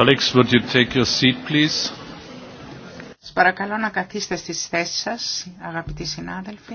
Colleagues, would you take your seat, please? Σας παρακαλώ να καθίστε στις θέσεις σας, αγαπητοί συνάδελφοι.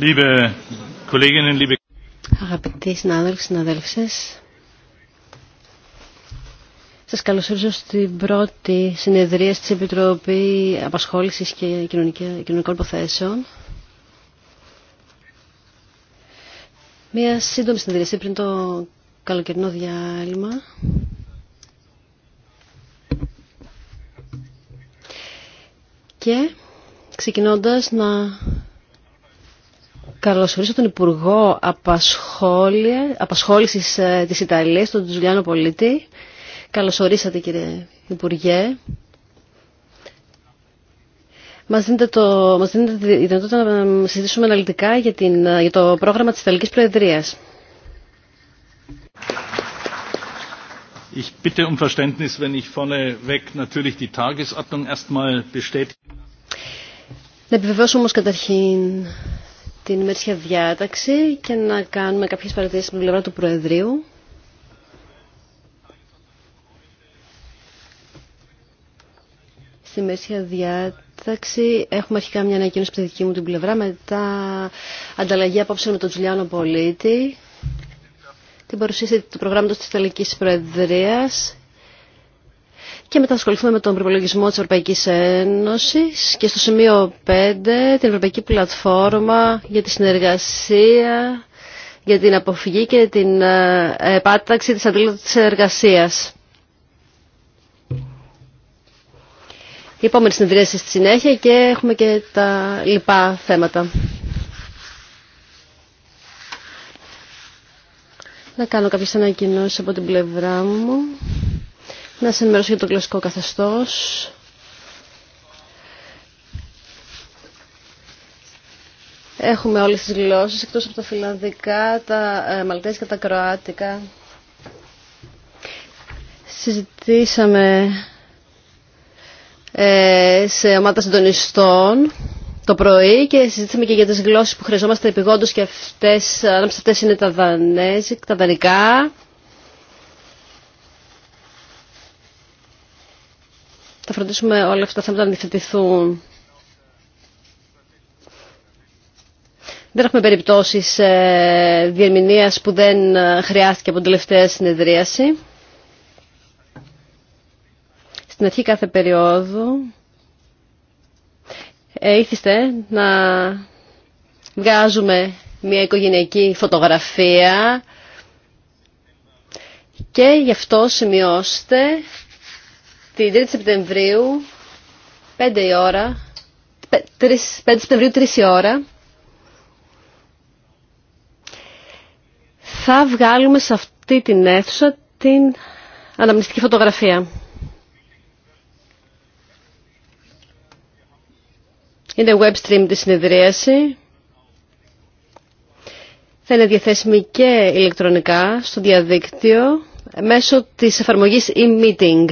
Liebe Kolleginnen, liebe Αγαπητοί συνάδελφοι, συναδέλφοι σας καλωσορίζω στην πρώτη συνεδρία της Επιτροπή Απασχόλησης και Κοινωνικών Υποθέσεων. Μία σύντομη συνεδρία πριν το καλοκαιρινό διάλειμμα. Και ξεκινώντας να καλωσορίσω τον Υπουργό Απασχόλησης ε, της Ιταλίας, τον Τζουλιάνο Πολίτη. Καλωσορίσατε κύριε Υπουργέ. Μας δίνετε, το, μας δίνετε τη δυνατότητα να συζητήσουμε αναλυτικά για, την, ε, για το πρόγραμμα της Ιταλικής Προεδρίας. Um να επιβεβαιώσω όμως καταρχήν την ημερήσια διάταξη και να κάνουμε κάποιες παρατηρήσεις στην πλευρά του Προεδρείου. Στη ημερήσια διάταξη έχουμε αρχικά μια ανακοίνωση από τη δική μου την πλευρά, μετά ανταλλαγή απόψε με τον Τζουλιάνο Πολίτη, την παρουσίαση του προγράμματος της Ιταλικής Προεδρίας και μετά ασχοληθούμε με τον προπολογισμό της Ευρωπαϊκής Ένωσης και στο σημείο 5 την Ευρωπαϊκή Πλατφόρμα για τη συνεργασία, για την αποφυγή και την ε, επάταξη της αντίληψης εργασίας. Η επόμενη συνεδρίαση στη συνέχεια και έχουμε και τα λοιπά θέματα. Να κάνω κάποιες ανακοινώσεις από την πλευρά μου. Να σε ενημερώσω για το κλασικό καθεστώς. Έχουμε όλες τις γλώσσες, εκτός από τα φιλανδικά, τα ε, μαλτέζικα, τα κροάτικα. Συζητήσαμε ε, σε ομάδα συντονιστών το πρωί και συζήτησαμε και για τις γλώσσες που χρειαζόμαστε επιγόντως και αυτές, είναι τα δανέζικα, τα δανικά. Θα φροντίσουμε όλα αυτά τα θέματα να αντιθετηθούν. Δεν έχουμε περιπτώσει ε, που δεν ε, χρειάστηκε από την τελευταία συνεδρίαση. Στην αρχή κάθε περίοδου ε, να βγάζουμε μια οικογενειακή φωτογραφία και γι' αυτό σημειώστε την 3η Σεπτεμβρίου, 5 η ώρα, 5 Σεπτεμβρίου, 3 η ώρα, θα βγάλουμε σε αυτή την αίθουσα την αναμνηστική φωτογραφία. Είναι web stream τη συνεδρίαση. Θα είναι διαθέσιμη και ηλεκτρονικά στο διαδίκτυο μέσω της εφαρμογής e-meeting.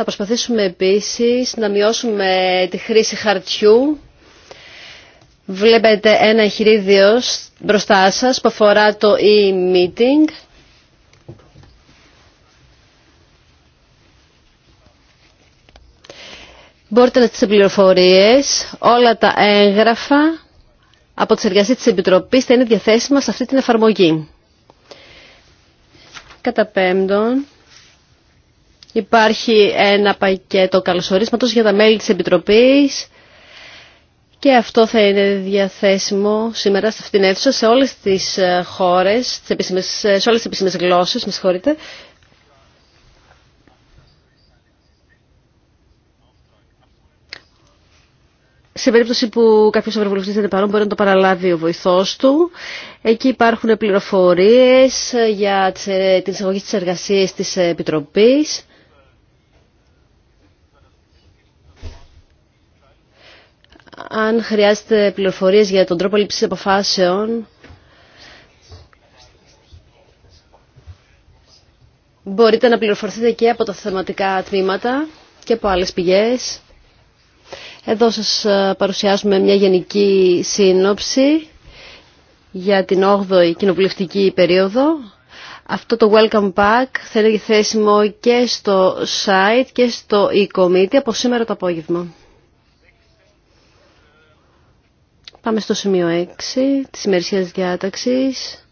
Θα προσπαθήσουμε επίσης να μειώσουμε τη χρήση χαρτιού. Βλέπετε ένα εγχειρίδιο μπροστά σας που αφορά το e-meeting. Μπορείτε να τις πληροφορίες, όλα τα έγγραφα από τις εργασίες της Επιτροπής θα είναι διαθέσιμα σε αυτή την εφαρμογή. Κατά πέμπτον, Υπάρχει ένα πακέτο καλωσορίσματος για τα μέλη της Επιτροπής και αυτό θα είναι διαθέσιμο σήμερα σε αυτήν την αίθουσα σε όλες τις ε, χώρες, ε, σε όλες τις επίσημες γλώσσες, με συγχωρείτε. Σε περίπτωση που κάποιος ευρωβουλευτής δεν είναι παρόν μπορεί να το παραλάβει ο βοηθός του. Εκεί υπάρχουν πληροφορίες για ε, την εισαγωγή της εργασίας της Επιτροπής. αν χρειάζεται πληροφορίες για τον τρόπο λήψης αποφάσεων, μπορείτε να πληροφορηθείτε και από τα θεματικά τμήματα και από άλλες πηγές. Εδώ σας ε, παρουσιάζουμε μια γενική σύνοψη για την 8η κοινοβουλευτική περίοδο. Αυτό το Welcome Pack θα είναι θέσιμο και στο site και στο e-committee από σήμερα το απόγευμα. Πάμε στο σημείο 6 της ημερησίας διάταξης.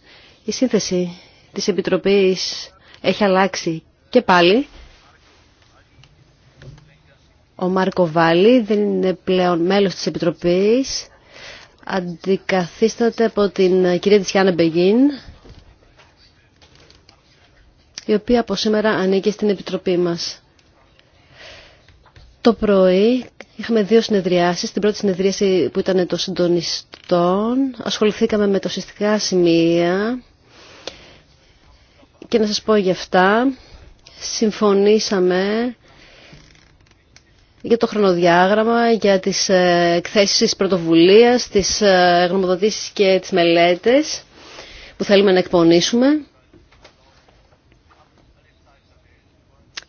Η σύνθεση της Επιτροπής έχει αλλάξει και πάλι. Ο Μάρκο Βάλι δεν είναι πλέον μέλος της Επιτροπής. Αντικαθίσταται από την κυρία Τσιάννα Μπεγίν, η οποία από σήμερα ανήκει στην Επιτροπή μας. Το πρωί είχαμε δύο συνεδριάσεις. Την πρώτη συνεδρίαση που ήταν το συντονιστών. Ασχοληθήκαμε με το σημεία. Και να σας πω για αυτά. Συμφωνήσαμε για το χρονοδιάγραμμα, για τις ε, εκθέσεις της πρωτοβουλίας, τις ε, γνωμοδοτήσεις και τις μελέτες που θέλουμε να εκπονήσουμε.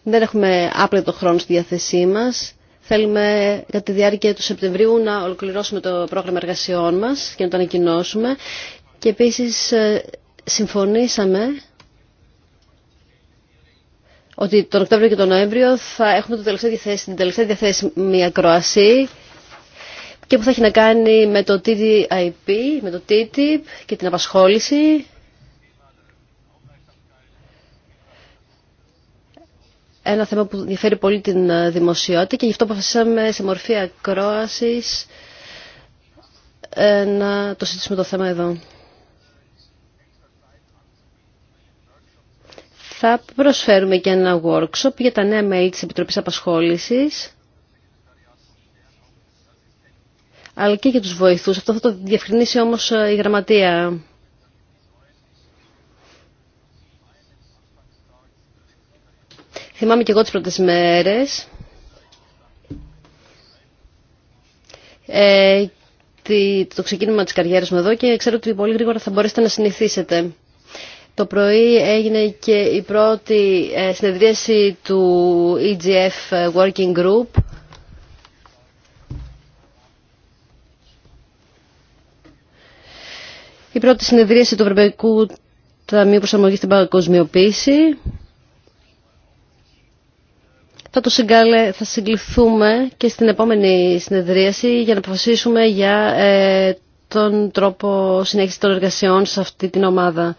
Δεν έχουμε άπλετο χρόνο στη διάθεσή μας. Θέλουμε κατά τη διάρκεια του Σεπτεμβρίου να ολοκληρώσουμε το πρόγραμμα εργασιών μας και να το ανακοινώσουμε. Και επίσης ε, συμφωνήσαμε ότι τον Οκτώβριο και τον Νοέμβριο θα έχουμε το τελευταίο την τελευταία διαθέσιμη ακροασή και που θα έχει να κάνει με το TTIP, με το TTIP και την απασχόληση ένα θέμα που ενδιαφέρει πολύ την ε, δημοσιότητα και γι' αυτό αποφασίσαμε σε μορφή ακρόασης ε, να το συζητήσουμε το θέμα εδώ. Θα προσφέρουμε και ένα workshop για τα νέα μέλη της Επιτροπής Απασχόλησης αλλά και για τους βοηθούς. Αυτό θα το διευκρινίσει όμως ε, η γραμματεία. Θυμάμαι και εγώ τις πρώτες μέρες ε, το ξεκίνημα της καριέρας μου εδώ και ξέρω ότι πολύ γρήγορα θα μπορέσετε να συνηθίσετε. Το πρωί έγινε και η πρώτη ε, συνεδρίαση του EGF Working Group. Η πρώτη συνεδρίαση του Ευρωπαϊκού Ταμείου Προσαρμογής στην Παγκοσμιοποίηση. Θα το συγκάλε, θα συγκληθούμε και στην επόμενη συνεδρίαση για να αποφασίσουμε για ε, τον τρόπο συνέχισης των εργασιών σε αυτή την ομάδα.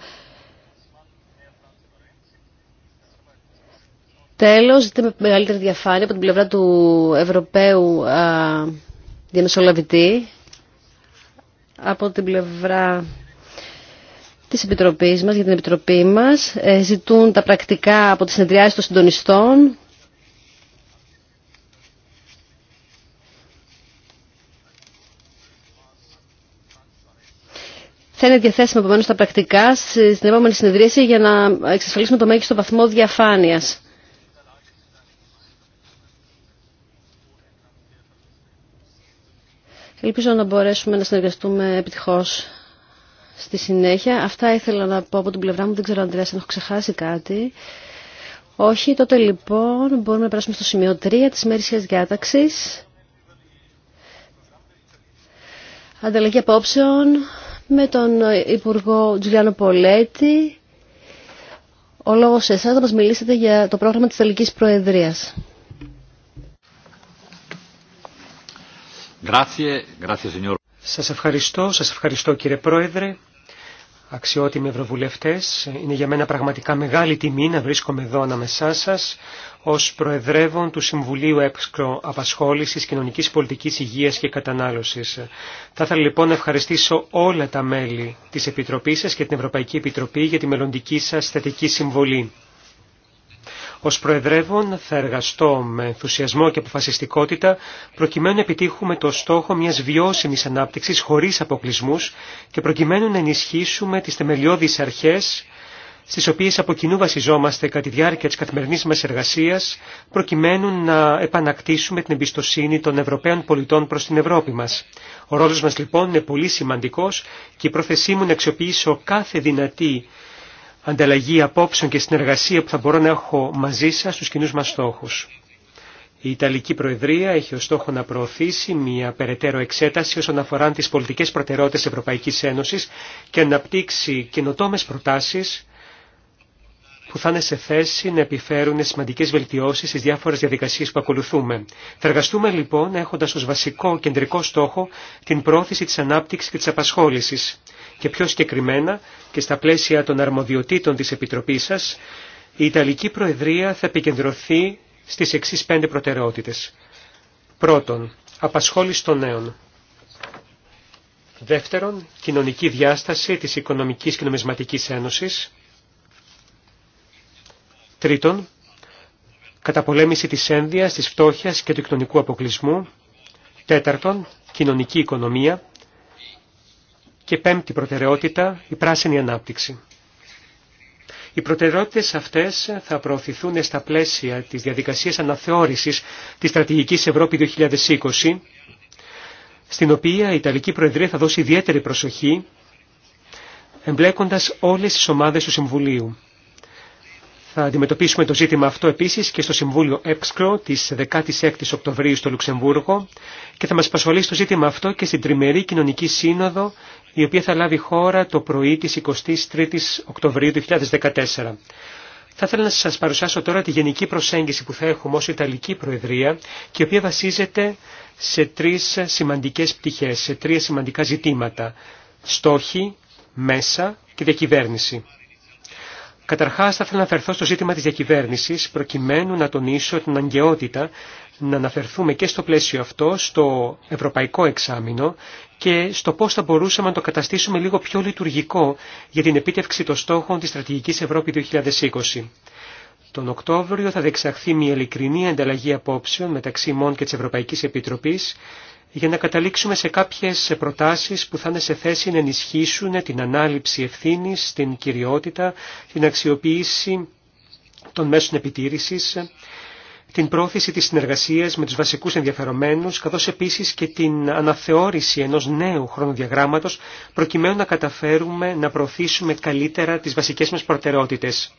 Τέλος, ζητήμε με μεγαλύτερη διαφάνεια από την πλευρά του Ευρωπαίου α, διαμεσολαβητή, από την πλευρά της Επιτροπής μας, για την Επιτροπή μας. Ε, ζητούν τα πρακτικά από τις συνεδριάσεις των συντονιστών θα είναι διαθέσιμα επομένω τα πρακτικά στην επόμενη συνεδρίαση για να εξασφαλίσουμε το μέγιστο βαθμό διαφάνειας. Ελπίζω να μπορέσουμε να συνεργαστούμε επιτυχώς στη συνέχεια. Αυτά ήθελα να πω από την πλευρά μου. Δεν ξέρω, Αντρέας, αν έχω ξεχάσει κάτι. Όχι, τότε λοιπόν μπορούμε να περάσουμε στο σημείο 3 της μέρησιας διάταξης. Ανταλλαγή απόψεων με τον Υπουργό Τζουλιάνο Πολέτη. Ο λόγος σε εσάς να μας μιλήσετε για το πρόγραμμα της Τελικής Προεδρίας. Σας ευχαριστώ, σας ευχαριστώ κύριε Πρόεδρε αξιότιμοι ευρωβουλευτέ. Είναι για μένα πραγματικά μεγάλη τιμή να βρίσκομαι εδώ ανάμεσά σας ως Προεδρεύων του Συμβουλίου Έπσκρο Απασχόλησης Κοινωνικής Πολιτικής Υγείας και Κατανάλωσης. Θα ήθελα λοιπόν να ευχαριστήσω όλα τα μέλη της Επιτροπή σα και την Ευρωπαϊκή Επιτροπή για τη μελλοντική σα θετική συμβολή. Ως Προεδρεύων θα εργαστώ με ενθουσιασμό και αποφασιστικότητα προκειμένου να επιτύχουμε το στόχο μιας βιώσιμης ανάπτυξης χωρίς αποκλεισμούς και προκειμένου να ενισχύσουμε τις θεμελιώδεις αρχές στις οποίες από κοινού βασιζόμαστε κατά τη διάρκεια της καθημερινής μας εργασίας, προκειμένου να επανακτήσουμε την εμπιστοσύνη των Ευρωπαίων πολιτών προς την Ευρώπη μας. Ο ρόλος μας λοιπόν είναι πολύ σημαντικός και η πρόθεσή μου να αξιοποιήσω κάθε δυνατή ανταλλαγή απόψεων και συνεργασία που θα μπορώ να έχω μαζί σας στους κοινούς μας στόχους. Η Ιταλική Προεδρία έχει ως στόχο να προωθήσει μια περαιτέρω εξέταση όσον αφορά τις πολιτικές προτεραιότητες Ευρωπαϊκής Ένωσης και να αναπτύξει καινοτόμες προτάσεις που θα είναι σε θέση να επιφέρουν σημαντικέ βελτιώσει στι διάφορε διαδικασίε που ακολουθούμε. Θα εργαστούμε λοιπόν έχοντα ω βασικό κεντρικό στόχο την πρόθεση τη ανάπτυξη και τη απασχόληση και πιο συγκεκριμένα και στα πλαίσια των αρμοδιοτήτων της Επιτροπής σας, η Ιταλική Προεδρία θα επικεντρωθεί στις εξής πέντε προτεραιότητες. Πρώτον, απασχόληση των νέων. Δεύτερον, κοινωνική διάσταση της Οικονομικής και Νομισματικής Ένωσης. Τρίτον, καταπολέμηση της ένδυας, της φτώχειας και του κοινωνικού αποκλεισμού. Τέταρτον, κοινωνική οικονομία. Και πέμπτη προτεραιότητα, η πράσινη ανάπτυξη. Οι προτεραιότητες αυτές θα προωθηθούν στα πλαίσια της διαδικασίας αναθεώρησης της στρατηγικής Ευρώπη 2020, στην οποία η Ιταλική Προεδρία θα δώσει ιδιαίτερη προσοχή, εμπλέκοντας όλες τις ομάδες του Συμβουλίου. Θα αντιμετωπίσουμε το ζήτημα αυτό επίσης και στο Συμβούλιο ΕΠΣΚΡΟ της 16 ης Οκτωβρίου στο Λουξεμβούργο και θα μας πασχολεί το ζήτημα αυτό και στην Τριμερή Κοινωνική Σύνοδο η οποία θα λάβει χώρα το πρωί της 23ης Οκτωβρίου του 2014. Θα ήθελα να σας παρουσιάσω τώρα τη γενική προσέγγιση που θα έχουμε ως Ιταλική Προεδρία και η οποία βασίζεται σε τρεις σημαντικές πτυχές, σε τρία σημαντικά ζητήματα. Στόχοι, μέσα και διακυβέρνηση. Καταρχάς θα ήθελα να αφαιρθώ στο ζήτημα της διακυβέρνησης προκειμένου να τονίσω την αγκαιότητα να αναφερθούμε και στο πλαίσιο αυτό, στο ευρωπαϊκό εξάμεινο και στο πώς θα μπορούσαμε να το καταστήσουμε λίγο πιο λειτουργικό για την επίτευξη των στόχων της Στρατηγικής Ευρώπη 2020. Τον Οκτώβριο θα δεξαχθεί μια ειλικρινή ανταλλαγή απόψεων μεταξύ ΜΟΝ και της Ευρωπαϊκής Επιτροπής για να καταλήξουμε σε κάποιες προτάσεις που θα είναι σε θέση να ενισχύσουν την ανάληψη ευθύνης, την κυριότητα, την αξιοποίηση των μέσων επιτήρησης, την πρόθεση της συνεργασίας με τους βασικούς ενδιαφερομένους, καθώς επίσης και την αναθεώρηση ενός νέου χρονοδιαγράμματος, προκειμένου να καταφέρουμε να προωθήσουμε καλύτερα τις βασικές μας προτεραιότητες.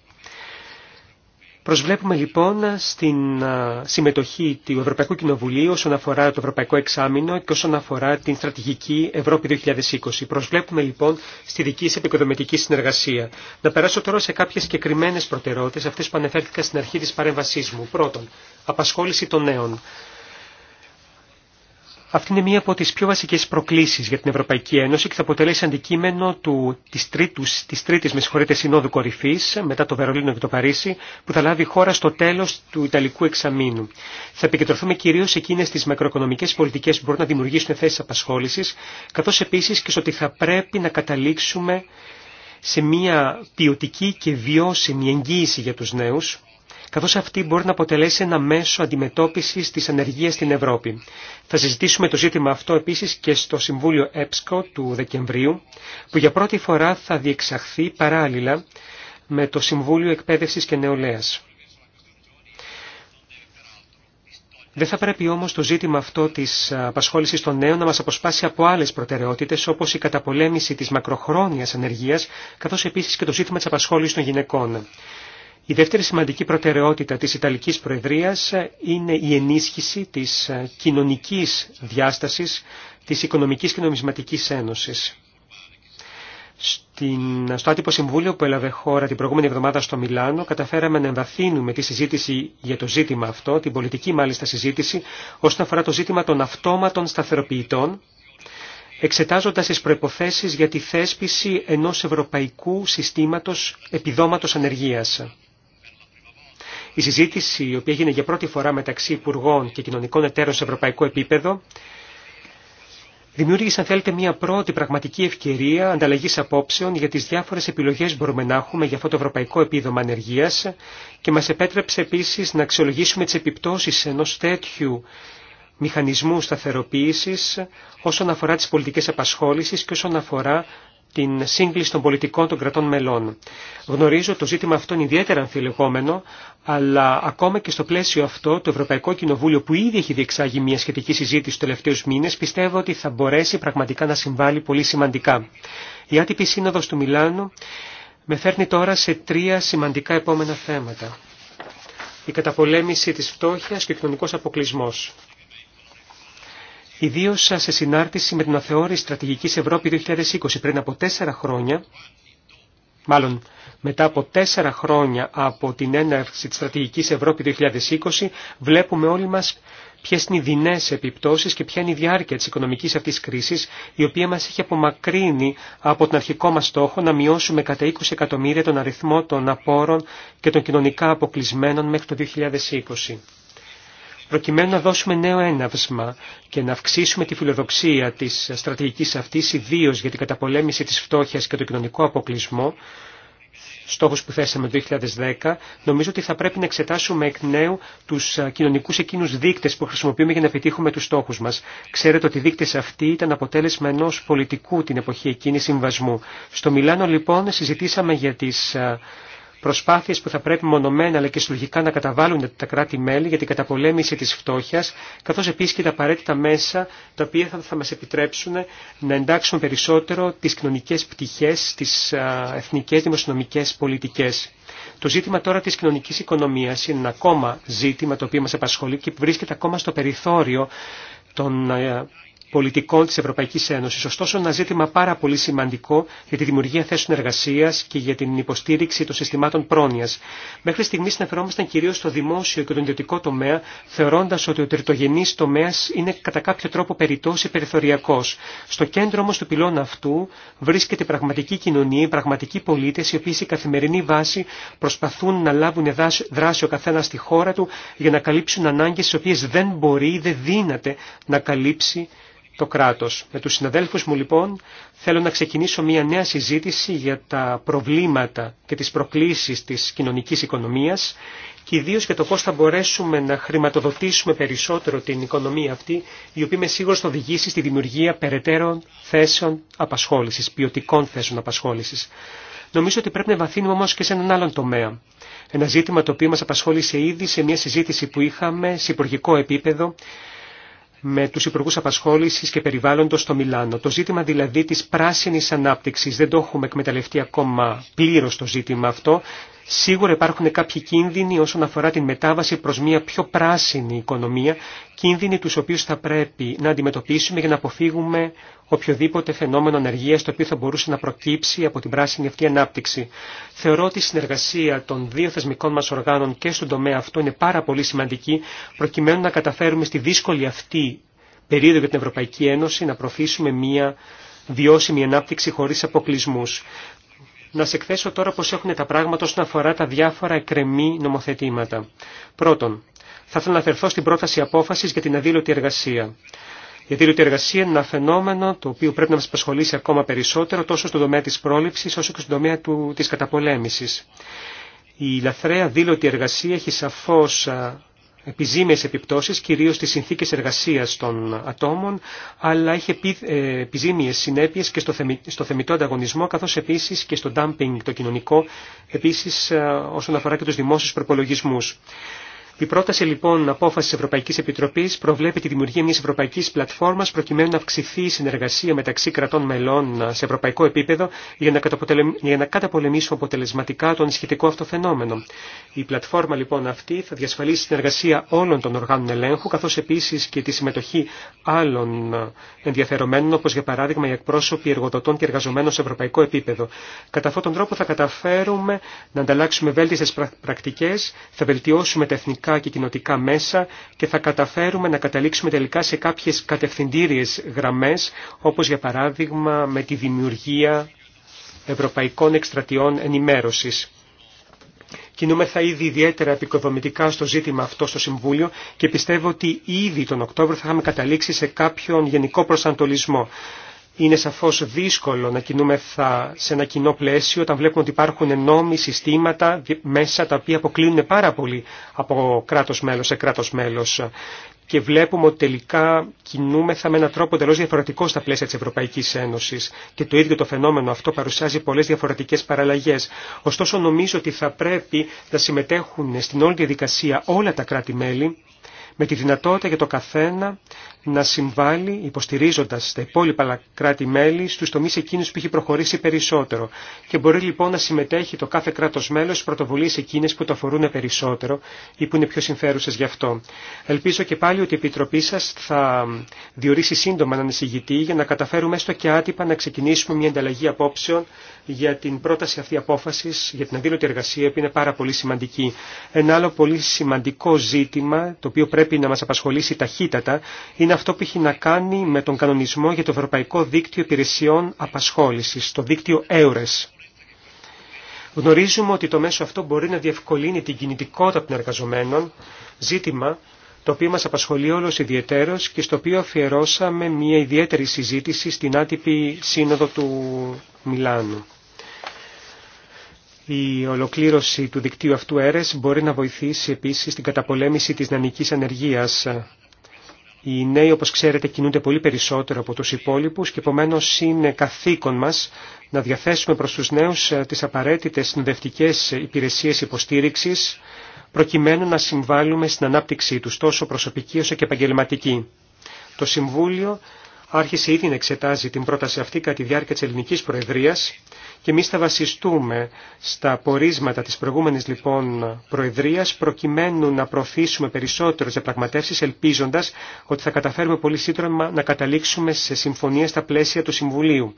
Προσβλέπουμε λοιπόν στην συμμετοχή του Ευρωπαϊκού Κοινοβουλίου όσον αφορά το Ευρωπαϊκό Εξάμεινο και όσον αφορά την στρατηγική Ευρώπη 2020. Προσβλέπουμε λοιπόν στη δική σα επικοδομητική συνεργασία. Να περάσω τώρα σε κάποιε συγκεκριμένε προτεραιότητες, αυτές που ανεφέρθηκαν στην αρχή τη παρέμβασή μου. Πρώτον, απασχόληση των νέων. Αυτή είναι μία από τις πιο βασικές προκλήσεις για την Ευρωπαϊκή Ένωση και θα αποτελέσει αντικείμενο του, της, τρίτους, της τρίτης με συγχωρείτε, συνόδου κορυφής μετά το Βερολίνο και το Παρίσι που θα λάβει χώρα στο τέλος του Ιταλικού εξαμήνου. Θα επικεντρωθούμε κυρίως σε εκείνες τις μακροοικονομικές πολιτικές που μπορούν να δημιουργήσουν θέσεις απασχόλησης καθώς επίσης και στο ότι θα πρέπει να καταλήξουμε σε μία ποιοτική και βιώσιμη εγγύηση για τους νέους καθώς αυτή μπορεί να αποτελέσει ένα μέσο αντιμετώπισης της ανεργίας στην Ευρώπη. Θα συζητήσουμε το ζήτημα αυτό επίσης και στο Συμβούλιο ΕΠΣΚΟ του Δεκεμβρίου, που για πρώτη φορά θα διεξαχθεί παράλληλα με το Συμβούλιο Εκπαίδευσης και Νεολαίας. Δεν θα πρέπει όμως το ζήτημα αυτό της απασχόλησης των νέων να μας αποσπάσει από άλλες προτεραιότητες όπως η καταπολέμηση της μακροχρόνιας ανεργίας καθώς επίσης και το ζήτημα της απασχόλησης των γυναικών. Η δεύτερη σημαντική προτεραιότητα της Ιταλικής Προεδρίας είναι η ενίσχυση της κοινωνικής διάστασης της Οικονομικής και Νομισματικής Ένωσης. Στην, στο άτυπο συμβούλιο που έλαβε χώρα την προηγούμενη εβδομάδα στο Μιλάνο, καταφέραμε να εμβαθύνουμε τη συζήτηση για το ζήτημα αυτό, την πολιτική μάλιστα συζήτηση, όσον αφορά το ζήτημα των αυτόματων σταθεροποιητών, εξετάζοντας τις προϋποθέσεις για τη θέσπιση ενός ευρωπαϊκού συστήματος επιδόματος ανεργίας. Η συζήτηση η οποία έγινε για πρώτη φορά μεταξύ υπουργών και κοινωνικών εταίρων σε ευρωπαϊκό επίπεδο δημιούργησε, αν θέλετε, μια πρώτη πραγματική ευκαιρία ανταλλαγή απόψεων για τι διάφορε επιλογέ που μπορούμε να έχουμε για αυτό το ευρωπαϊκό επίδομα ανεργία και μα επέτρεψε επίση να αξιολογήσουμε τι επιπτώσει ενό τέτοιου μηχανισμού σταθεροποίηση όσον αφορά τι πολιτικέ απασχόληση και όσον αφορά την σύγκληση των πολιτικών των κρατών μελών. Γνωρίζω το ζήτημα αυτό είναι ιδιαίτερα αμφιλεγόμενο, αλλά ακόμα και στο πλαίσιο αυτό το Ευρωπαϊκό Κοινοβούλιο που ήδη έχει διεξάγει μια σχετική συζήτηση του τελευταίους μήνες πιστεύω ότι θα μπορέσει πραγματικά να συμβάλλει πολύ σημαντικά. Η άτυπη σύνοδος του Μιλάνου με φέρνει τώρα σε τρία σημαντικά επόμενα θέματα. Η καταπολέμηση της φτώχειας και ο κοινωνικό αποκλεισμό. Ιδίω σε συνάρτηση με την αθεώρηση στρατηγικής Ευρώπη 2020 πριν από τέσσερα χρόνια, μάλλον μετά από τέσσερα χρόνια από την έναρξη της στρατηγικής Ευρώπη 2020, βλέπουμε όλοι μας ποιε είναι οι δεινέ επιπτώσει και ποια είναι η διάρκεια τη οικονομική αυτή κρίση, η οποία μα έχει απομακρύνει από τον αρχικό μα στόχο να μειώσουμε κατά 20 εκατομμύρια τον αριθμό των απόρων και των κοινωνικά αποκλεισμένων μέχρι το 2020 προκειμένου να δώσουμε νέο έναυσμα και να αυξήσουμε τη φιλοδοξία της στρατηγικής αυτής, ιδίω για την καταπολέμηση της φτώχειας και τον κοινωνικό αποκλεισμό, στόχους που θέσαμε το 2010, νομίζω ότι θα πρέπει να εξετάσουμε εκ νέου τους κοινωνικούς εκείνους δείκτες που χρησιμοποιούμε για να επιτύχουμε τους στόχους μας. Ξέρετε ότι οι δείκτες αυτοί ήταν αποτέλεσμα ενός πολιτικού την εποχή εκείνη συμβασμού. Στο Μιλάνο λοιπόν συζητήσαμε για τις προσπάθειε που θα πρέπει μονομένα αλλά και συλλογικά να καταβάλουν τα κράτη-μέλη για την καταπολέμηση τη φτώχεια, καθώ επίση και τα απαραίτητα μέσα τα οποία θα, θα μα επιτρέψουν να εντάξουν περισσότερο τι κοινωνικέ πτυχέ στι εθνικέ δημοσιονομικέ πολιτικέ. Το ζήτημα τώρα της κοινωνική οικονομίας είναι ένα ακόμα ζήτημα το οποίο μας απασχολεί και βρίσκεται ακόμα στο περιθώριο των πολιτικών της Ευρωπαϊκής Ένωσης. Ωστόσο, ένα ζήτημα πάρα πολύ σημαντικό για τη δημιουργία θέσεων εργασίας και για την υποστήριξη των συστημάτων πρόνοιας. Μέχρι στιγμής συναφερόμασταν κυρίως στο δημόσιο και τον ιδιωτικό τομέα, θεωρώντας ότι ο τριτογενής τομέας είναι κατά κάποιο τρόπο περιττός ή περιθωριακός. Στο κέντρο όμως του πυλώνα αυτού βρίσκεται η πραγματική κοινωνία, οι πραγματικοί πολίτες, οι οποίοι σε καθημερινή βάση προσπαθούν να λάβουν δράση ο καθένας στη χώρα του για να καλύψουν ανάγκες τις οποίες δεν μπορεί ή δεν δύναται να καλύψει το κράτος. Με τους συναδέλφους μου λοιπόν θέλω να ξεκινήσω μια νέα συζήτηση για τα προβλήματα και τις προκλήσεις της κοινωνικής οικονομίας και ιδίως για το πώς θα μπορέσουμε να χρηματοδοτήσουμε περισσότερο την οικονομία αυτή, η οποία με σίγουρος θα οδηγήσει στη δημιουργία περαιτέρων θέσεων απασχόλησης, ποιοτικών θέσεων απασχόλησης. Νομίζω ότι πρέπει να βαθύνουμε όμως και σε έναν άλλον τομέα. Ένα ζήτημα το οποίο μας απασχόλησε ήδη σε μια συζήτηση που είχαμε σε υπουργικό επίπεδο με τους Υπουργούς Απασχόλησης και Περιβάλλοντος στο Μιλάνο. Το ζήτημα δηλαδή της πράσινης ανάπτυξης δεν το έχουμε εκμεταλλευτεί ακόμα πλήρως το ζήτημα αυτό Σίγουρα υπάρχουν κάποιοι κίνδυνοι όσον αφορά την μετάβαση προς μια πιο πράσινη οικονομία, κίνδυνοι τους οποίους θα πρέπει να αντιμετωπίσουμε για να αποφύγουμε οποιοδήποτε φαινόμενο ανεργίας το οποίο θα μπορούσε να προκύψει από την πράσινη αυτή ανάπτυξη. Θεωρώ ότι η συνεργασία των δύο θεσμικών μας οργάνων και στον τομέα αυτό είναι πάρα πολύ σημαντική προκειμένου να καταφέρουμε στη δύσκολη αυτή περίοδο για την Ευρωπαϊκή Ένωση να προωθήσουμε μια βιώσιμη ανάπτυξη χωρίς αποκλεισμούς να σε εκθέσω τώρα πώς έχουν τα πράγματα όσον αφορά τα διάφορα εκκρεμή νομοθετήματα. Πρώτον, θα ήθελα να αφαιρθώ στην πρόταση απόφασης για την αδήλωτη εργασία. Η αδήλωτη εργασία είναι ένα φαινόμενο το οποίο πρέπει να μας απασχολήσει ακόμα περισσότερο τόσο στον τομέα της πρόληψης όσο και στον τομέα του, της καταπολέμησης. Η λαθρέα δήλωτη εργασία έχει σαφώς επιζήμιες επιπτώσεις, κυρίως στις συνθήκες εργασίας των ατόμων, αλλά είχε ε, επιζήμιες συνέπειες και στο θεμητό ανταγωνισμό, καθώς επίσης και στο dumping το κοινωνικό, επίσης ε, όσον αφορά και τους δημόσιους προπολογισμούς. Η πρόταση λοιπόν απόφαση τη Ευρωπαϊκή Επιτροπή προβλέπει τη δημιουργία μια ευρωπαϊκή πλατφόρμα προκειμένου να αυξηθεί η συνεργασία μεταξύ κρατών μελών σε ευρωπαϊκό επίπεδο για να καταπολεμήσουμε αποτελεσματικά το σχετικό αυτό φαινόμενο. Η πλατφόρμα λοιπόν αυτή θα διασφαλίσει συνεργασία όλων των οργάνων ελέγχου καθώ επίση και τη συμμετοχή άλλων ενδιαφερομένων όπω για παράδειγμα οι εκπρόσωποι εργοδοτών και εργαζομένων σε ευρωπαϊκό επίπεδο. Κατά αυτόν τον τρόπο θα καταφέρουμε να ανταλλάξουμε βέλτιστε πρακτικέ, θα βελτιώσουμε τα εθνικά και κοινοτικά μέσα και θα καταφέρουμε να καταλήξουμε τελικά σε κάποιες κατευθυντήριες γραμμές, όπως για παράδειγμα με τη δημιουργία ευρωπαϊκών εκστρατιών ενημέρωσης. Κινούμεθα ήδη ιδιαίτερα επικοδομητικά στο ζήτημα αυτό στο Συμβούλιο και πιστεύω ότι ήδη τον Οκτώβριο θα είχαμε καταλήξει σε κάποιον γενικό προσανατολισμό. Είναι σαφώς δύσκολο να κινούμεθα σε ένα κοινό πλαίσιο όταν βλέπουμε ότι υπάρχουν νόμοι, συστήματα μέσα τα οποία αποκλίνουν πάρα πολύ από κράτος μέλος σε κράτος μέλος και βλέπουμε ότι τελικά κινούμεθα με έναν τρόπο τελώς διαφορετικό στα πλαίσια της Ευρωπαϊκής Ένωσης Και το ίδιο το φαινόμενο αυτό παρουσιάζει πολλές διαφορετικές παραλλαγές. Ωστόσο, νομίζω ότι θα πρέπει να συμμετέχουν στην όλη διαδικασία όλα τα κράτη-μέλη, με τη δυνατότητα για το καθένα να συμβάλλει υποστηρίζοντας τα υπόλοιπα κράτη-μέλη στους τομείς εκείνους που έχει προχωρήσει περισσότερο και μπορεί λοιπόν να συμμετέχει το κάθε κράτος μέλος στις πρωτοβουλίες εκείνες που το αφορούν περισσότερο ή που είναι πιο συμφέρουσες γι' αυτό. Ελπίζω και πάλι ότι η Επιτροπή σας θα διορίσει σύντομα έναν εισηγητή για να καταφέρουμε έστω και άτυπα να ξεκινήσουμε μια ανταλλαγή απόψεων για την πρόταση αυτή απόφαση, για την αδήλωτη εργασία που είναι πάρα πολύ σημαντική. Ένα άλλο πολύ σημαντικό ζήτημα το οποίο πρέπει να μα απασχολήσει ταχύτατα είναι αυτό που έχει να κάνει με τον κανονισμό για το Ευρωπαϊκό Δίκτυο Υπηρεσιών Απασχόλησης, το δίκτυο EURES. Γνωρίζουμε ότι το μέσο αυτό μπορεί να διευκολύνει την κινητικότητα των εργαζομένων, ζήτημα το οποίο μας απασχολεί όλος ιδιαιτέρως και στο οποίο αφιερώσαμε μια ιδιαίτερη συζήτηση στην άτυπη σύνοδο του Μιλάνου. Η ολοκλήρωση του δικτύου αυτού ΕΡΕΣ μπορεί να βοηθήσει επίσης στην καταπολέμηση της νανικής ανεργίας οι νέοι, όπως ξέρετε, κινούνται πολύ περισσότερο από τους υπόλοιπους και επομένως είναι καθήκον μας να διαθέσουμε προς τους νέους ε, τις απαραίτητες συνδευτικές υπηρεσίες υποστήριξης προκειμένου να συμβάλλουμε στην ανάπτυξή τους, τόσο προσωπική όσο και επαγγελματική. Το Συμβούλιο άρχισε ήδη να εξετάζει την πρόταση αυτή κατά τη διάρκεια της ελληνικής προεδρίας και εμεί θα βασιστούμε στα πορίσματα της προηγούμενη λοιπόν Προεδρία προκειμένου να προωθήσουμε περισσότερε διαπραγματεύσει ελπίζοντα ότι θα καταφέρουμε πολύ σύντομα να καταλήξουμε σε συμφωνία στα πλαίσια του Συμβουλίου.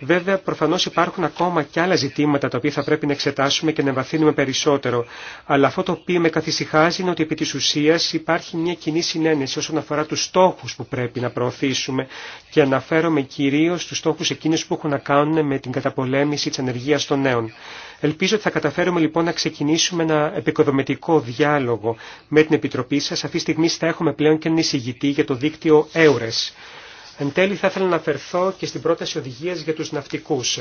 Βέβαια, προφανώς υπάρχουν ακόμα και άλλα ζητήματα τα οποία θα πρέπει να εξετάσουμε και να εμβαθύνουμε περισσότερο. Αλλά αυτό το οποίο με καθησυχάζει είναι ότι επί της ουσίας υπάρχει μια κοινή συνένεση όσον αφορά τους στόχους που πρέπει να προωθήσουμε και αναφέρομαι κυρίως στους στόχους εκείνους που έχουν να κάνουν με την καταπολέμηση της ανεργίας των νέων. Ελπίζω ότι θα καταφέρουμε λοιπόν να ξεκινήσουμε ένα επικοδομητικό διάλογο με την Επιτροπή σας. Αυτή τη στιγμή θα έχουμε πλέον και έναν για το δίκτυο EURES. Εν τέλει θα ήθελα να αναφερθώ και στην πρόταση οδηγίας για τους ναυτικούς,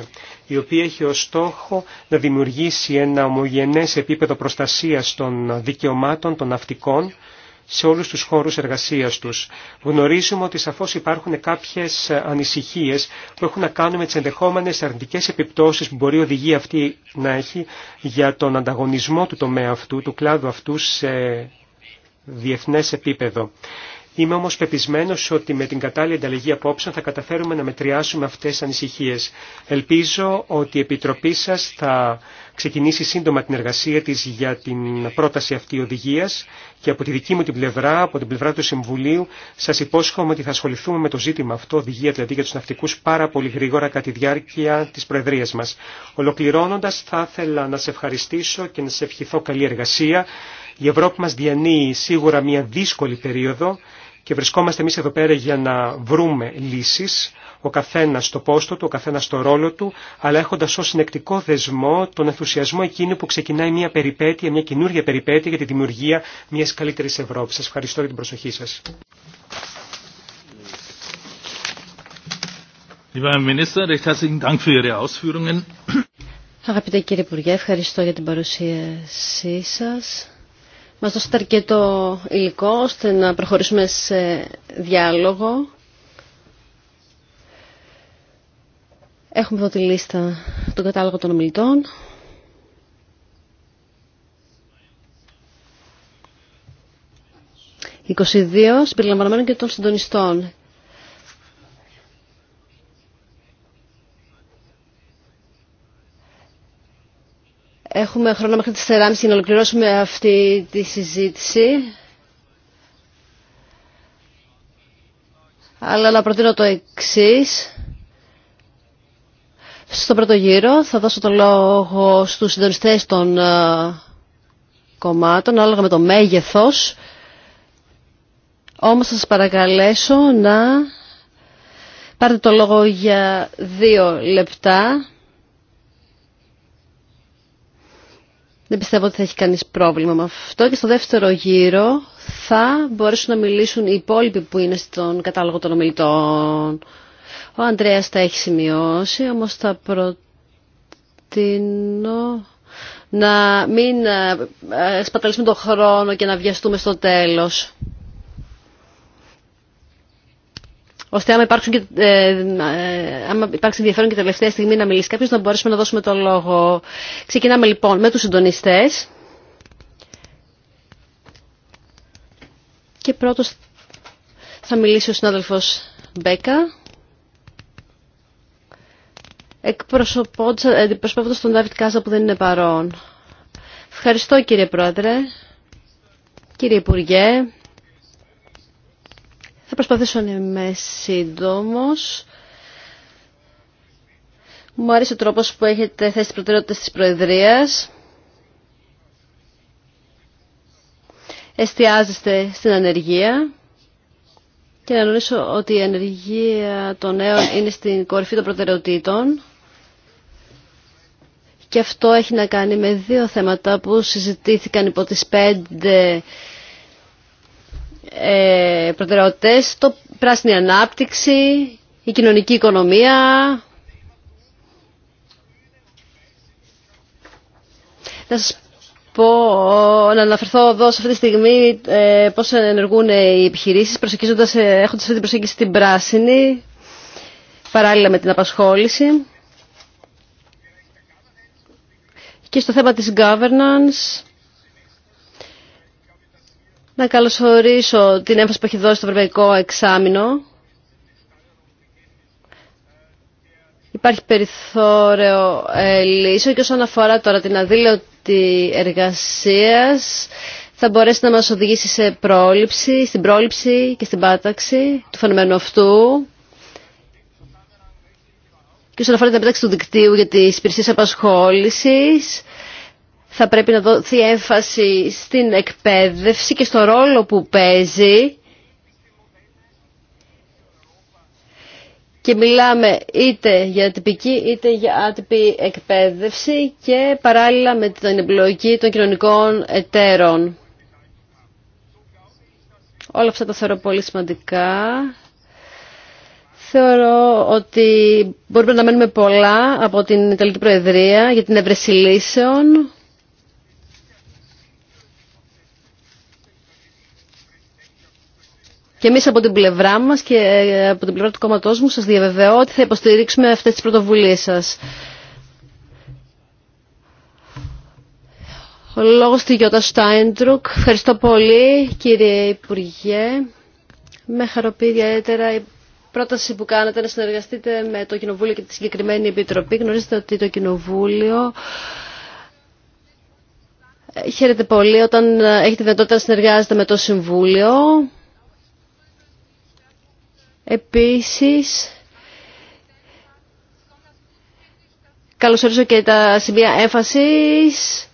η οποία έχει ως στόχο να δημιουργήσει ένα ομογενές επίπεδο προστασίας των δικαιωμάτων των ναυτικών σε όλους τους χώρους εργασίας τους. Γνωρίζουμε ότι σαφώς υπάρχουν κάποιες ανησυχίες που έχουν να κάνουν με τις ενδεχόμενες αρνητικές επιπτώσεις που μπορεί η οδηγία αυτή να έχει για τον ανταγωνισμό του τομέα αυτού, του κλάδου αυτού σε διεθνές επίπεδο. Είμαι όμως πεπισμένος ότι με την κατάλληλη ανταλλαγή απόψεων θα καταφέρουμε να μετριάσουμε αυτές τις ανησυχίες. Ελπίζω ότι η Επιτροπή σας θα ξεκινήσει σύντομα την εργασία της για την πρόταση αυτή οδηγίας και από τη δική μου την πλευρά, από την πλευρά του Συμβουλίου, σας υπόσχομαι ότι θα ασχοληθούμε με το ζήτημα αυτό, οδηγία δηλαδή για τους ναυτικούς, πάρα πολύ γρήγορα κατά τη διάρκεια της Προεδρίας μας. Ολοκληρώνοντας, θα ήθελα να σε ευχαριστήσω και να σε ευχηθώ καλή εργασία. Η Ευρώπη μας διανύει σίγουρα μια δύσκολη περίοδο και βρισκόμαστε εμείς εδώ πέρα για να βρούμε λύσεις, ο καθένας στο πόστο του, ο καθένας στο ρόλο του, αλλά έχοντας ως συνεκτικό δεσμό τον ενθουσιασμό εκείνου που ξεκινάει μια περιπέτεια, μια καινούργια περιπέτεια για τη δημιουργία μιας καλύτερης Ευρώπης. Σας ευχαριστώ για την προσοχή σας. Αγαπητέ κύριε Υπουργέ, ευχαριστώ για την παρουσίασή σας. Μας δώσατε αρκετό υλικό ώστε να προχωρήσουμε σε διάλογο. Έχουμε εδώ τη λίστα, τον κατάλογο των ομιλητών. «22 συμπεριλαμβανομένων και των συντονιστών». Έχουμε χρόνο μέχρι τις 4.30 για να ολοκληρώσουμε αυτή τη συζήτηση. Αλλά να προτείνω το εξή. Στο πρώτο γύρο θα δώσω το λόγο στους συντονιστές των ε, κομμάτων, ανάλογα με το μέγεθος. Όμως θα σας παρακαλέσω να πάρετε το λόγο για δύο λεπτά Δεν πιστεύω ότι θα έχει κανείς πρόβλημα με αυτό και στο δεύτερο γύρο θα μπορέσουν να μιλήσουν οι υπόλοιποι που είναι στον κατάλογο των ομιλητών. Ο Ανδρέας τα έχει σημειώσει, όμως θα προτείνω να μην ε, ε, σπαταλήσουμε τον χρόνο και να βιαστούμε στο τέλος. ώστε άμα υπάρξουν, και, ε, ε, υπάρξει ενδιαφέρον και τελευταία στιγμή να μιλήσει κάποιο, να μπορέσουμε να δώσουμε το λόγο. Ξεκινάμε λοιπόν με τους συντονιστές. Και πρώτος θα μιλήσει ο συνάδελφος Μπέκα. Εκπροσωπώντας τον Ντάβιτ Κάζα που δεν είναι παρόν. Ευχαριστώ κύριε Πρόεδρε, κύριε Υπουργέ, θα προσπαθήσω να είμαι σύντομος. Μου αρέσει ο τρόπος που έχετε θέσει τις προτεραιότητες της Προεδρίας. Εστιάζεστε στην ανεργία. Και να γνωρίσω ότι η ανεργία των νέων είναι στην κορυφή των προτεραιοτήτων. Και αυτό έχει να κάνει με δύο θέματα που συζητήθηκαν υπό τις πέντε ε, προτεραιότητες, το πράσινη ανάπτυξη, η κοινωνική οικονομία. Να σας πω, να αναφερθώ εδώ σε αυτή τη στιγμή ε, πώς ενεργούν οι επιχειρήσεις, προσεκίζοντας, ε, έχοντας αυτή την προσέγγιση στην πράσινη, παράλληλα με την απασχόληση. Και στο θέμα της governance, να καλωσορίσω την έμφαση που έχει δώσει το Ευρωπαϊκό Εξάμεινο. Υπάρχει περιθώριο ε, λύσεων και όσον αφορά τώρα την αδήλωτη εργασία θα μπορέσει να μας οδηγήσει σε πρόληψη, στην πρόληψη και στην πάταξη του φαινομένου αυτού. Και όσον αφορά την επέταξη του δικτύου για τις υπηρεσίες απασχόλησης, θα πρέπει να δοθεί έμφαση στην εκπαίδευση και στο ρόλο που παίζει και μιλάμε είτε για τυπική είτε για άτυπη εκπαίδευση και παράλληλα με την εμπλοκή των κοινωνικών εταίρων. Όλα αυτά τα θεωρώ πολύ σημαντικά. Θεωρώ ότι μπορούμε να μένουμε πολλά από την Ιταλική Προεδρία για την εύρεση Και εμείς από την πλευρά μας και ε, από την πλευρά του κόμματός μου σας διαβεβαιώ ότι θα υποστηρίξουμε αυτές τις πρωτοβουλίες σας. Ο λόγος στη Γιώτα Στάιντρουκ. Ευχαριστώ πολύ κύριε Υπουργέ. Με χαροποιεί ιδιαίτερα η πρόταση που κάνατε να συνεργαστείτε με το Κοινοβούλιο και τη συγκεκριμένη Επιτροπή. Γνωρίζετε ότι το Κοινοβούλιο χαίρεται πολύ όταν έχετε δυνατότητα να συνεργάζεται με το Συμβούλιο Επίσης, καλωσορίζω και τα σημεία έμφασης,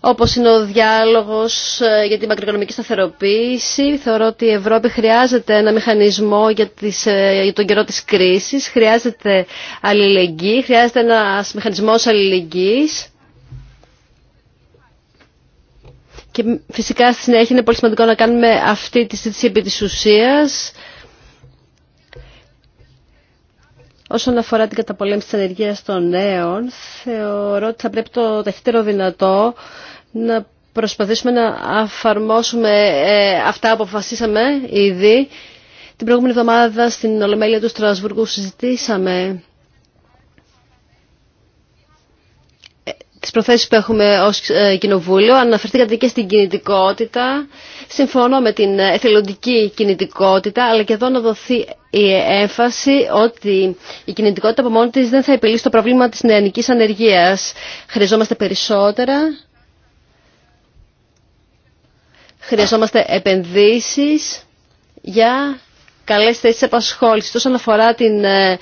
όπως είναι ο διάλογος ε, για τη μακροοικονομική σταθεροποίηση. Θεωρώ ότι η Ευρώπη χρειάζεται ένα μηχανισμό για, ε, τον καιρό της κρίσης, χρειάζεται αλληλεγγύη, χρειάζεται ένα μηχανισμός αλληλεγγύης. Και φυσικά στη συνέχεια είναι πολύ σημαντικό να κάνουμε αυτή τη συζήτηση επί της ουσίας. Όσον αφορά την καταπολέμηση της ενεργείας των νέων, θεωρώ ότι θα πρέπει το ταχύτερο δυνατό να προσπαθήσουμε να αφαρμόσουμε ε, αυτά που αποφασίσαμε ήδη. Την προηγούμενη εβδομάδα στην Ολομέλεια του Στρασβουργού συζητήσαμε τις προθέσεις που έχουμε ως ε, Κοινοβούλιο. Αναφερθήκατε και στην κινητικότητα. Συμφωνώ με την εθελοντική κινητικότητα, αλλά και εδώ να δοθεί η έμφαση ότι η κινητικότητα από μόνη της δεν θα επιλύσει το πρόβλημα της νεανικής ανεργίας. Χρειαζόμαστε περισσότερα. Χρειαζόμαστε επενδύσεις για καλές θέσεις επασχόλησης. αφορά την ε,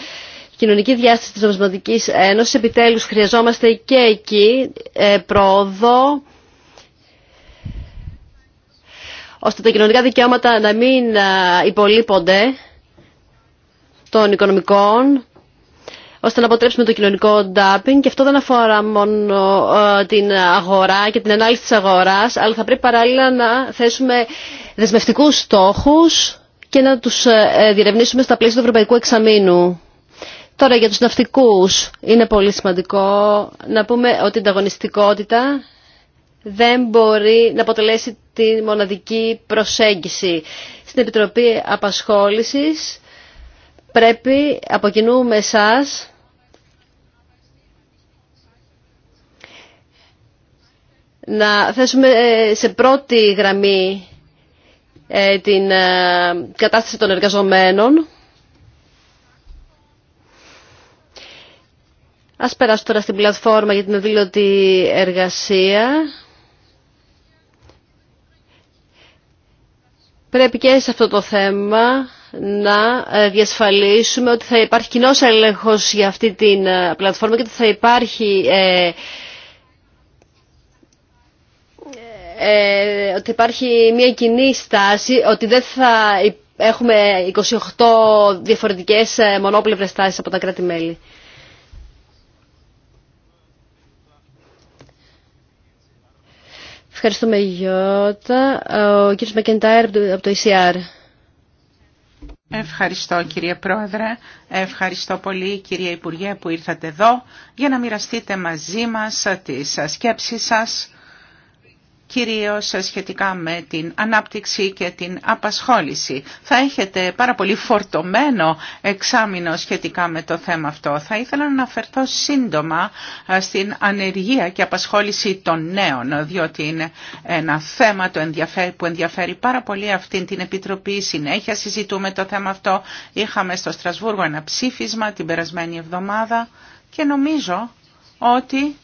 κοινωνική διάσταση της Νομισματικής Ένωσης. Επιτέλους χρειαζόμαστε και εκεί ε, πρόοδο ώστε τα κοινωνικά δικαιώματα να μην ε, υπολείπονται των οικονομικών ώστε να αποτρέψουμε το κοινωνικό ντάπινγκ και αυτό δεν αφορά μόνο ε, την αγορά και την ανάλυση της αγοράς αλλά θα πρέπει παράλληλα να θέσουμε δεσμευτικούς στόχους και να τους διερευνήσουμε στα πλαίσια του Ευρωπαϊκού Εξαμήνου. Τώρα για τους ναυτικούς είναι πολύ σημαντικό να πούμε ότι η ανταγωνιστικότητα δεν μπορεί να αποτελέσει τη μοναδική προσέγγιση. Στην Επιτροπή Απασχόλησης πρέπει από κοινού με εσάς να θέσουμε ε, σε πρώτη γραμμή ε, την ε, κατάσταση των εργαζομένων Ας περάσω τώρα στην πλατφόρμα για την ευήλωτη εργασία. Πρέπει και σε αυτό το θέμα να ε, διασφαλίσουμε ότι θα υπάρχει κοινό έλεγχος για αυτή την ε, πλατφόρμα και ότι θα υπάρχει ε, ε, ότι υπάρχει μια κοινή στάση, ότι δεν θα έχουμε 28 διαφορετικές μονόπλευρες στάσεις από τα κράτη-μέλη. Ευχαριστούμε, Γιώτα. Ο κύριος Μακεντάιρ από το ECR. Ευχαριστώ κύριε Πρόεδρε, ευχαριστώ πολύ κυρία Υπουργέ που ήρθατε εδώ για να μοιραστείτε μαζί μας τις σκέψεις σας κυρίως σχετικά με την ανάπτυξη και την απασχόληση. Θα έχετε πάρα πολύ φορτωμένο εξάμεινο σχετικά με το θέμα αυτό. Θα ήθελα να αναφερθώ σύντομα ε, στην ανεργία και απασχόληση των νέων, διότι είναι ένα θέμα που ενδιαφέρει πάρα πολύ αυτήν την Επιτροπή. Συνέχεια συζητούμε το θέμα αυτό. Είχαμε στο Στρασβούργο ένα ψήφισμα την περασμένη εβδομάδα και νομίζω ότι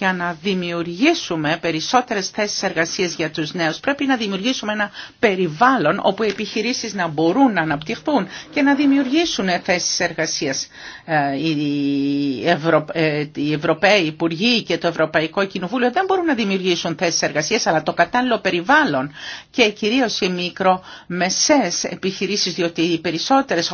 για να δημιουργήσουμε περισσότερες θέσεις εργασίας για τους νέους. Πρέπει να δημιουργήσουμε ένα περιβάλλον όπου οι επιχειρήσεις να μπορούν να αναπτυχθούν και να δημιουργήσουν θέσεις εργασίας. Ε, οι, Ευρω... Ε, οι Ευρωπαίοι Υπουργοί και το Ευρωπαϊκό Κοινοβούλιο δεν μπορούν να δημιουργήσουν θέσεις εργασίας, αλλά το κατάλληλο περιβάλλον και κυρίως οι μικρομεσές επιχειρήσεις, διότι οι περισσότερες,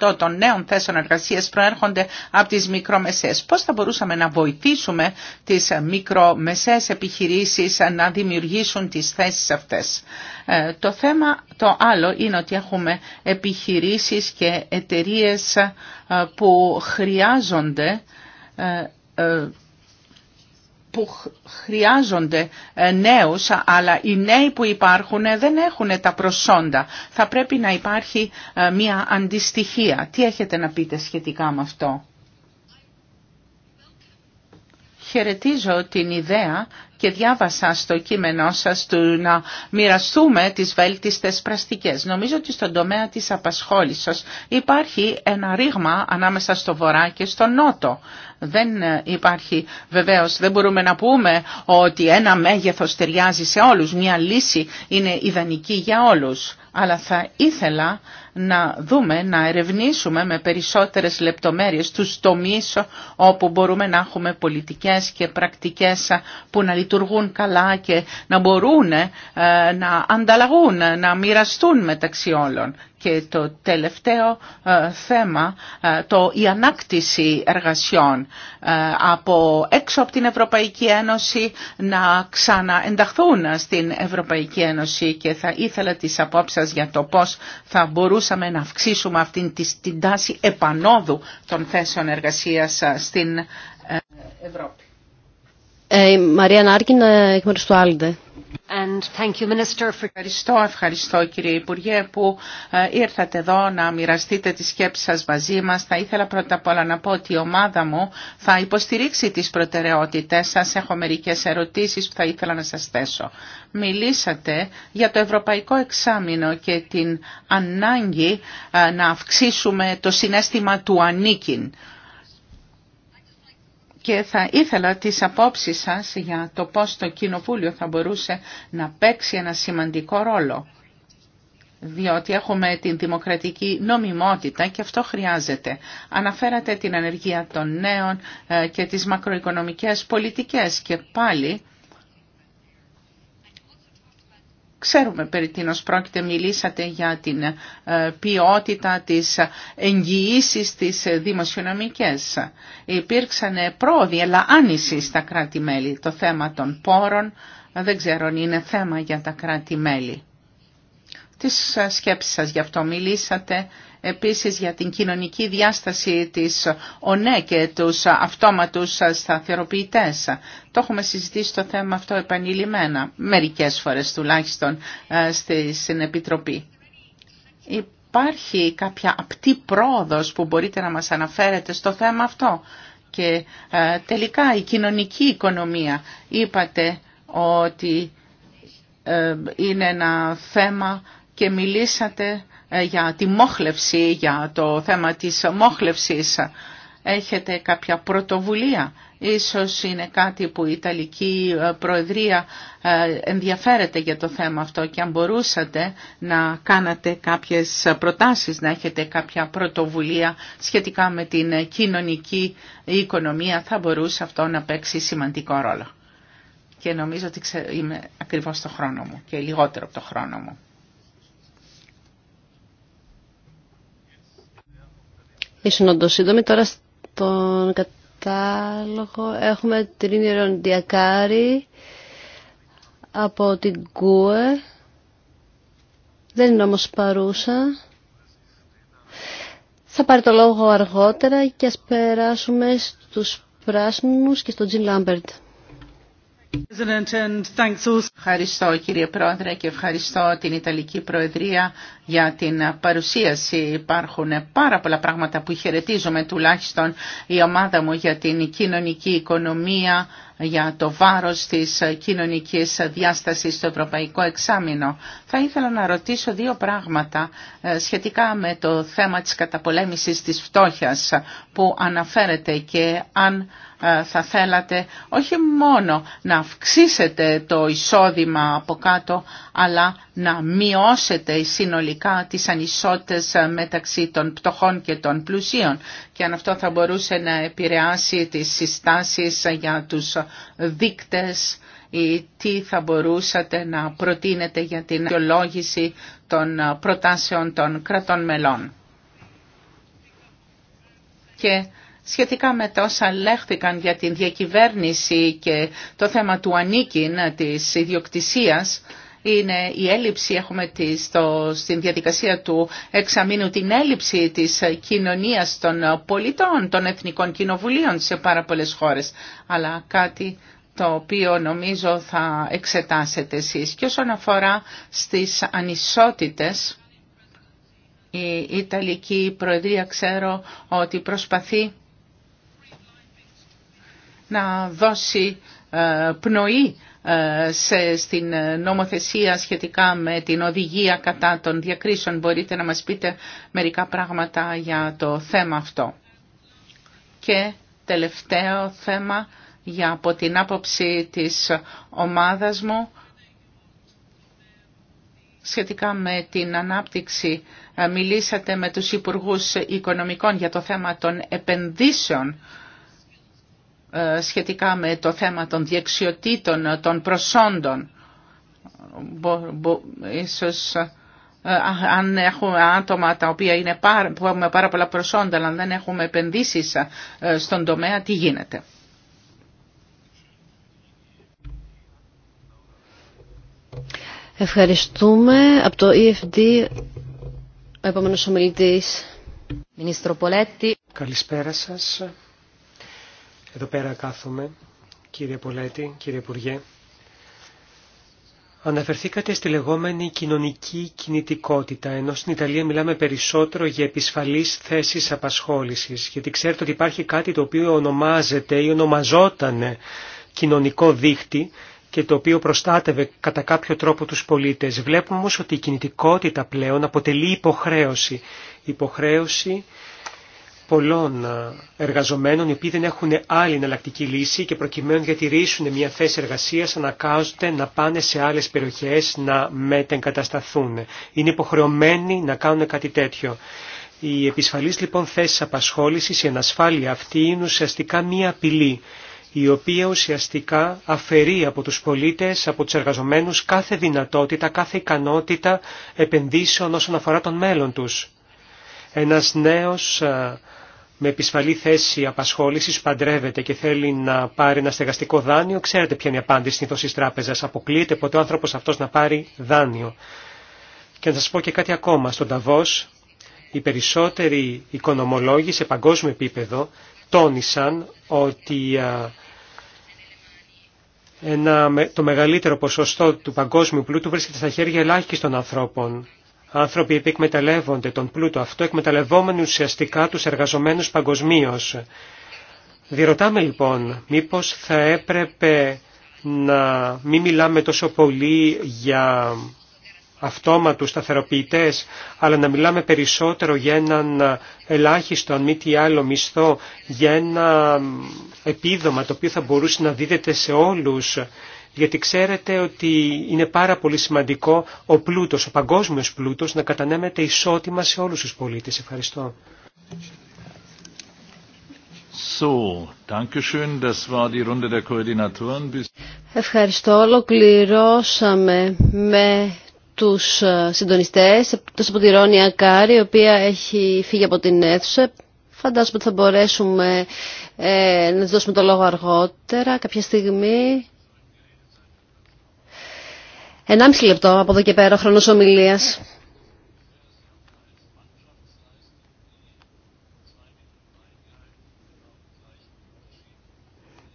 85% των νέων θέσεων εργασίας προέρχονται από τις μικρομεσές. Πώς θα μπορούσαμε να βοηθήσουμε τις μικρομεσαίες επιχειρήσεις να δημιουργήσουν τις θέσεις αυτές. Ε, το θέμα το άλλο είναι ότι έχουμε επιχειρήσεις και εταιρείες ε, που χρειάζονται ε, που χρειάζονται νέους, αλλά οι νέοι που υπάρχουν δεν έχουν τα προσόντα. Θα πρέπει να υπάρχει μια αντιστοιχία. Τι έχετε να πείτε σχετικά με αυτό. Χαιρετίζω την ιδέα και διάβασα στο κείμενό σας του να μοιραστούμε τις βέλτιστες πραστικές. Νομίζω ότι στον τομέα της απασχόλησης υπάρχει ένα ρήγμα ανάμεσα στο βορρά και στο νότο. Δεν υπάρχει βεβαίως, δεν μπορούμε να πούμε ότι ένα μέγεθος ταιριάζει σε όλους, μια λύση είναι ιδανική για όλους. Αλλά θα ήθελα να δούμε, να ερευνήσουμε με περισσότερες λεπτομέρειες τους τομείς όπου μπορούμε να έχουμε πολιτικές και πρακτικές που να λειτουργούν καλά και να μπορούν ε, να ανταλλαγούν, να μοιραστούν μεταξύ όλων. Και το τελευταίο ε, θέμα, ε, το, η ανάκτηση εργασιών από έξω από την Ευρωπαϊκή Ένωση να ξαναενταχθούν στην Ευρωπαϊκή Ένωση και θα ήθελα τις απόψεις για το πώς θα μπορούσαμε να αυξήσουμε αυτήν την τάση επανόδου των θέσεων εργασίας ε, στην ε, Ευρώπη. Ε, Μαρία Νάρκιν, ε, εκ του Άλντε. Ευχαριστώ, ευχαριστώ κύριε Υπουργέ που ε, ήρθατε εδώ να μοιραστείτε τις σκέψεις σας μαζί μας. Θα ήθελα πρώτα απ' όλα να πω ότι η ομάδα μου θα υποστηρίξει τις προτεραιότητες σας. Έχω μερικές ερωτήσεις που θα ήθελα να σας θέσω. Μιλήσατε για το Ευρωπαϊκό Εξάμεινο και την ανάγκη ε, να αυξήσουμε το συνέστημα του ανήκειν και θα ήθελα τις απόψεις σας για το πώς το Κοινοβούλιο θα μπορούσε να παίξει ένα σημαντικό ρόλο. Διότι έχουμε την δημοκρατική νομιμότητα και αυτό χρειάζεται. Αναφέρατε την ανεργία των νέων ε, και τις μακροοικονομικές πολιτικές και πάλι Ξέρουμε περί τίνος πρόκειται, μιλήσατε για την ε, ποιότητα της εγγυήσεις της δημοσιονομικές. Υπήρξαν πρόοδοι, αλλά άνηση στα κράτη-μέλη. Το θέμα των πόρων δεν ξέρω αν είναι θέμα για τα κράτη-μέλη. Τις σκέψεις σας γι' αυτό μιλήσατε επίσης για την κοινωνική διάσταση της ΟΝΕ και τους αυτόματους σταθεροποιητές. Το έχουμε συζητήσει το θέμα αυτό επανειλημμένα, μερικές φορές τουλάχιστον ε, στην Επιτροπή. Υπάρχει κάποια απτή πρόοδος που μπορείτε να μας αναφέρετε στο θέμα αυτό. Και ε, τελικά η κοινωνική οικονομία είπατε ότι ε, είναι ένα θέμα και μιλήσατε ε, για τη μόχλευση, για το θέμα της μόχλευσης. Έχετε κάποια πρωτοβουλία. Ίσως είναι κάτι που η Ιταλική ε, Προεδρία ε, ενδιαφέρεται για το θέμα αυτό και αν μπορούσατε να κάνατε κάποιες προτάσεις, να έχετε κάποια πρωτοβουλία σχετικά με την κοινωνική οικονομία, θα μπορούσε αυτό να παίξει σημαντικό ρόλο. Και νομίζω ότι είμαι ακριβώς στο χρόνο μου και λιγότερο από το χρόνο μου. Ήσουν όντως σύντομη. Τώρα στον κατάλογο έχουμε την Ροντιακάρη από την ΚΟΕ. Δεν είναι όμως παρούσα. Θα πάρει το λόγο αργότερα και ας περάσουμε στους πράσινους και στον Τζιν Λάμπερτ. Ευχαριστώ κύριε Πρόεδρε και ευχαριστώ την Ιταλική Προεδρία για την παρουσίαση. Υπάρχουν πάρα πολλά πράγματα που χαιρετίζομαι τουλάχιστον η ομάδα μου για την κοινωνική οικονομία για το βάρος της κοινωνικής διάστασης στο Ευρωπαϊκό Εξάμεινο. Θα ήθελα να ρωτήσω δύο πράγματα ε, σχετικά με το θέμα της καταπολέμησης της φτώχειας που αναφέρεται και αν ε, θα θέλατε όχι μόνο να αυξήσετε το εισόδημα από κάτω, αλλά να μειώσετε συνολικά τις ανισότητες μεταξύ των πτωχών και των πλουσίων και αν αυτό θα μπορούσε να επηρεάσει τις συστάσεις για τους δείκτες ή τι θα μπορούσατε να προτείνετε για την αξιολόγηση των προτάσεων των κρατών μελών. Και σχετικά με τα όσα λέχθηκαν για την διακυβέρνηση και το θέμα του ανήκειν της ιδιοκτησίας, είναι η έλλειψη, έχουμε τη, στο, στην διαδικασία του εξαμήνου την έλλειψη της κοινωνίας των πολιτών, των εθνικών κοινοβουλίων σε πάρα πολλές χώρες, αλλά κάτι το οποίο νομίζω θα εξετάσετε εσείς. Και όσον αφορά στις ανισότητες, η Ιταλική Προεδρία ξέρω ότι προσπαθεί να δώσει ε, πνοή ε, σε, στην ε, νομοθεσία σχετικά με την οδηγία κατά των διακρίσεων. Μπορείτε να μας πείτε μερικά πράγματα για το θέμα αυτό. Και τελευταίο θέμα για από την άποψη της ομάδας μου σχετικά με την ανάπτυξη. Ε, μιλήσατε με τους Υπουργούς Οικονομικών για το θέμα των επενδύσεων ε, σχετικά με το θέμα των διεξιοτήτων, των προσόντων. Ίσως ε, αν έχουμε άτομα τα οποία είναι πάρα, που έχουμε πάρα πολλά προσόντα, αλλά δεν έχουμε επενδύσει ε, στον τομέα, τι γίνεται. Ευχαριστούμε. Από το EFD, ο επόμενος ομιλητής. Μινίστρο Καλησπέρα σας. Εδώ πέρα κάθομαι, κύριε Πολέτη, κύριε Υπουργέ. Αναφερθήκατε στη λεγόμενη κοινωνική κινητικότητα, ενώ στην Ιταλία μιλάμε περισσότερο για επισφαλείς θέσεις απασχόλησης, γιατί ξέρετε ότι υπάρχει κάτι το οποίο ονομάζεται ή ονομαζόταν κοινωνικό δίχτυ και το οποίο προστάτευε κατά κάποιο τρόπο τους πολίτες. Βλέπουμε όμως ότι η κινητικότητα πλέον αποτελεί υποχρέωση. Υποχρέωση πολλών ε, εργαζομένων οι οποίοι δεν έχουν άλλη εναλλακτική λύση και προκειμένου να διατηρήσουν μια θέση εργασία ανακάζονται να πάνε σε άλλε περιοχέ να μετεγκατασταθούν. Είναι υποχρεωμένοι να κάνουν κάτι τέτοιο. Η επισφαλή θέση απασχόληση λοιπόν θέση είναι ουσιαστικά μία πυλή, η ανασφάλεια αυτή είναι ουσιαστικά μία απειλή η οποία ουσιαστικά αφαιρεί από τους πολίτες, από τους εργαζομένους κάθε δυνατότητα, κάθε ικανότητα επενδύσεων όσον αφορά τον μέλλον τους. Ένας νέος ε, με επισφαλή θέση απασχόλησης παντρεύεται και θέλει να πάρει ένα στεγαστικό δάνειο, ξέρετε ποια είναι η απάντηση συνήθω τη τράπεζα. Αποκλείεται ποτέ ο άνθρωπο αυτό να πάρει δάνειο. Και να σα πω και κάτι ακόμα. Στον Ταβό, οι περισσότεροι οικονομολόγοι σε παγκόσμιο επίπεδο τόνισαν ότι ένα, το μεγαλύτερο ποσοστό του παγκόσμιου πλούτου βρίσκεται στα χέρια ελάχιστων ανθρώπων άνθρωποι που εκμεταλλεύονται τον πλούτο αυτό, εκμεταλλευόμενοι ουσιαστικά τους εργαζομένους παγκοσμίω. Διερωτάμε λοιπόν, μήπως θα έπρεπε να μην μιλάμε τόσο πολύ για αυτόματους σταθεροποιητέ, αλλά να μιλάμε περισσότερο για έναν ελάχιστο, αν μη τι άλλο, μισθό, για ένα επίδομα το οποίο θα μπορούσε να δίδεται σε όλους γιατί ξέρετε ότι είναι πάρα πολύ σημαντικό ο πλούτος, ο παγκόσμιος πλούτος να κατανέμεται ισότιμα σε όλους τους πολίτες. Ευχαριστώ. Ευχαριστώ. Ολοκληρώσαμε με τους ε, συντονιστές, το από τη Κάρη, η οποία έχει φύγει από την αίθουσα. Φαντάζομαι ότι θα μπορέσουμε ε, να δώσουμε το λόγο αργότερα, κάποια στιγμή. 1,5 λεπτό από εδώ και πέρα ο χρόνος ομιλίας.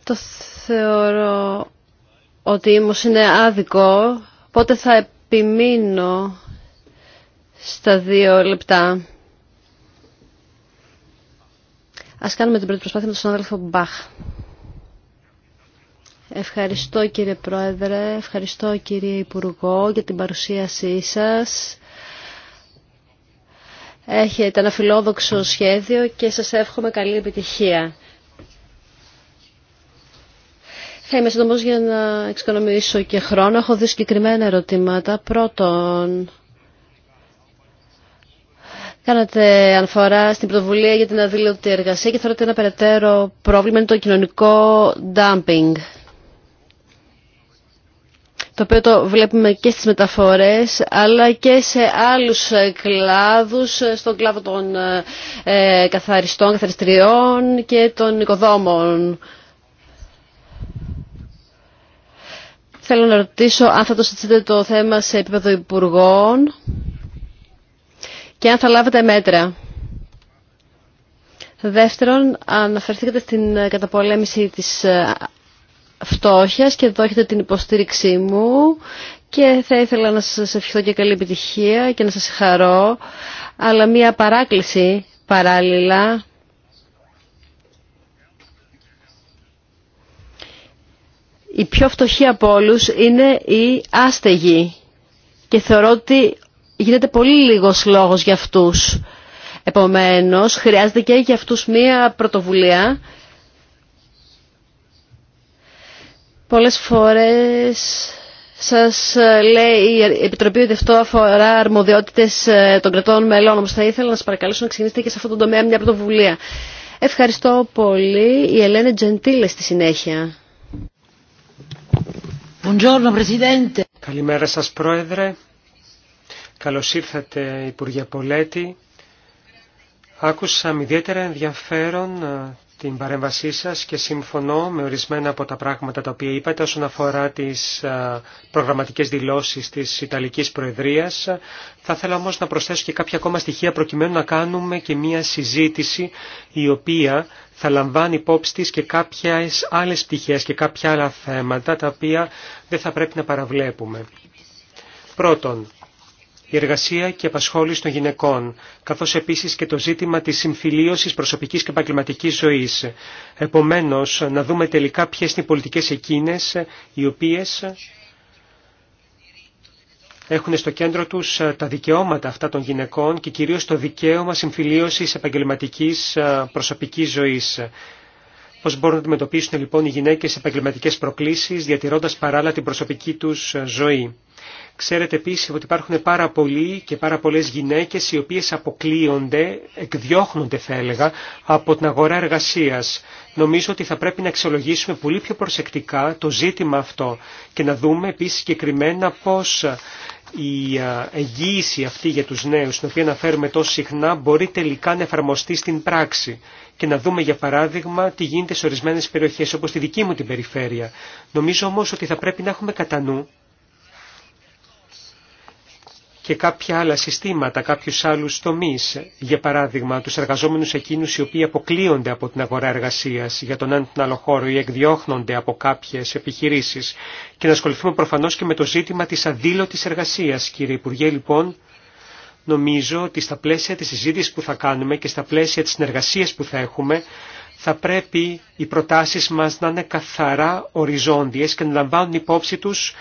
Το θεωρώ ότι όμως είναι άδικο, πότε θα επιμείνω στα δύο λεπτά. Ας κάνουμε την πρώτη προσπάθεια με τον συνάδελφο Μπαχ. Ευχαριστώ κύριε Πρόεδρε, ευχαριστώ κύριε Υπουργό για την παρουσίασή σας. Έχετε ένα φιλόδοξο σχέδιο και σας εύχομαι καλή επιτυχία. Θα είμαι σύντομος για να εξοικονομήσω και χρόνο. Έχω δύο συγκεκριμένα ερωτήματα. Πρώτον, Κάνατε αναφορά στην πρωτοβουλία για την αδήλωτη εργασία και θεωρείτε ένα περαιτέρω πρόβλημα είναι το κοινωνικό dumping το οποίο το βλέπουμε και στις μεταφορές αλλά και σε άλλους ε, κλάδους, ε, στον κλάδο των ε, καθαριστών, καθαριστριών και των οικοδόμων. Θέλω να ρωτήσω αν θα το συζητήσετε το θέμα σε επίπεδο υπουργών και αν θα λάβετε μέτρα. Δεύτερον, αναφερθήκατε στην καταπολέμηση της φτώχειας και εδώ έχετε την υποστήριξή μου και θα ήθελα να σας ευχηθώ και καλή επιτυχία και να σας χαρώ αλλά μία παράκληση παράλληλα η πιο φτωχή από όλους είναι η άστεγη και θεωρώ ότι γίνεται πολύ λίγος λόγος για αυτούς. Επομένως, χρειάζεται και για αυτούς μία πρωτοβουλία Πολλές φορές σας ε, λέει η Επιτροπή ότι αυτό αφορά αρμοδιότητες ε, των κρατών μελών, όμως θα ήθελα να σας παρακαλέσω να ξεκινήσετε και σε αυτό το τομέα μια πρωτοβουλία. Ευχαριστώ πολύ. Η Ελένη Τζεντήλε στη συνέχεια. Καλημέρα σας Πρόεδρε. Καλώς ήρθατε Υπουργέ Πολέτη. Άκουσα με ιδιαίτερα ενδιαφέρον ε, την παρέμβασή σας και συμφωνώ με ορισμένα από τα πράγματα τα οποία είπατε όσον αφορά τις προγραμματικές δηλώσεις της Ιταλικής Προεδρίας. Θα ήθελα όμως να προσθέσω και κάποια ακόμα στοιχεία προκειμένου να κάνουμε και μία συζήτηση η οποία θα λαμβάνει υπόψη της και κάποιες άλλες πτυχές και κάποια άλλα θέματα τα οποία δεν θα πρέπει να παραβλέπουμε. Πρώτον, η εργασία και απασχόληση των γυναικών, καθώς επίσης και το ζήτημα της συμφιλίωσης προσωπικής και επαγγελματική ζωής. Επομένως, να δούμε τελικά ποιες είναι οι πολιτικές εκείνες οι οποίες έχουν στο κέντρο τους τα δικαιώματα αυτά των γυναικών και κυρίως το δικαίωμα συμφιλίωσης επαγγελματικής ε, προσωπικής ζωής. Πώς μπορούν να αντιμετωπίσουν λοιπόν οι γυναίκες επαγγελματικές προκλήσεις διατηρώντας παράλληλα την προσωπική του ε, ζωή. Ξέρετε επίσης ότι υπάρχουν πάρα πολλοί και πάρα πολλές γυναίκες οι οποίες αποκλείονται, εκδιώχνονται θα έλεγα, από την αγορά εργασίας. Νομίζω ότι θα πρέπει να αξιολογήσουμε πολύ πιο προσεκτικά το ζήτημα αυτό και να δούμε επίσης συγκεκριμένα πώς η εγγύηση αυτή για τους νέους, την οποία αναφέρουμε τόσο συχνά, μπορεί τελικά να εφαρμοστεί στην πράξη και να δούμε για παράδειγμα τι γίνεται σε ορισμένες περιοχές όπως τη δική μου την περιφέρεια. Νομίζω όμως ότι θα πρέπει να έχουμε κατά νου και κάποια άλλα συστήματα, κάποιους άλλους τομείς, για παράδειγμα τους εργαζόμενους εκείνους οι οποίοι αποκλείονται από την αγορά εργασίας για τον έναν τον άλλο χώρο ή εκδιώχνονται από κάποιες επιχειρήσεις και να ασχοληθούμε προφανώς και με το ζήτημα της αδήλωτης εργασίας. Κύριε Υπουργέ, λοιπόν, νομίζω ότι στα πλαίσια της συζήτησης που θα κάνουμε και στα πλαίσια της συνεργασίας που θα έχουμε, θα πρέπει οι προτάσεις μας να είναι καθαρά οριζόντιες και να λαμβάνουν υπόψη τους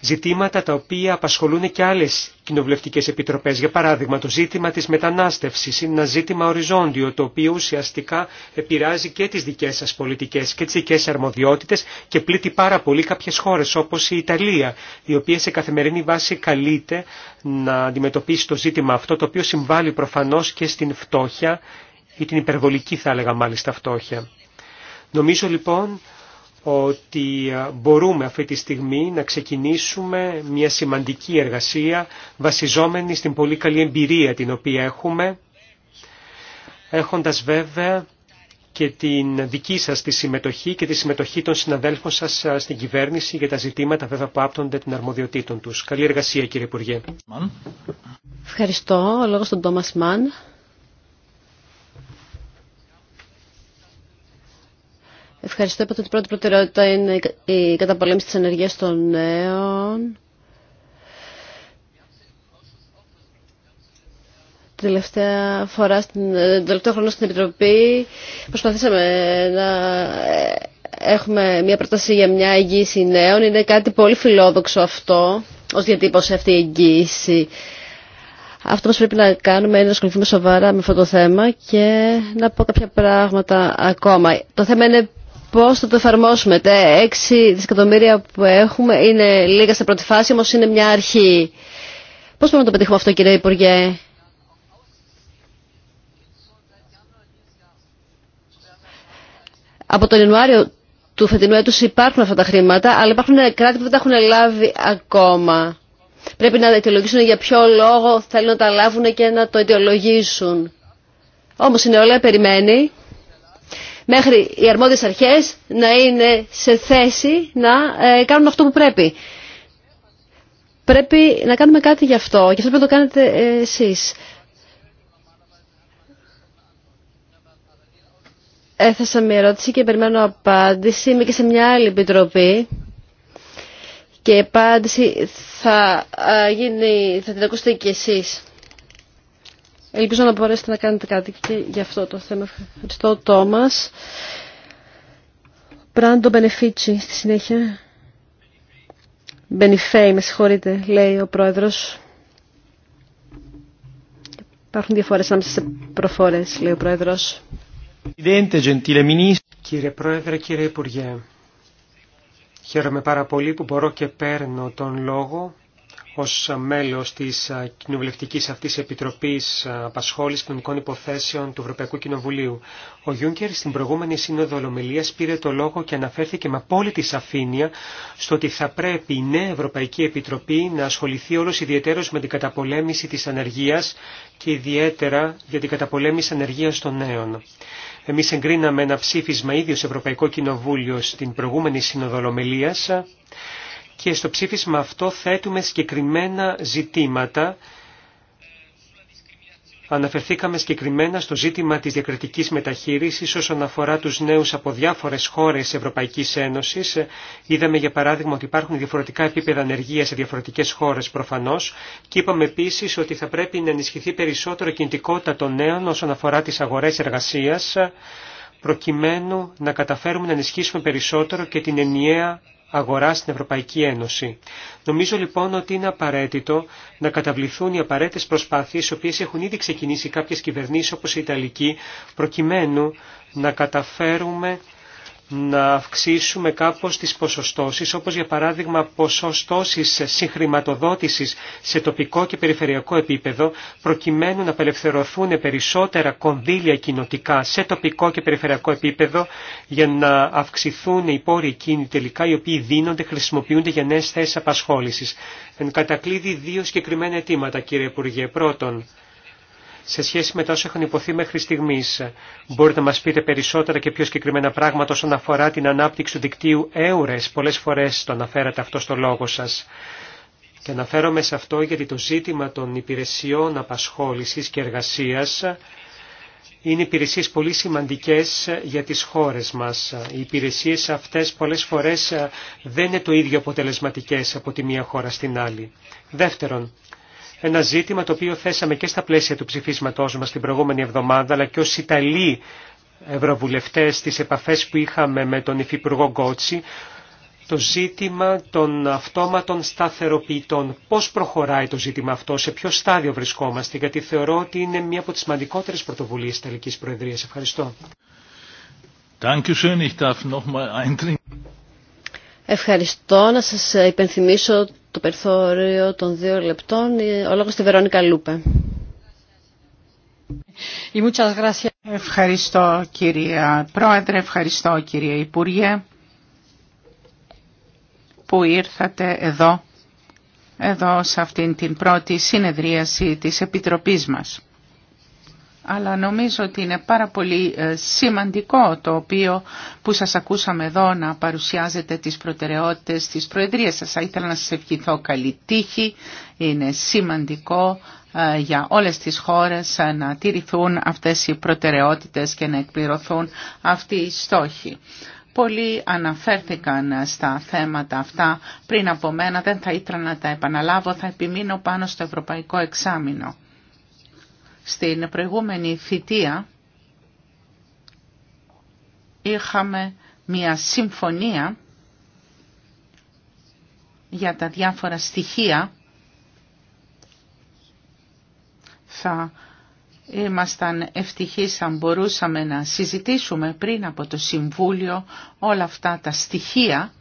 ζητήματα τα οποία απασχολούν και άλλες κοινοβουλευτικές επιτροπές. Για παράδειγμα, το ζήτημα της μετανάστευσης είναι ένα ζήτημα οριζόντιο, το οποίο ουσιαστικά επηρεάζει και τις δικές σας πολιτικές και τις δικές σας αρμοδιότητες και πλήττει πάρα πολύ κάποιες χώρες όπως η Ιταλία, η οποία σε καθημερινή βάση καλείται να αντιμετωπίσει το ζήτημα αυτό, το οποίο συμβάλλει προφανώς και στην φτώχεια ή την υπερβολική θα έλεγα μάλιστα φτώχεια. Νομίζω λοιπόν ότι ε, μπορούμε αυτή τη στιγμή να ξεκινήσουμε μια σημαντική εργασία βασιζόμενη στην πολύ καλή εμπειρία την οποία έχουμε, έχοντας βέβαια και την δική σας τη συμμετοχή και τη συμμετοχή των συναδέλφων σας ε, στην κυβέρνηση για τα ζητήματα βέβαια που άπτονται την αρμοδιοτήτων τους. Καλή εργασία κύριε Υπουργέ. Ευχαριστώ. Ο στον Τόμας Μαν. Ευχαριστώ. Είπατε ότι η πρώτη προτεραιότητα είναι η καταπολέμηση της ενεργείας των νέων. τελευταία φορά, στην, ε, τελευταίο χρόνο στην Επιτροπή προσπαθήσαμε να ε, έχουμε μια πρόταση για μια εγγύηση νέων. Είναι κάτι πολύ φιλόδοξο αυτό, ως διατύπωση αυτή η εγγύηση. Αυτό που πρέπει να κάνουμε είναι να ασχοληθούμε σοβαρά με αυτό το θέμα και να πω κάποια πράγματα ακόμα. Το θέμα είναι πώς θα το εφαρμόσουμε. Τα 6 δισεκατομμύρια που έχουμε είναι λίγα σε πρώτη φάση, όμως είναι μια αρχή. Πώς μπορούμε να το πετύχουμε αυτό κύριε Υπουργέ. Από τον Ιανουάριο του φετινού έτους υπάρχουν αυτά τα χρήματα, αλλά υπάρχουν κράτη που δεν τα έχουν λάβει ακόμα. Πρέπει να αιτιολογήσουν για ποιο λόγο θέλουν να τα λάβουν και να το αιτιολογήσουν. Όμως είναι όλα, περιμένει μέχρι οι αρμόδιες αρχές να είναι σε θέση να ε, κάνουν αυτό που πρέπει. Πρέπει να κάνουμε κάτι γι' αυτό και αυτό πρέπει να το κάνετε ε, εσείς. Έθεσα μια ερώτηση και περιμένω απάντηση. Είμαι και σε μια άλλη επιτροπή και η απάντηση θα, ε, γίνει, θα την ακούσετε και εσείς. Ελπίζω να μπορέσετε να κάνετε κάτι και για αυτό το θέμα. Ευχαριστώ, Τόμα. Πράντο Μπενεφίτσι στη συνέχεια. Μπενιφέι, με συγχωρείτε, λέει ο πρόεδρο. Υπάρχουν διαφορέ ανάμεσα σε προφορές, λέει ο Πρόεδρο. Κύριε Πρόεδρε, κύριε Υπουργέ, χαίρομαι πάρα πολύ που μπορώ και παίρνω τον λόγο ως μέλος της κοινοβουλευτικής αυτής Επιτροπής Απασχόλησης Κοινωνικών Υποθέσεων του Ευρωπαϊκού Κοινοβουλίου. Ο Γιούνκερ στην προηγούμενη σύνοδο Ολομελίας πήρε το λόγο και αναφέρθηκε με απόλυτη σαφήνεια στο ότι θα πρέπει η νέα Ευρωπαϊκή Επιτροπή να ασχοληθεί όλος ιδιαίτερος με την καταπολέμηση της ανεργίας και ιδιαίτερα για την καταπολέμηση ανεργίας των νέων. Εμείς εγκρίναμε ένα ψήφισμα ίδιο Ευρωπαϊκό Κοινοβούλιο στην προηγούμενη σύνοδο και στο ψήφισμα αυτό θέτουμε συγκεκριμένα ζητήματα. Αναφερθήκαμε συγκεκριμένα στο ζήτημα της διακριτικής μεταχείρισης όσον αφορά τους νέους από διάφορες χώρες Ευρωπαϊκής Ένωσης. Είδαμε για παράδειγμα ότι υπάρχουν διαφορετικά επίπεδα ανεργία σε διαφορετικές χώρες προφανώς και είπαμε επίσης ότι θα πρέπει να ενισχυθεί περισσότερο η κινητικότητα των νέων όσον αφορά τις αγορές εργασίας προκειμένου να καταφέρουμε να ενισχύσουμε περισσότερο και την ενιαία αγορά στην Ευρωπαϊκή Ένωση. Νομίζω λοιπόν ότι είναι απαραίτητο να καταβληθούν οι απαραίτητες προσπάθειες, οι οποίες έχουν ήδη ξεκινήσει κάποιες κυβερνήσεις όπως η Ιταλική, προκειμένου να καταφέρουμε να αυξήσουμε κάπως τις ποσοστώσεις, όπως για παράδειγμα ποσοστώσεις συγχρηματοδότησης σε τοπικό και περιφερειακό επίπεδο, προκειμένου να απελευθερωθούν περισσότερα κονδύλια κοινοτικά σε τοπικό και περιφερειακό επίπεδο, για να αυξηθούν οι πόροι εκείνοι τελικά, οι οποίοι δίνονται, χρησιμοποιούνται για νέες θέσεις απασχόλησης. Εν κατακλείδη δύο συγκεκριμένα αιτήματα, κύριε Υπουργέ. Πρώτον, σε σχέση με τα όσα έχουν υποθεί μέχρι στιγμή. Μπορείτε να μα πείτε περισσότερα και πιο συγκεκριμένα πράγματα όσον αφορά την ανάπτυξη του δικτύου Έουρε. Πολλέ φορέ το αναφέρατε αυτό στο λόγο σα. Και αναφέρομαι σε αυτό γιατί το ζήτημα των υπηρεσιών απασχόληση και εργασία είναι υπηρεσίε πολύ σημαντικέ για τι χώρε μα. Οι υπηρεσίε αυτέ πολλέ φορέ δεν είναι το ίδιο αποτελεσματικέ από τη μία χώρα στην άλλη. Δεύτερον, ένα ζήτημα το οποίο θέσαμε και στα πλαίσια του ψηφίσματός μας την προηγούμενη εβδομάδα, αλλά και ως Ιταλοί ευρωβουλευτές στις επαφές που είχαμε με τον Υφυπουργό Γκότσι, το ζήτημα των αυτόματων σταθεροποιητών. Πώς προχωράει το ζήτημα αυτό, σε ποιο στάδιο βρισκόμαστε, γιατί θεωρώ ότι είναι μία από τις σημαντικότερες πρωτοβουλίες της Ιταλικής Προεδρίας. Ευχαριστώ. Ευχαριστώ. Να σας υπενθυμίσω το περιθώριο των δύο λεπτών. Ε, ο λόγος στη Βερόνικα Λούπε. Ευχαριστώ κυρία Πρόεδρε, ευχαριστώ κυρία Υπουργέ που ήρθατε εδώ, εδώ σε αυτήν την πρώτη συνεδρίαση της Επιτροπής μας αλλά νομίζω ότι είναι πάρα πολύ ε, σημαντικό το οποίο που σας ακούσαμε εδώ να παρουσιάζετε τις προτεραιότητες της Προεδρίας σας. Θα ήθελα να σας ευχηθώ καλή τύχη. Είναι σημαντικό ε, για όλες τις χώρες ε, να τηρηθούν αυτές οι προτεραιότητες και να εκπληρωθούν αυτοί οι στόχοι. Πολλοί αναφέρθηκαν στα θέματα αυτά πριν από μένα, δεν θα ήθελα να τα επαναλάβω, θα επιμείνω πάνω στο Ευρωπαϊκό Εξάμεινο. Στην προηγούμενη θητεία είχαμε μια συμφωνία για τα διάφορα στοιχεία. Θα ήμασταν ευτυχείς αν μπορούσαμε να συζητήσουμε πριν από το Συμβούλιο όλα αυτά τα στοιχεία.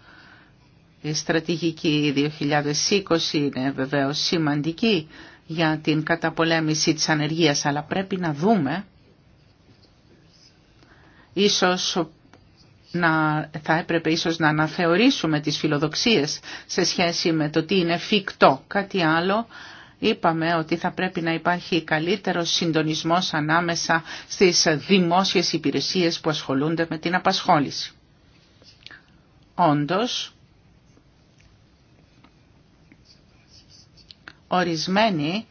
Η στρατηγική 2020 είναι βεβαίως σημαντική για την καταπολέμηση της ανεργίας, αλλά πρέπει να δούμε ίσως να, θα έπρεπε ίσως να αναθεωρήσουμε τις φιλοδοξίες σε σχέση με το τι είναι φυκτό. Κάτι άλλο είπαμε ότι θα πρέπει να υπάρχει καλύτερος συντονισμός ανάμεσα στις δημόσιες υπηρεσίες που ασχολούνται με την απασχόληση. Όντως, Ορισμένοι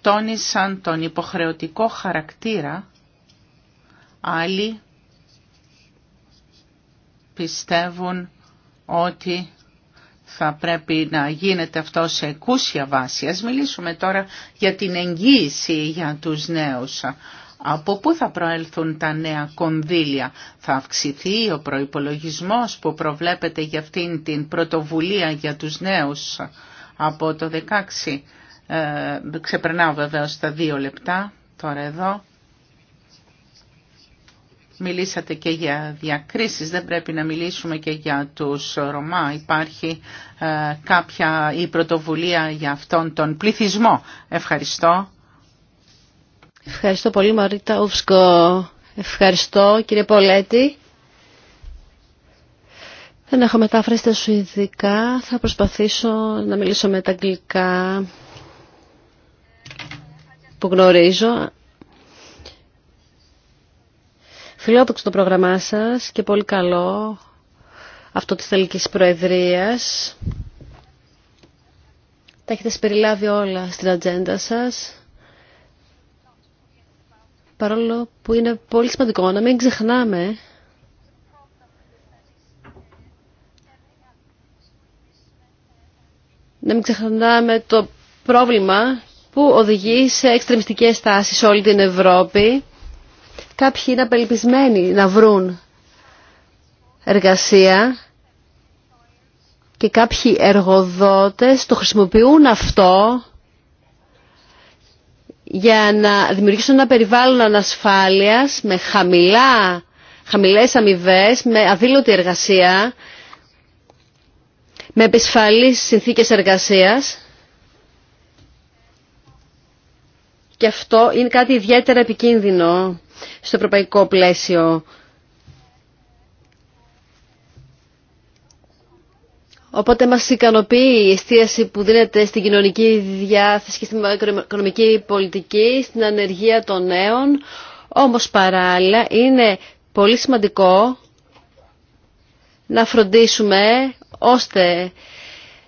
τόνισαν τον υποχρεωτικό χαρακτήρα, άλλοι πιστεύουν ότι θα πρέπει να γίνεται αυτό σε εκούσια βάση. Ας μιλήσουμε τώρα για την εγγύηση για τους νέους. Από πού θα προέλθουν τα νέα κονδύλια. Θα αυξηθεί ο προϋπολογισμός που προβλέπεται για αυτήν την πρωτοβουλία για τους νέους από το 16. Ε, ξεπερνάω βεβαίως τα δύο λεπτά, τώρα εδώ. Μιλήσατε και για διακρίσεις, δεν πρέπει να μιλήσουμε και για τους Ρωμά. Υπάρχει ε, κάποια η πρωτοβουλία για αυτόν τον πληθυσμό. Ευχαριστώ. Ευχαριστώ πολύ Μαρίτα Ουσκο. Ευχαριστώ κύριε Πολέτη. Δεν έχω μετάφραση στα σουηδικά. Θα προσπαθήσω να μιλήσω με τα αγγλικά που γνωρίζω. Φιλόδοξο το πρόγραμμά σας και πολύ καλό αυτό της Θελικής Προεδρίας. Τα έχετε συμπεριλάβει όλα στην ατζέντα σας. Παρόλο που είναι πολύ σημαντικό να μην ξεχνάμε να μην ξεχνάμε το πρόβλημα που οδηγεί σε εξτρεμιστικές τάσεις σε όλη την Ευρώπη. Κάποιοι είναι απελπισμένοι να βρουν εργασία και κάποιοι εργοδότες το χρησιμοποιούν αυτό για να δημιουργήσουν ένα περιβάλλον ανασφάλειας με χαμηλά, χαμηλές αμοιβέ, με αδήλωτη εργασία με επισφαλείς συνθήκες εργασίας και αυτό είναι κάτι ιδιαίτερα επικίνδυνο στο ευρωπαϊκό πλαίσιο. Οπότε μας ικανοποιεί η εστίαση που δίνεται στην κοινωνική διάθεση και στην οικονομική πολιτική, στην ανεργία των νέων. Όμως παράλληλα είναι πολύ σημαντικό να φροντίσουμε ώστε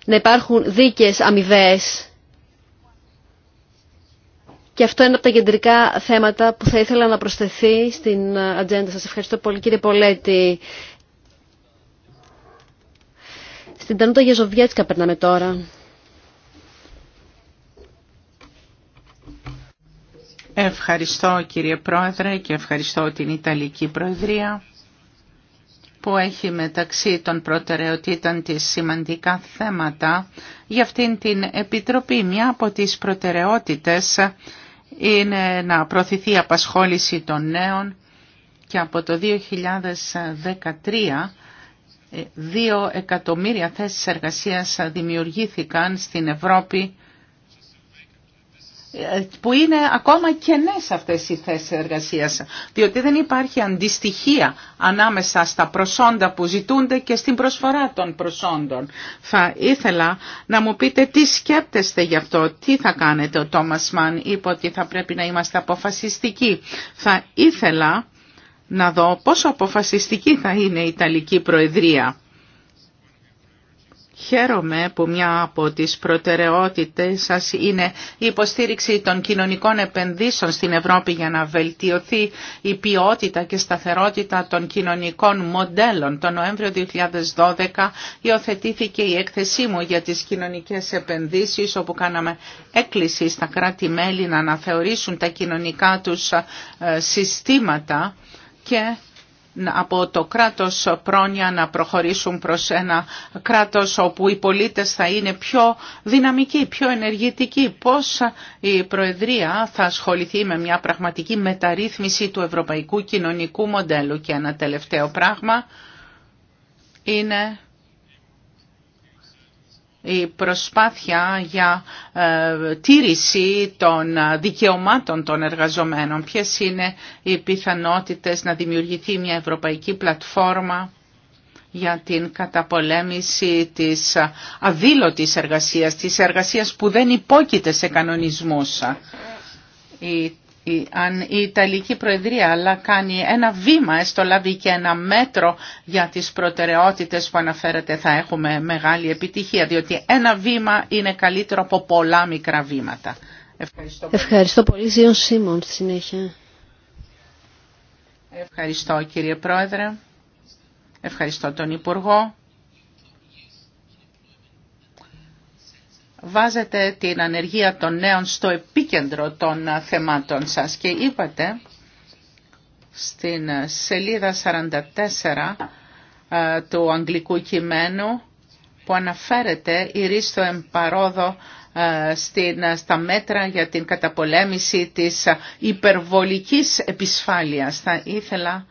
να υπάρχουν δίκες αμοιβέ. Και αυτό είναι από τα κεντρικά θέματα που θα ήθελα να προσθεθεί στην ατζέντα σας. Ευχαριστώ πολύ κύριε Πολέτη. Στην Τανούτα Γεζοβιέτσκα περνάμε τώρα. Ευχαριστώ κύριε Πρόεδρε και ευχαριστώ την Ιταλική Προεδρία που έχει μεταξύ των προτεραιοτήτων της σημαντικά θέματα για αυτήν την Επιτροπή. Μια από τις προτεραιότητες είναι να προωθηθεί η απασχόληση των νέων και από το 2013 ε, δύο εκατομμύρια θέσεις εργασίας δημιουργήθηκαν στην Ευρώπη που είναι ακόμα κενές αυτές οι θέσεις εργασίας, διότι δεν υπάρχει αντιστοιχία ανάμεσα στα προσόντα που ζητούνται και στην προσφορά των προσόντων. Θα ήθελα να μου πείτε τι σκέπτεστε γι' αυτό, τι θα κάνετε. Ο Τόμας Μαν είπε ότι θα πρέπει να είμαστε αποφασιστικοί. Θα ήθελα να δω πόσο αποφασιστική θα είναι η Ιταλική Προεδρία Χαίρομαι που μια από τις προτεραιότητες σας είναι η υποστήριξη των κοινωνικών επενδύσεων στην Ευρώπη για να βελτιωθεί η ποιότητα και σταθερότητα των κοινωνικών μοντέλων. Το Νοέμβριο 2012 υιοθετήθηκε η έκθεσή μου για τις κοινωνικές επενδύσεις όπου κάναμε έκκληση στα κράτη-μέλη να αναθεωρήσουν τα κοινωνικά τους ε, συστήματα και από το κράτος πρόνοια να προχωρήσουν προς ένα κράτος όπου οι πολίτες θα είναι πιο δυναμικοί, πιο ενεργητικοί. Πώς η Προεδρία θα ασχοληθεί με μια πραγματική μεταρρύθμιση του ευρωπαϊκού κοινωνικού μοντέλου. Και ένα τελευταίο πράγμα είναι η προσπάθεια για ε, τήρηση των δικαιωμάτων των εργαζομένων. Ποιες είναι οι πιθανότητες να δημιουργηθεί μια ευρωπαϊκή πλατφόρμα για την καταπολέμηση της αδήλωτης εργασίας, της εργασίας που δεν υπόκειται σε κανονισμούς αν η Ιταλική Προεδρία αλλά κάνει ένα βήμα, έστω λάβει και ένα μέτρο για τις προτεραιότητες που αναφέρεται, θα έχουμε μεγάλη επιτυχία, διότι ένα βήμα είναι καλύτερο από πολλά μικρά βήματα. Ευχαριστώ πολύ. Ευχαριστώ πολύ. Ζήων Σίμων στη συνέχεια. Ευχαριστώ κύριε Πρόεδρε. Ευχαριστώ τον Υπουργό. βάζετε την ανεργία των νέων στο επίκεντρο των ε, θεμάτων σας και είπατε στην ε, σελίδα 44 ε, του αγγλικού κειμένου που αναφέρεται η ρίστο εμπαρόδο στα μέτρα για την καταπολέμηση της υπερβολικής επισφάλειας. Θα ήθελα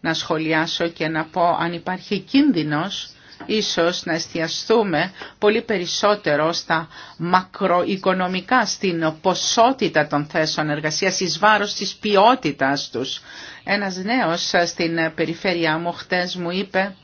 να σχολιάσω και να πω αν υπάρχει κίνδυνος ίσως να εστιαστούμε πολύ περισσότερο στα μακροοικονομικά, στην ποσότητα των θέσεων εργασίας, εις βάρος της ποιότητας τους. Ένας νέος στην περιφέρειά μου χτες μου είπε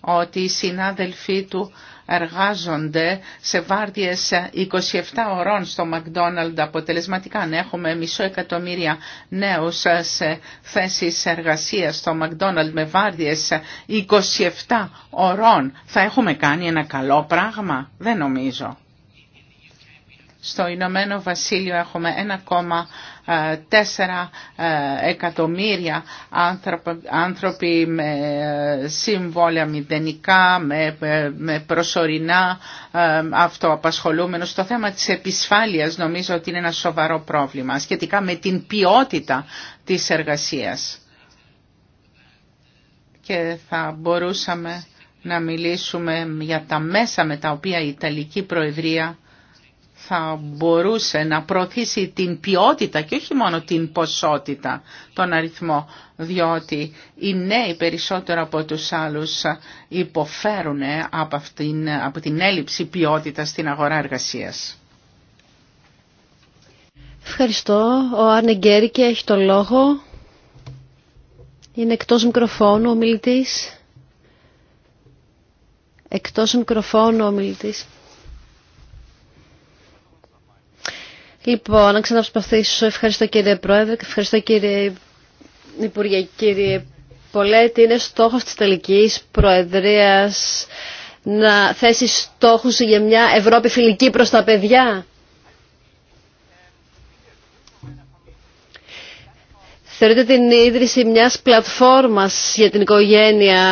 ότι οι συνάδελφοί του εργάζονται σε βάρδιες 27 ωρών στο Μακδόναλντ αποτελεσματικά. Να έχουμε μισό εκατομμύρια νέους σε θέσεις εργασίας στο Μακδόναλντ με βάρδιες 27 ωρών. Θα έχουμε κάνει ένα καλό πράγμα. Δεν νομίζω. Στο Ηνωμένο Βασίλειο έχουμε ένα τέσσερα ε, εκατομμύρια άνθρωποι με ε, συμβόλαια μηδενικά, με ε, προσωρινά αυτοαπασχολούμενος. Το θέμα της επισφάλειας νομίζω ότι είναι ένα σοβαρό πρόβλημα σχετικά με την ποιότητα της εργασίας. Και θα μπορούσαμε να μιλήσουμε για τα μέσα με τα οποία η Ιταλική Προεδρία θα μπορούσε να προωθήσει την ποιότητα και όχι μόνο την ποσότητα, τον αριθμό, διότι οι νέοι περισσότερο από τους άλλους υποφέρουν από, αυτήν, από την έλλειψη ποιότητας στην αγορά εργασίας. Ευχαριστώ. Ο Άρνε Γκέρικε έχει το λόγο. Είναι εκτός μικροφώνου ο μιλητής. Εκτός μικροφώνου ο μιλητής. Λοιπόν, να ξανασπαθήσω. Ευχαριστώ κύριε Πρόεδρε, ευχαριστώ κύριε Υπουργέ, κύριε Πολέτη. Είναι στόχος της τελικής Προεδρίας να θέσει στόχους για μια Ευρώπη φιλική προς τα παιδιά. Θεωρείτε την ίδρυση μιας πλατφόρμας για την οικογένεια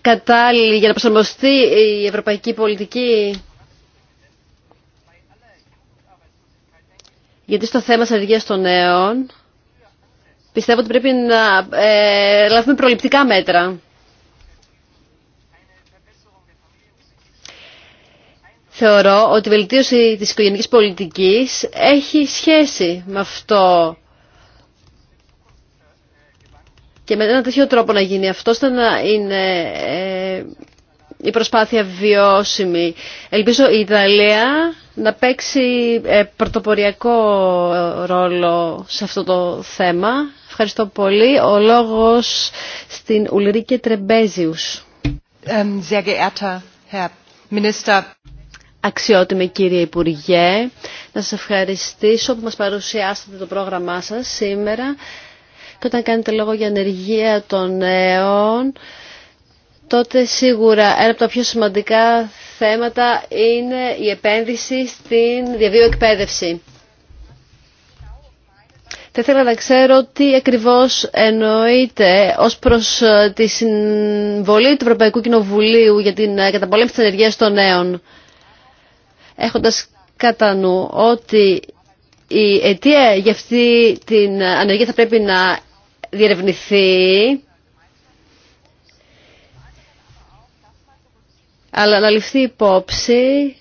κατάλληλη για να προσαρμοστεί η ευρωπαϊκή πολιτική γιατί στο θέμα της ενεργείας των νέων πιστεύω ότι πρέπει να ε, προληπτικά μέτρα. Θεωρώ ότι η βελτίωση της οικογενικής πολιτικής έχει σχέση με αυτό και με ένα τέτοιο τρόπο να γίνει αυτό, ώστε να είναι ε, η προσπάθεια βιώσιμη. Ελπίζω η Ιταλία να παίξει ε, πρωτοποριακό ρόλο σε αυτό το θέμα. Ευχαριστώ πολύ. Ο λόγος στην Ουλρίκε Τρεμπέζιους. Αξιότιμε κύριε Υπουργέ, να σας ευχαριστήσω που μας παρουσιάσατε το πρόγραμμά σας σήμερα και όταν κάνετε λόγο για ανεργία των νέων τότε σίγουρα ένα από τα πιο σημαντικά θέματα είναι η επένδυση στην διαβίω εκπαίδευση. Θα ήθελα να ξέρω τι ακριβώς εννοείται ως προς τη συμβολή του Ευρωπαϊκού Κοινοβουλίου για την καταπολέμηση της ενεργεια των νέων. Έχοντας κατά νου ότι η αιτία για αυτή την ανεργία θα πρέπει να διερευνηθεί αλλά να ληφθεί υπόψη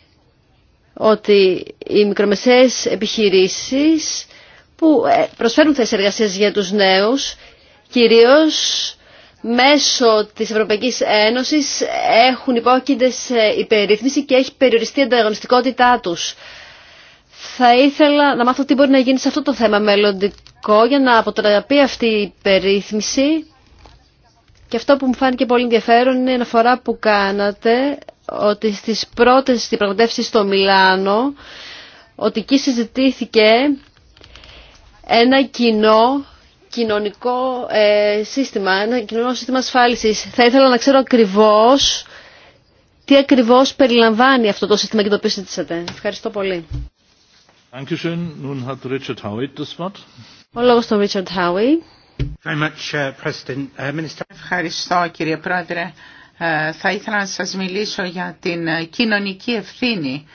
ότι οι μικρομεσαίες επιχειρήσεις που ε, προσφέρουν θέσεις εργασίες για τους νέους, κυρίως μέσω της Ευρωπαϊκής Ένωσης έχουν υπόκεινται σε υπερρύθμιση και έχει περιοριστεί η ανταγωνιστικότητά τους. Θα ήθελα να μάθω τι μπορεί να γίνει σε αυτό το θέμα μελλοντικό για να αποτραπεί αυτή η υπερρύθμιση και αυτό που μου φάνηκε πολύ ενδιαφέρον είναι η αναφορά που κάνατε ότι στις πρώτες διαπραγματεύσεις στο Μιλάνο ότι εκεί συζητήθηκε ένα κοινό κοινωνικό ε, σύστημα, ένα κοινωνικό σύστημα ασφάλισης. Θα ήθελα να ξέρω ακριβώς τι ακριβώς περιλαμβάνει αυτό το σύστημα και το οποίο συζητήσατε. Ευχαριστώ πολύ. Ο λόγος του Richard Uh, uh, Ευχαριστώ κύριε Πρόεδρε. Ε, θα ήθελα να σας μιλήσω για την ε, κοινωνική ευθύνη.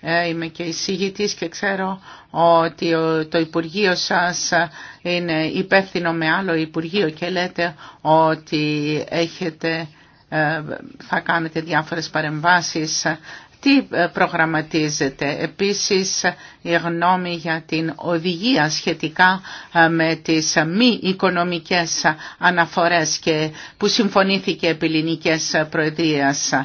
Ε, είμαι και εισηγητής και ξέρω ότι το Υπουργείο σας είναι υπεύθυνο με άλλο Υπουργείο και λέτε ότι έχετε θα κάνετε διάφορες παρεμβάσεις τι ε, προγραμματίζεται. Επίσης, η γνώμη για την οδηγία σχετικά ε, με τις μη οικονομικές αναφορές και που συμφωνήθηκε επί ελληνικές προεδρίας. Ε,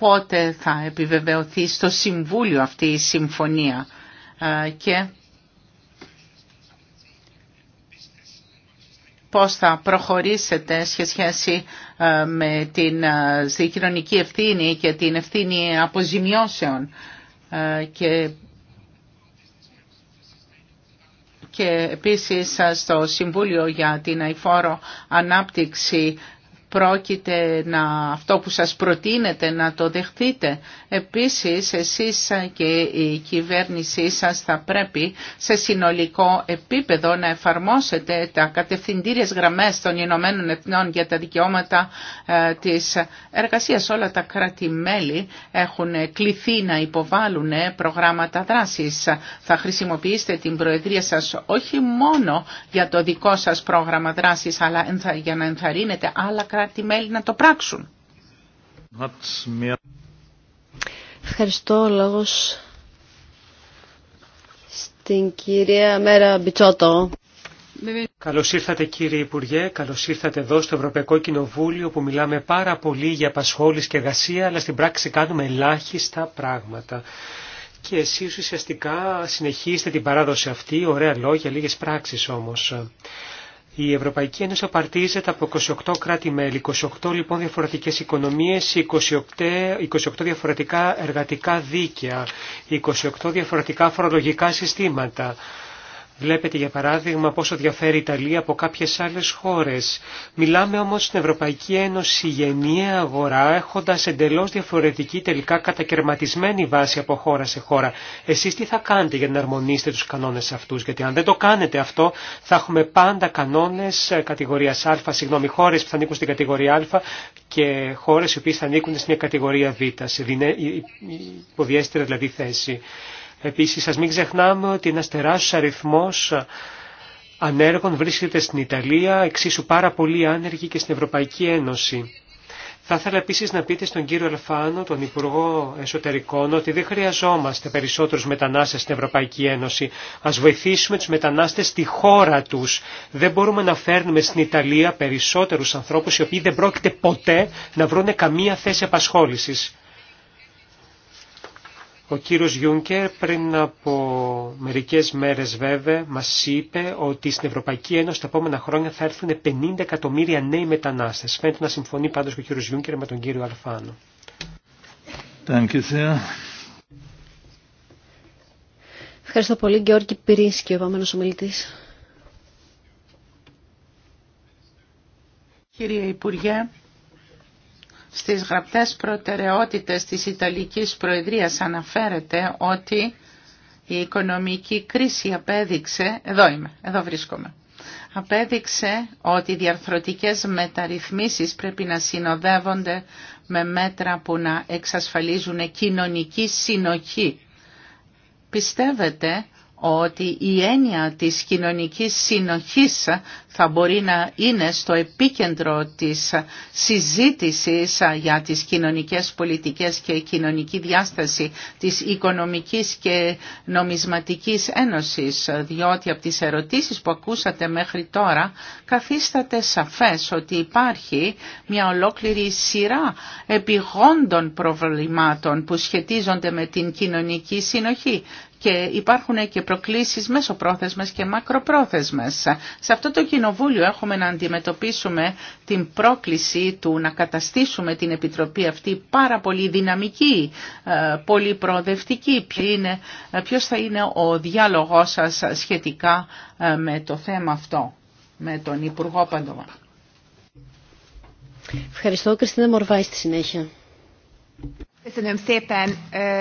πότε θα επιβεβαιωθεί στο Συμβούλιο αυτή η συμφωνία και πώς θα προχωρήσετε σε σχέση ε, με την ε, κοινωνική ευθύνη και την ευθύνη αποζημιώσεων ε, και και επίσης στο Συμβούλιο για την Αϊφόρο Ανάπτυξη πρόκειται να, αυτό που σας προτείνετε να το δεχτείτε. Επίσης, εσείς και η κυβέρνησή σας θα πρέπει σε συνολικό επίπεδο να εφαρμόσετε τα κατευθυντήριες γραμμές των Ηνωμένων Εθνών για τα δικαιώματα ε, της εργασίας. Όλα τα κράτη-μέλη έχουν κληθεί να υποβάλουν προγράμματα δράσης. Θα χρησιμοποιήσετε την Προεδρία σας όχι μόνο για το δικό σας πρόγραμμα δράσης, αλλά για να ενθαρρύνετε άλλα κράτη να το πράξουν. Ευχαριστώ. Λόγος στην κυρία Μέρα Μπιτσότο. Καλώς ήρθατε κύριε Υπουργέ, καλώς ήρθατε εδώ στο Ευρωπαϊκό Κοινοβούλιο που μιλάμε πάρα πολύ για απασχόληση και εργασία αλλά στην πράξη κάνουμε ελάχιστα πράγματα. Και εσείς ουσιαστικά συνεχίζετε την παράδοση αυτή, ωραία λόγια, λίγες πράξεις όμως. Η Ευρωπαϊκή Ένωση απαρτίζεται από 28 κράτη-μέλη, 28 λοιπόν διαφορετικές οικονομίες, 28, 28 διαφορετικά εργατικά δίκαια, 28 διαφορετικά φορολογικά συστήματα. Βλέπετε για παράδειγμα πόσο διαφέρει η Ιταλία από κάποιες άλλες χώρες. Μιλάμε όμως στην Ευρωπαϊκή Ένωση γενία αγορά έχοντας εντελώς διαφορετική τελικά κατακαιρματισμένη βάση από χώρα σε χώρα. Εσείς τι θα κάνετε για να αρμονίσετε τους κανόνες αυτούς γιατί αν δεν το κάνετε αυτό θα έχουμε πάντα κανόνες ε, κατηγορίας Α, συγγνώμη χώρες που θα ανήκουν στην κατηγορία Α και χώρες οι οποίες θα ανήκουν στην κατηγορία Β, σε υποδιέστερη δηλαδή θέση. Επίσης, ας μην ξεχνάμε ότι ένας τεράστιος αριθμός ανέργων βρίσκεται στην Ιταλία, εξίσου πάρα πολλοί άνεργοι και στην Ευρωπαϊκή Ένωση. Θα ήθελα επίσης να πείτε στον κύριο Αλφάνο, τον Υπουργό Εσωτερικών, ότι δεν χρειαζόμαστε περισσότερους μετανάστες στην Ευρωπαϊκή Ένωση. Ας βοηθήσουμε τους μετανάστες στη χώρα τους. Δεν μπορούμε να φέρνουμε στην Ιταλία περισσότερους ανθρώπους οι οποίοι δεν πρόκειται ποτέ να βρουν καμία θέση απασχόλησης. Ο κύριος Γιούνκερ πριν από μερικές μέρες βέβαια μας είπε ότι στην Ευρωπαϊκή Ένωση τα επόμενα χρόνια θα έρθουν 50 εκατομμύρια νέοι μετανάστες. Φαίνεται να συμφωνεί πάντως και ο κύριος Γιούνκερ με τον κύριο Αλφάνο. Ευχαριστώ πολύ Γεώργη Πυρίσκη, ο επόμενος ομιλητής. Κύριε Υπουργέ, στις γραπτές προτεραιότητες της Ιταλικής Προεδρίας αναφέρεται ότι η οικονομική κρίση απέδειξε, εδώ είμαι, εδώ βρίσκομαι, απέδειξε ότι οι διαρθρωτικές μεταρρυθμίσεις πρέπει να συνοδεύονται με μέτρα που να εξασφαλίζουν κοινωνική συνοχή. Πιστεύετε ότι η έννοια της κοινωνικής συνοχής θα μπορεί να είναι στο επίκεντρο της συζήτησης για τις κοινωνικές πολιτικές και κοινωνική διάσταση της Οικονομικής και Νομισματικής Ένωσης, διότι από τις ερωτήσεις που ακούσατε μέχρι τώρα καθίσταται σαφές ότι υπάρχει μια ολόκληρη σειρά επιγόντων προβλημάτων που σχετίζονται με την κοινωνική συνοχή και υπάρχουν και προκλήσεις μεσοπρόθεσμες και μακροπρόθεσμες. Σε αυτό το κοινοβούλιο έχουμε να αντιμετωπίσουμε την πρόκληση του να καταστήσουμε την Επιτροπή αυτή πάρα πολύ δυναμική, ε, πολύ προοδευτική. Ε, ποιος θα είναι ο διάλογός σας σχετικά ε, με το θέμα αυτό, με τον Υπουργό Παντοβά. Ευχαριστώ, Κριστίνα Μορβάη, στη συνέχεια. Köszönöm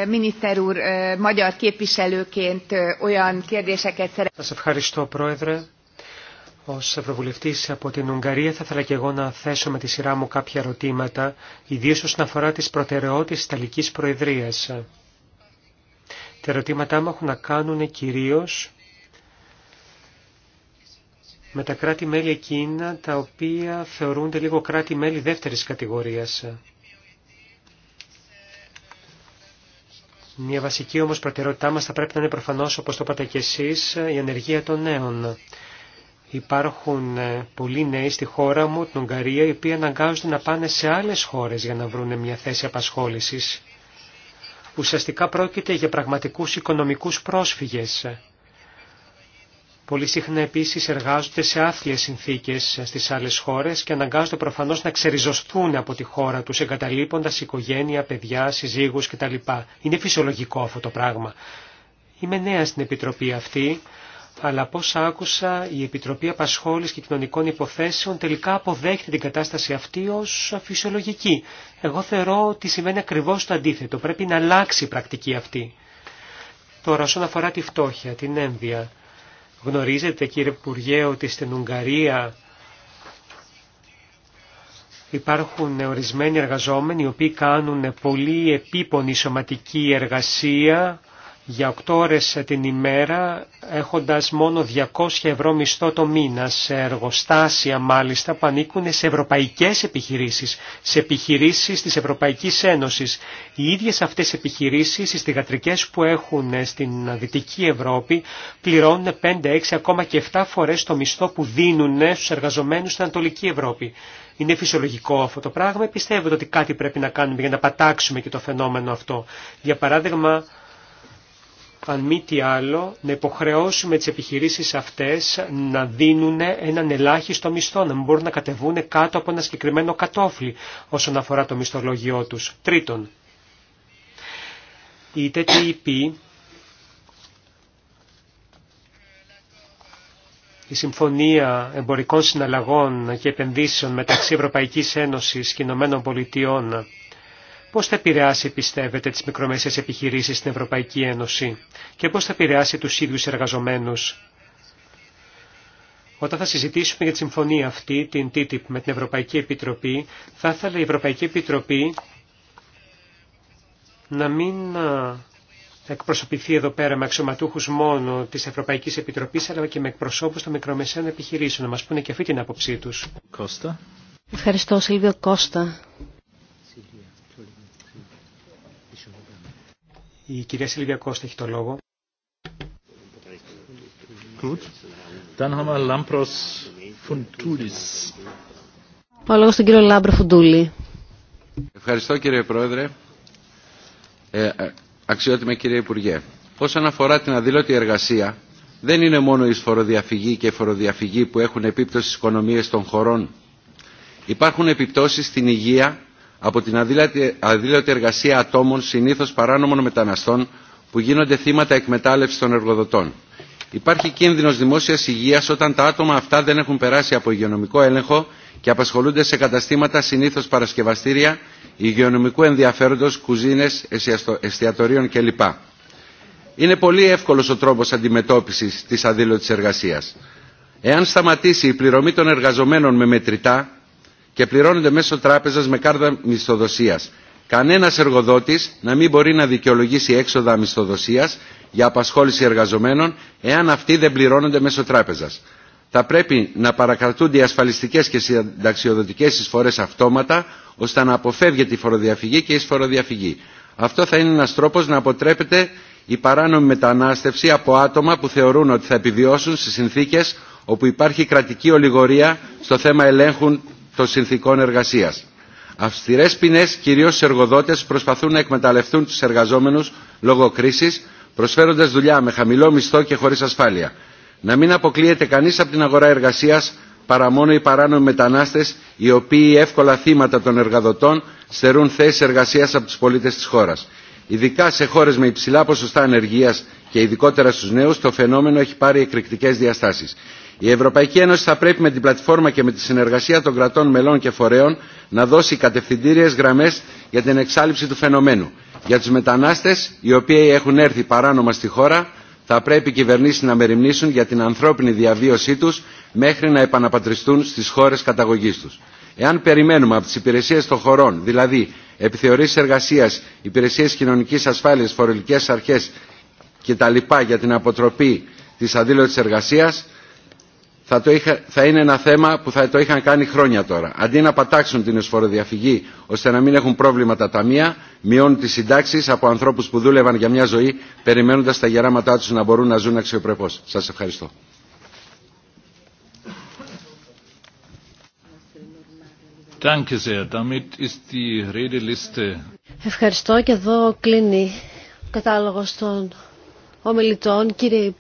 miniszter úr, magyar képviselőként olyan kérdéseket Σας ευχαριστώ, Πρόεδρε. Ως Ευρωβουλευτής από την Ουγγαρία θα ήθελα και εγώ να θέσω με τη σειρά μου κάποια ερωτήματα, ιδίως όσον αφορά τις προτεραιότητες της Ιταλικής Προεδρίας. Τα ερωτήματά μου έχουν να κάνουν κυρίως με τα κράτη-μέλη εκείνα τα οποία θεωρούνται λίγο κράτη-μέλη δεύτερης κατηγορίας. Μια βασική όμως προτεραιότητά μας θα πρέπει να είναι προφανώς, όπως το είπατε και εσείς, η ανεργία των νέων. Υπάρχουν ε, πολλοί νέοι στη χώρα μου, την Ουγγαρία, οι οποίοι αναγκάζονται να πάνε σε άλλες χώρες για να βρουν μια θέση απασχόλησης. Ουσιαστικά πρόκειται για πραγματικούς οικονομικούς πρόσφυγες. Πολύ συχνά επίσης εργάζονται σε άθλιες συνθήκες στις άλλες χώρες και αναγκάζονται προφανώς να ξεριζωστούν από τη χώρα τους εγκαταλείποντας οικογένεια, παιδιά, συζύγους κτλ. Είναι φυσιολογικό αυτό το πράγμα. Είμαι νέα στην Επιτροπή αυτή, αλλά πώ άκουσα η Επιτροπή Απασχόλης και Κοινωνικών Υποθέσεων τελικά αποδέχεται την κατάσταση αυτή ως φυσιολογική. Εγώ θεωρώ ότι σημαίνει ακριβώς το αντίθετο. Πρέπει να αλλάξει η πρακτική αυτή. Τώρα όσον αφορά τη φτώχεια, την ένδεια. Γνωρίζετε κύριε Υπουργέ ότι στην Ουγγαρία υπάρχουν ορισμένοι εργαζόμενοι οι οποίοι κάνουν πολύ επίπονη σωματική εργασία για 8 ώρες την ημέρα έχοντας μόνο 200 ευρώ μισθό το μήνα σε εργοστάσια μάλιστα που ανήκουν σε ευρωπαϊκές επιχειρήσεις, σε επιχειρήσεις της Ευρωπαϊκής Ένωσης. Οι ίδιες αυτές επιχειρήσεις, οι στιγατρικές που έχουν στην Δυτική Ευρώπη πληρώνουν 5, 6, ακόμα και 7 φορές το μισθό που δίνουν στους εργαζομένους στην Ανατολική Ευρώπη. Είναι φυσιολογικό αυτό το πράγμα, πιστεύετε ότι κάτι πρέπει να κάνουμε για να πατάξουμε και το φαινόμενο αυτό. Για παράδειγμα, αν μη τι άλλο, να υποχρεώσουμε τις επιχειρήσεις αυτές να δίνουν έναν ελάχιστο μισθό, να μην μπορούν να κατεβούν κάτω από ένα συγκεκριμένο κατόφλι όσον αφορά το μισθολογιό τους. Τρίτον, η TTIP, e η Συμφωνία Εμπορικών Συναλλαγών και Επενδύσεων μεταξύ Ευρωπαϊκής Ένωσης και Ηνωμένων Πολιτειών, Πώς θα επηρεάσει, πιστεύετε, τις μικρομεσαίες επιχειρήσεις στην Ευρωπαϊκή Ένωση και πώς θα επηρεάσει τους ίδιους εργαζομένους. Όταν θα συζητήσουμε για τη συμφωνία αυτή, την TTIP, με την Ευρωπαϊκή Επιτροπή, θα ήθελα η Ευρωπαϊκή Επιτροπή να μην εκπροσωπηθεί εδώ πέρα με αξιωματούχους μόνο της Ευρωπαϊκής Επιτροπής, αλλά και με εκπροσώπους των μικρομεσαίων επιχειρήσεων, να μας πούνε και αυτή την άποψή τους. Ευχαριστώ, Σίλβιο Κώστα. Η κυρία Σιλβία έχει το λόγο. στον κύριο Λάμπρο Φουντούλη. Ευχαριστώ κύριε Πρόεδρε. Ε, ε, αξιότιμε κύριε Υπουργέ. Όσον αφορά την αδήλωτη εργασία, δεν είναι μόνο η σφοροδιαφυγή και η φοροδιαφυγή που έχουν επίπτωση στις οικονομίες των χωρών. Υπάρχουν επιπτώσεις στην υγεία, από την αδίλωτη εργασία ατόμων συνήθως παράνομων μεταναστών που γίνονται θύματα εκμετάλλευσης των εργοδοτών. Υπάρχει κίνδυνος δημόσιας υγείας όταν τα άτομα αυτά δεν έχουν περάσει από υγειονομικό έλεγχο και απασχολούνται σε καταστήματα συνήθως παρασκευαστήρια, υγειονομικού ενδιαφέροντος, κουζίνες, εστιατορίων κλπ. Είναι πολύ εύκολος ο τρόπος αντιμετώπισης της αδίλωτης εργασίας. Εάν σταματήσει η πληρωμή των εργαζομένων με μετρητά, και πληρώνονται μέσω τράπεζας με κάρτα μισθοδοσίας. Κανένας εργοδότης να μην μπορεί να δικαιολογήσει έξοδα μισθοδοσίας για απασχόληση εργαζομένων εάν αυτοί δεν πληρώνονται μέσω τράπεζας. Θα πρέπει να παρακρατούνται οι ασφαλιστικές και συνταξιοδοτικές εισφορές αυτόματα ώστε να αποφεύγεται η φοροδιαφυγή και η εισφοροδιαφυγή. Αυτό θα είναι ένας τρόπος να αποτρέπεται η παράνομη μετανάστευση από άτομα που θεωρούν ότι θα επιβιώσουν στις συνθήκε όπου υπάρχει κρατική ολιγορία στο θέμα ελέγχου των συνθήκων εργασία. Αυστηρέ ποινέ, κυρίω σε εργοδότε προσπαθούν να εκμεταλλευτούν του εργαζόμενου λόγω κρίση, προσφέροντα δουλειά με χαμηλό μισθό και χωρί ασφάλεια. Να μην αποκλείεται κανεί από την αγορά εργασία, παρά μόνο οι παράνομοι μετανάστε, οι οποίοι εύκολα θύματα των εργαδοτών στερούν θέσει εργασία από του πολίτε τη χώρα. Ειδικά σε χώρε με υψηλά ποσοστά ανεργία και ειδικότερα στου νέου, το φαινόμενο έχει πάρει εκρηκτικέ διαστάσει. Η Ευρωπαϊκή Ένωση θα πρέπει με την πλατφόρμα και με τη συνεργασία των κρατών μελών και φορέων να δώσει κατευθυντήριε γραμμέ για την εξάλληψη του φαινομένου. Για του μετανάστε, οι οποίοι έχουν έρθει παράνομα στη χώρα, θα πρέπει οι κυβερνήσει να μεριμνήσουν για την ανθρώπινη διαβίωσή του μέχρι να επαναπατριστούν στι χώρε καταγωγή του. Εάν περιμένουμε από τι υπηρεσίε των χωρών, δηλαδή επιθεωρήσει εργασία, υπηρεσίε κοινωνική ασφάλεια, φορολογικέ αρχέ κτλ. για την αποτροπή τη αδήλωτης εργασία, θα, το είχα, θα είναι ένα θέμα που θα το είχαν κάνει χρόνια τώρα. Αντί να πατάξουν την εσφοροδιαφυγή ώστε να μην έχουν πρόβλημα τα ταμεία, μειώνουν τι συντάξει από ανθρώπου που δούλευαν για μια ζωή, περιμένοντα τα γεράματά του να μπορούν να ζουν αξιοπρεπώ. Σα ευχαριστώ. Ευχαριστώ και εδώ κλείνει ο κατάλογος των ομιλητών. Κύριε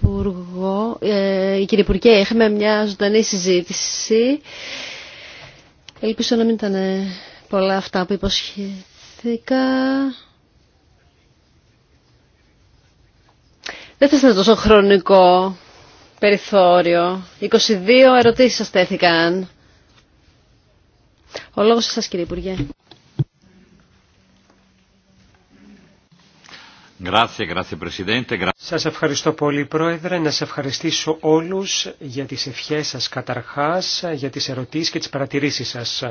Υπουργό, ε, κύριε Υπουργέ, είχαμε μια ζωντανή συζήτηση. Ελπίζω να μην ήταν πολλά αυτά που υποσχεθήκα. Δεν θα ήταν τόσο χρονικό περιθώριο. 22 ερωτήσεις σας τέθηκαν. Ο λόγος σας κύριε Υπουργέ. Σας ευχαριστώ πολύ Πρόεδρε, να σας ευχαριστήσω όλους για τις ευχές σας καταρχάς, για τις ερωτήσεις και τις παρατηρήσεις σας.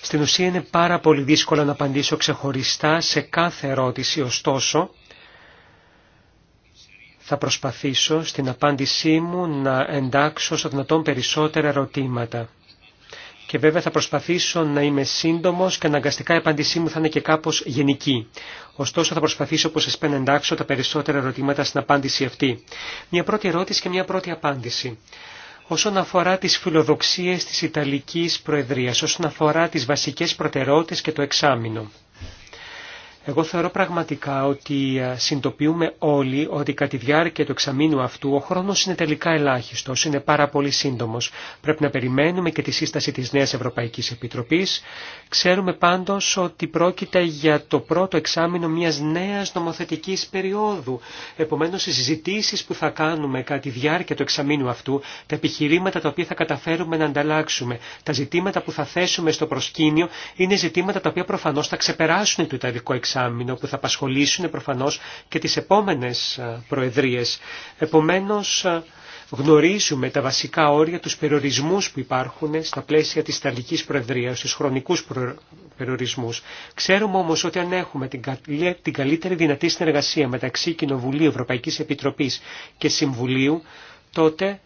Στην ουσία είναι πάρα πολύ δύσκολο να απαντήσω ξεχωριστά σε κάθε ερώτηση, ωστόσο θα προσπαθήσω στην απάντησή μου να εντάξω στο δυνατόν περισσότερα ερωτήματα και βέβαια θα προσπαθήσω να είμαι σύντομος και αναγκαστικά η απάντησή μου θα είναι και κάπως γενική. Ωστόσο θα προσπαθήσω όπως σας πέν εντάξω τα περισσότερα ερωτήματα στην απάντηση αυτή. Μια πρώτη ερώτηση και μια πρώτη απάντηση. Όσον αφορά τις φιλοδοξίες της Ιταλικής Προεδρίας, όσον αφορά τις βασικέ προτεραιότητες και το εξάμεινο. Εγώ θεωρώ πραγματικά ότι ε, συντοποιούμε όλοι ότι κατά τη διάρκεια του εξαμήνου αυτού ο χρόνος είναι τελικά ελάχιστος, είναι πάρα πολύ σύντομος. Πρέπει να περιμένουμε και τη σύσταση της Νέας Ευρωπαϊκής Επιτροπής. Ξέρουμε πάντως ότι πρόκειται για το πρώτο εξάμεινο μιας νέας νομοθετικής περίοδου. Επομένως οι συζητήσεις που θα κάνουμε κατά τη διάρκεια του εξαμήνου αυτού, τα επιχειρήματα τα οποία θα καταφέρουμε να ανταλλάξουμε, τα ζητήματα που θα θέσουμε στο προσκήνιο είναι ζητήματα τα οποία προφανώς θα ξεπεράσουν το Ιταλικό που θα απασχολήσουν προφανώς και τις επόμενες ε, προεδρίες. Επομένως ε, γνωρίζουμε τα βασικά όρια, τους περιορισμούς που υπάρχουν στα πλαίσια της Ιταλικής Προεδρίας, τους χρονικούς περιορισμούς. Ξέρουμε όμως ότι αν έχουμε την καλύτερη δυνατή συνεργασία μεταξύ Κοινοβουλίου, Ευρωπαϊκής Επιτροπής και Συμβουλίου, τότε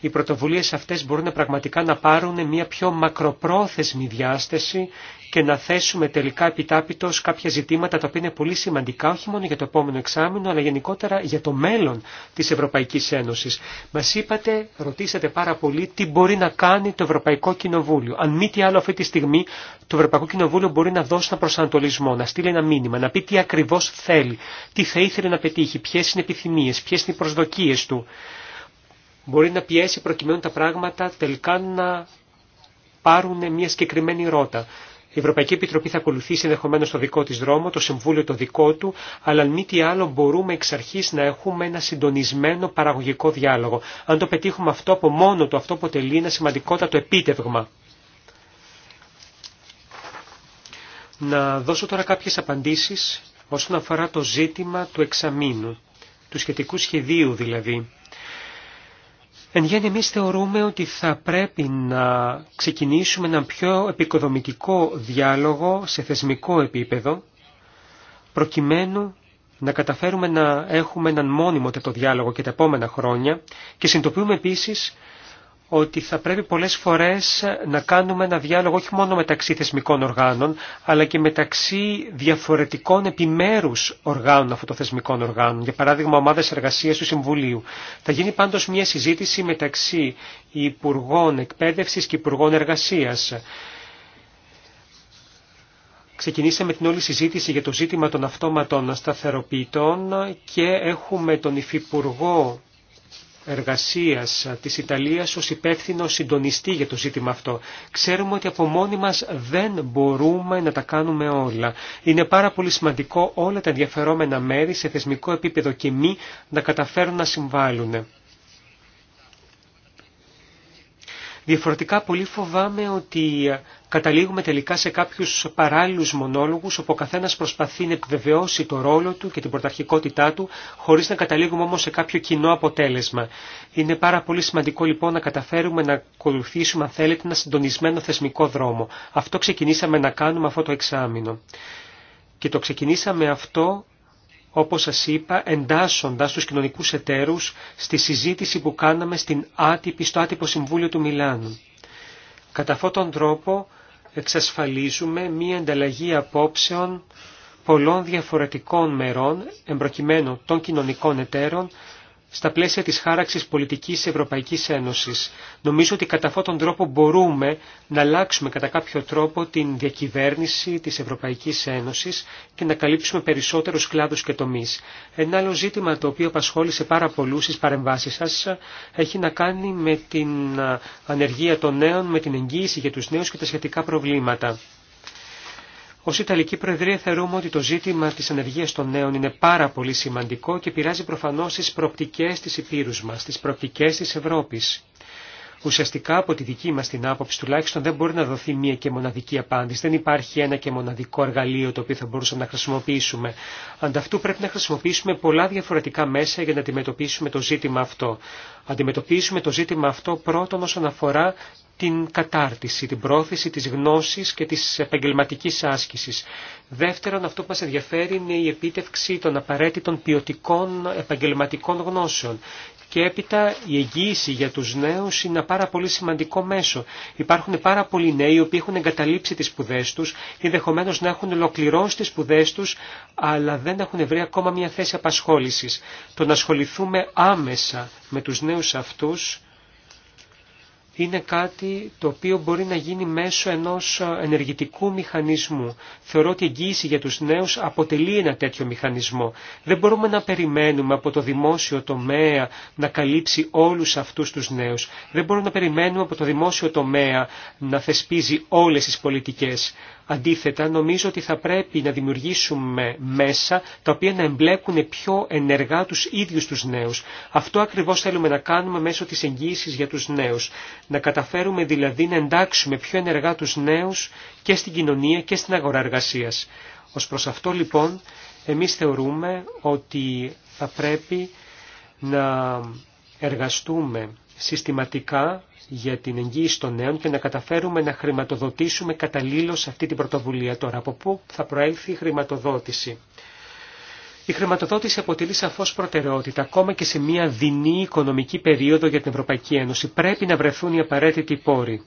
οι πρωτοβουλίες αυτές μπορούν πραγματικά να πάρουν μια πιο μακροπρόθεσμη διάσταση και να θέσουμε τελικά επιτάπητος κάποια ζητήματα τα οποία είναι πολύ σημαντικά όχι μόνο για το επόμενο εξάμεινο αλλά γενικότερα για το μέλλον της Ευρωπαϊκής Ένωσης. Μας είπατε, ρωτήσατε πάρα πολύ τι μπορεί να κάνει το Ευρωπαϊκό Κοινοβούλιο. Αν μη τι άλλο αυτή τη στιγμή το Ευρωπαϊκό Κοινοβούλιο μπορεί να δώσει ένα προσανατολισμό, να στείλει ένα μήνυμα, να πει τι ακριβώς θέλει, τι θα ήθελε να πετύχει, ποιες είναι οι επιθυμίες, ποιες είναι οι προσδοκίες του. Μπορεί να πιέσει προκειμένου τα πράγματα τελικά να πάρουν μια συγκεκριμένη ρότα. Η Ευρωπαϊκή Επιτροπή θα ακολουθήσει ενδεχομένω το δικό τη δρόμο, το Συμβούλιο το δικό του, αλλά αν μη τι άλλο μπορούμε εξ αρχή να έχουμε ένα συντονισμένο παραγωγικό διάλογο. Αν το πετύχουμε αυτό από μόνο του, αυτό αποτελεί ένα σημαντικότατο επίτευγμα. Να δώσω τώρα κάποιες απαντήσεις όσον αφορά το ζήτημα του εξαμήνου, του σχετικού σχεδίου δηλαδή. Εν γέννη, εμείς θεωρούμε ότι θα πρέπει να ξεκινήσουμε έναν πιο επικοδομητικό διάλογο σε θεσμικό επίπεδο, προκειμένου να καταφέρουμε να έχουμε έναν μόνιμο τέτοιο διάλογο και τα επόμενα χρόνια και συντοποιούμε επίσης ότι θα πρέπει πολλές φορές να κάνουμε ένα διάλογο όχι μόνο μεταξύ θεσμικών οργάνων, αλλά και μεταξύ διαφορετικών επιμέρους οργάνων αυτών των θεσμικών οργάνων, για παράδειγμα ομάδες εργασίας του Συμβουλίου. Θα γίνει πάντως μια συζήτηση μεταξύ Υπουργών Εκπαίδευσης και Υπουργών Εργασίας. Ξεκινήσαμε την όλη συζήτηση για το ζήτημα των αυτόματων σταθεροποιητών και έχουμε τον Υφυπουργό Εργασίας της Ιταλίας ως υπεύθυνο συντονιστή για το ζήτημα αυτό. Ξέρουμε ότι από μόνοι μας δεν μπορούμε να τα κάνουμε όλα. Είναι πάρα πολύ σημαντικό όλα τα ενδιαφερόμενα μέρη σε θεσμικό επίπεδο και μη να καταφέρουν να συμβάλλουν. Διαφορετικά πολύ φοβάμαι ότι καταλήγουμε τελικά σε κάποιους παράλληλους μονόλογους όπου ο καθένας προσπαθεί να επιβεβαιώσει το ρόλο του και την πρωταρχικότητά του χωρίς να καταλήγουμε όμως σε κάποιο κοινό αποτέλεσμα. Είναι πάρα πολύ σημαντικό λοιπόν να καταφέρουμε να ακολουθήσουμε αν θέλετε ένα συντονισμένο θεσμικό δρόμο. Αυτό ξεκινήσαμε να κάνουμε αυτό το εξάμεινο. Και το ξεκινήσαμε αυτό όπως σας είπα, εντάσσοντας τους κοινωνικούς εταίρους στη συζήτηση που κάναμε στην άτυπη, στο άτυπο Συμβούλιο του Μιλάνου. Κατά αυτόν τον τρόπο εξασφαλίζουμε μία ανταλλαγή απόψεων πολλών διαφορετικών μερών, εμπροκειμένου των κοινωνικών εταίρων, στα πλαίσια της χάραξης πολιτικής Ευρωπαϊκής Ένωσης. Νομίζω ότι κατά αυτόν τον τρόπο μπορούμε να αλλάξουμε κατά κάποιο τρόπο την διακυβέρνηση της Ευρωπαϊκής Ένωσης και να καλύψουμε περισσότερους κλάδους και τομείς. Ένα άλλο ζήτημα το οποίο απασχόλησε πάρα πολλούς στις παρεμβάσεις σας έχει να κάνει με την ανεργία των νέων, με την εγγύηση για τους νέους και τα σχετικά προβλήματα. Ω Ιταλική Προεδρία θεωρούμε ότι το ζήτημα τη ανεργία των νέων είναι πάρα πολύ σημαντικό και πειράζει προφανώ τι προπτικές τη Υπήρου μα, τι προπτικές τη Ευρώπη. Ουσιαστικά από τη δική μα την άποψη τουλάχιστον δεν μπορεί να δοθεί μία και μοναδική απάντηση. Δεν υπάρχει ένα και μοναδικό εργαλείο το οποίο θα μπορούσαμε να χρησιμοποιήσουμε. Ανταυτού πρέπει να χρησιμοποιήσουμε πολλά διαφορετικά μέσα για να αντιμετωπίσουμε το ζήτημα αυτό. Αντιμετωπίσουμε το ζήτημα αυτό πρώτον όσον αφορά την κατάρτιση, την πρόθεση της γνώσης και της επαγγελματικής άσκησης. Δεύτερον, αυτό που μας ενδιαφέρει είναι η επίτευξη των απαραίτητων ποιοτικών επαγγελματικών γνώσεων. Και έπειτα η εγγύηση για τους νέους είναι ένα πάρα πολύ σημαντικό μέσο. Υπάρχουν πάρα πολλοί νέοι οι οποίοι έχουν εγκαταλείψει τις σπουδέ τους, ενδεχομένω να έχουν ολοκληρώσει τις σπουδέ τους, αλλά δεν έχουν βρει ακόμα μια θέση απασχόλησης. Το να ασχοληθούμε άμεσα με τους νέους αυτούς είναι κάτι το οποίο μπορεί να γίνει μέσω ενός ε, ενεργητικού μηχανισμού. Θεωρώ ότι η εγγύηση για τους νέους αποτελεί ένα τέτοιο μηχανισμό. Δεν μπορούμε να περιμένουμε από το δημόσιο τομέα να καλύψει όλους αυτούς τους νέους. Δεν μπορούμε να περιμένουμε από το δημόσιο τομέα να θεσπίζει όλες τις πολιτικές. Αντίθετα, νομίζω ότι θα πρέπει να δημιουργήσουμε μέσα τα οποία να εμπλέκουν πιο ενεργά τους ίδιους τους νέους. Αυτό ακριβώς θέλουμε να κάνουμε μέσω της εγγύησης για τους νέους. Να καταφέρουμε δηλαδή να εντάξουμε πιο ενεργά τους νέους και στην κοινωνία και στην αγορά εργασίας. Ως προς αυτό λοιπόν, εμείς θεωρούμε ότι θα πρέπει να εργαστούμε συστηματικά για την εγγύηση των νέων και να καταφέρουμε να χρηματοδοτήσουμε καταλήλως αυτή την πρωτοβουλία. Τώρα, από πού θα προέλθει η χρηματοδότηση. Η χρηματοδότηση αποτελεί σαφώ προτεραιότητα, ακόμα και σε μια δεινή οικονομική περίοδο για την Ευρωπαϊκή Ένωση. Πρέπει να βρεθούν οι απαραίτητοι πόροι.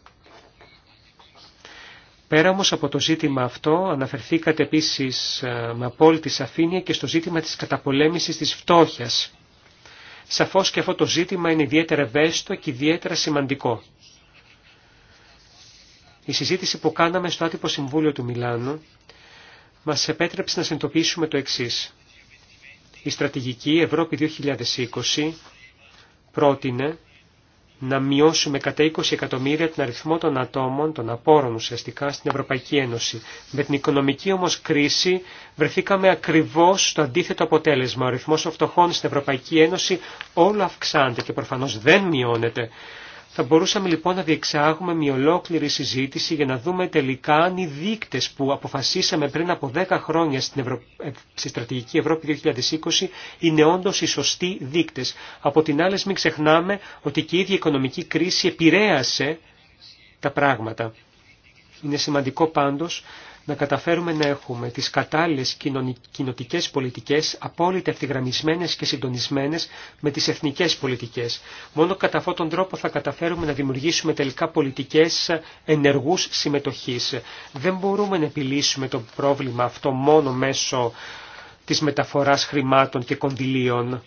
Πέρα όμως από το ζήτημα αυτό, αναφερθήκατε επίσης ε, με απόλυτη σαφήνεια και στο ζήτημα της καταπολέμησης της φτώχειας. Σαφώς και αυτό το ζήτημα είναι ιδιαίτερα ευαίσθητο και ιδιαίτερα σημαντικό. Η συζήτηση που κάναμε στο άτυπο συμβούλιο του Μιλάνου μας επέτρεψε να συνειδητοποιήσουμε το εξής. Η στρατηγική Ευρώπη 2020 πρότεινε να μειώσουμε κατά 20 εκατομμύρια τον αριθμό των ατόμων, των απόρων ουσιαστικά, στην Ευρωπαϊκή Ένωση. Με την οικονομική όμως κρίση βρεθήκαμε ακριβώς στο αντίθετο αποτέλεσμα. Ο αριθμός των φτωχών στην Ευρωπαϊκή Ένωση όλο αυξάνεται και προφανώς δεν μειώνεται. Θα μπορούσαμε λοιπόν να διεξάγουμε μια ολόκληρη συζήτηση για να δούμε τελικά αν οι δείκτες που αποφασίσαμε πριν από 10 χρόνια στην ε, στη Στρατηγική Ευρώπη 2020 είναι όντως οι σωστοί δείκτες. Από την άλλη μην ξεχνάμε ότι και η ίδια οικονομική κρίση επηρέασε τα πράγματα. Είναι σημαντικό πάντως να καταφέρουμε να έχουμε τις κατάλληλες κοινοτικές πολιτικές απόλυτα ευθυγραμμισμένες και συντονισμένες με τις εθνικές πολιτικές. Μόνο κατά αυτόν τον τρόπο θα καταφέρουμε να δημιουργήσουμε τελικά πολιτικές ενεργούς συμμετοχής. Δεν μπορούμε να επιλύσουμε το πρόβλημα αυτό μόνο μέσω της μεταφοράς χρημάτων και κονδυλίων.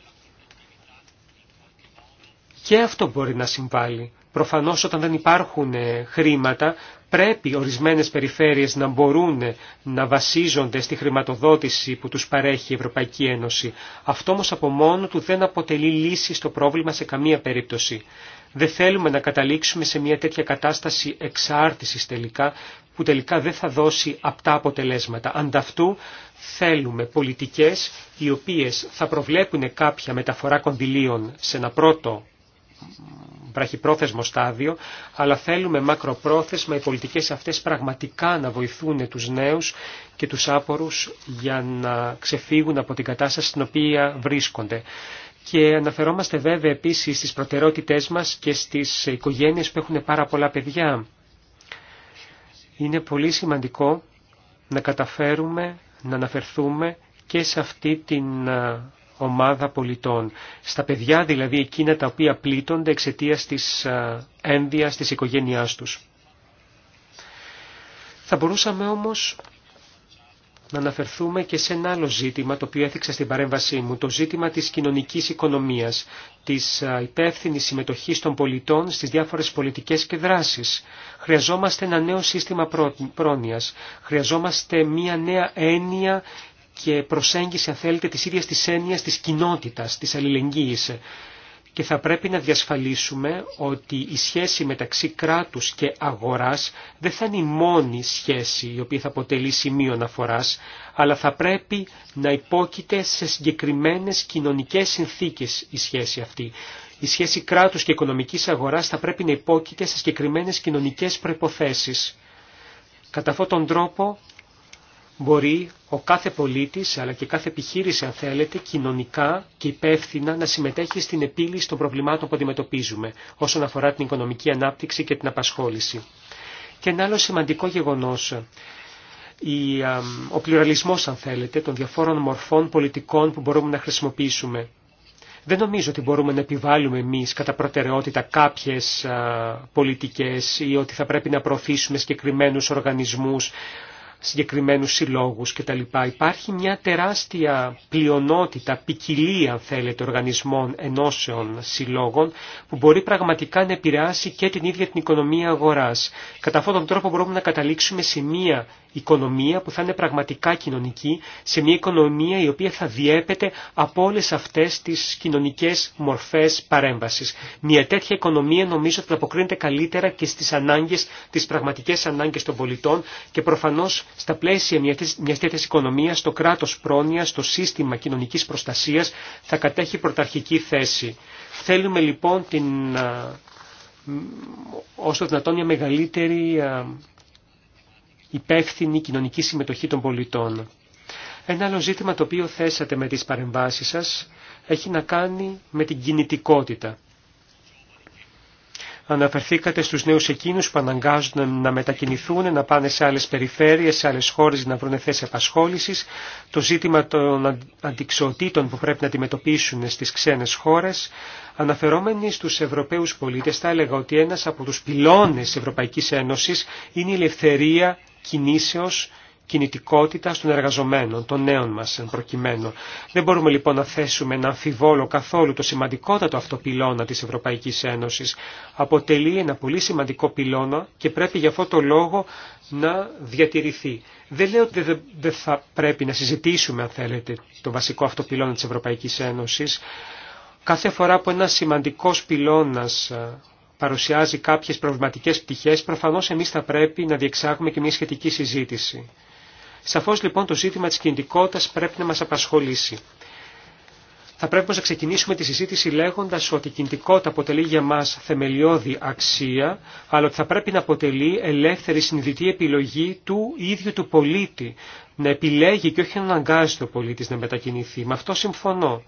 Και αυτό μπορεί να συμβάλλει. Προφανώς όταν δεν υπάρχουν ε, χρήματα πρέπει ορισμένες περιφέρειες να μπορούν ε, να βασίζονται στη χρηματοδότηση που τους παρέχει η Ευρωπαϊκή Ένωση. Αυτό όμως από μόνο του δεν αποτελεί λύση στο πρόβλημα σε καμία περίπτωση. Δεν θέλουμε να καταλήξουμε σε μια τέτοια κατάσταση εξάρτησης τελικά που τελικά δεν θα δώσει απτά αποτελέσματα. Ανταυτού θέλουμε πολιτικές οι οποίες θα προβλέπουν κάποια μεταφορά κονδυλίων σε ένα πρώτο βραχυπρόθεσμο στάδιο, αλλά θέλουμε μακροπρόθεσμα οι πολιτικές αυτές πραγματικά να βοηθούν τους νέους και τους άπορους για να ξεφύγουν από την κατάσταση στην οποία βρίσκονται. Και αναφερόμαστε βέβαια επίσης στις προτεραιότητές μας και στις οικογένειες που έχουν πάρα πολλά παιδιά. Είναι πολύ σημαντικό να καταφέρουμε να αναφερθούμε και σε αυτή την ομάδα πολιτών. Στα παιδιά δηλαδή εκείνα τα οποία πλήττονται εξαιτίας της ε, ένδυας της οικογένειάς τους. Θα μπορούσαμε όμως να αναφερθούμε και σε ένα άλλο ζήτημα το οποίο έθιξα στην παρέμβασή μου, το ζήτημα της κοινωνικής οικονομίας, της ε, υπεύθυνη συμμετοχής των πολιτών στις διάφορες πολιτικές και δράσεις. Χρειαζόμαστε ένα νέο σύστημα πρόνοιας, χρειαζόμαστε μια νέα έννοια και προσέγγιση, αν θέλετε, της ίδιας της έννοιας της κοινότητας, της αλληλεγγύης. Και θα πρέπει να διασφαλίσουμε ότι η σχέση μεταξύ κράτους και αγοράς δεν θα είναι η μόνη σχέση η οποία θα αποτελεί σημείο αναφοράς, αλλά θα πρέπει να υπόκειται σε συγκεκριμένες κοινωνικές συνθήκες η σχέση αυτή. Η σχέση κράτους και οικονομικής αγοράς θα πρέπει να υπόκειται σε συγκεκριμένες κοινωνικές προϋποθέσεις. Κατά αυτόν τον τρόπο μπορεί ο κάθε πολίτης αλλά και κάθε επιχείρηση αν θέλετε κοινωνικά και υπεύθυνα να συμμετέχει στην επίλυση των προβλημάτων που αντιμετωπίζουμε όσον αφορά την οικονομική ανάπτυξη και την απασχόληση. Και ένα άλλο σημαντικό γεγονός, η, α, ο πλουραλισμός αν θέλετε των διαφόρων μορφών πολιτικών που μπορούμε να χρησιμοποιήσουμε. Δεν νομίζω ότι μπορούμε να επιβάλλουμε εμείς κατά προτεραιότητα κάποιες α, πολιτικές ή ότι θα πρέπει να προωθήσουμε συγκεκριμένου οργανισμούς συγκεκριμένους συλλόγους κτλ. Υπάρχει μια τεράστια πλειονότητα, ποικιλία αν θέλετε, οργανισμών, ενώσεων, συλλόγων που μπορεί πραγματικά να επηρεάσει και την ίδια την οικονομία αγοράς. Κατά αυτόν τον τρόπο μπορούμε να καταλήξουμε σε μια οικονομία που θα είναι πραγματικά κοινωνική, σε μια οικονομία η οποία θα διέπεται από όλες αυτές τις κοινωνικές μορφές παρέμβασης. Μια τέτοια οικονομία νομίζω ότι θα αποκρίνεται καλύτερα και στις ανάγκες, τις πραγματικές ανάγκες των πολιτών και προφανώς στα πλαίσια μια τέτοιας οικονομία, το κράτος πρόνοια, το σύστημα κοινωνικής προστασίας θα κατέχει πρωταρχική θέση. Θέλουμε λοιπόν την, όσο δυνατόν μια μεγαλύτερη υπεύθυνη κοινωνική συμμετοχή των πολιτών. Ένα άλλο ζήτημα το οποίο θέσατε με τις παρεμβάσεις σας έχει να κάνει με την κινητικότητα. Αναφερθήκατε στους νέους εκείνους που αναγκάζουν να μετακινηθούν, να πάνε σε άλλες περιφέρειες, σε άλλες χώρες να βρουν θέσεις απασχόληση, το ζήτημα των αντικσοτήτων που πρέπει να αντιμετωπίσουν στις ξένες χώρες. Αναφερόμενοι στους Ευρωπαίους πολίτες θα έλεγα ότι ένας από τους πυλώνες Ευρωπαϊκής Ένωσης είναι η ελευθερία κινήσεως κινητικότητα των εργαζομένων, των νέων μας προκειμένου. Δεν μπορούμε λοιπόν να θέσουμε να αμφιβόλο καθόλου το σημαντικότατο αυτό πυλώνα της Ευρωπαϊκής Ένωσης. Αποτελεί ένα πολύ σημαντικό πυλώνα και πρέπει γι' αυτό το λόγο να διατηρηθεί. Δεν λέω ότι δεν θα πρέπει να συζητήσουμε, αν θέλετε, το βασικό αυτό πυλώνα της Ευρωπαϊκής Ένωσης. Κάθε φορά που ένα σημαντικός πυλώνας ε, παρουσιάζει κάποιες προβληματικές πτυχές, προφανώς εμείς θα πρέπει να διεξάγουμε και μια σχετική συζήτηση. Σαφώς λοιπόν το ζήτημα της κινητικότητας πρέπει να μας απασχολήσει. Θα πρέπει να ξεκινήσουμε τη συζήτηση λέγοντας ότι η κινητικότητα αποτελεί για μας θεμελιώδη αξία, αλλά ότι θα πρέπει να αποτελεί ελεύθερη συνειδητή επιλογή του ίδιου του πολίτη, να επιλέγει και όχι να αναγκάζει το πολίτης να μετακινηθεί. Με αυτό συμφωνώ.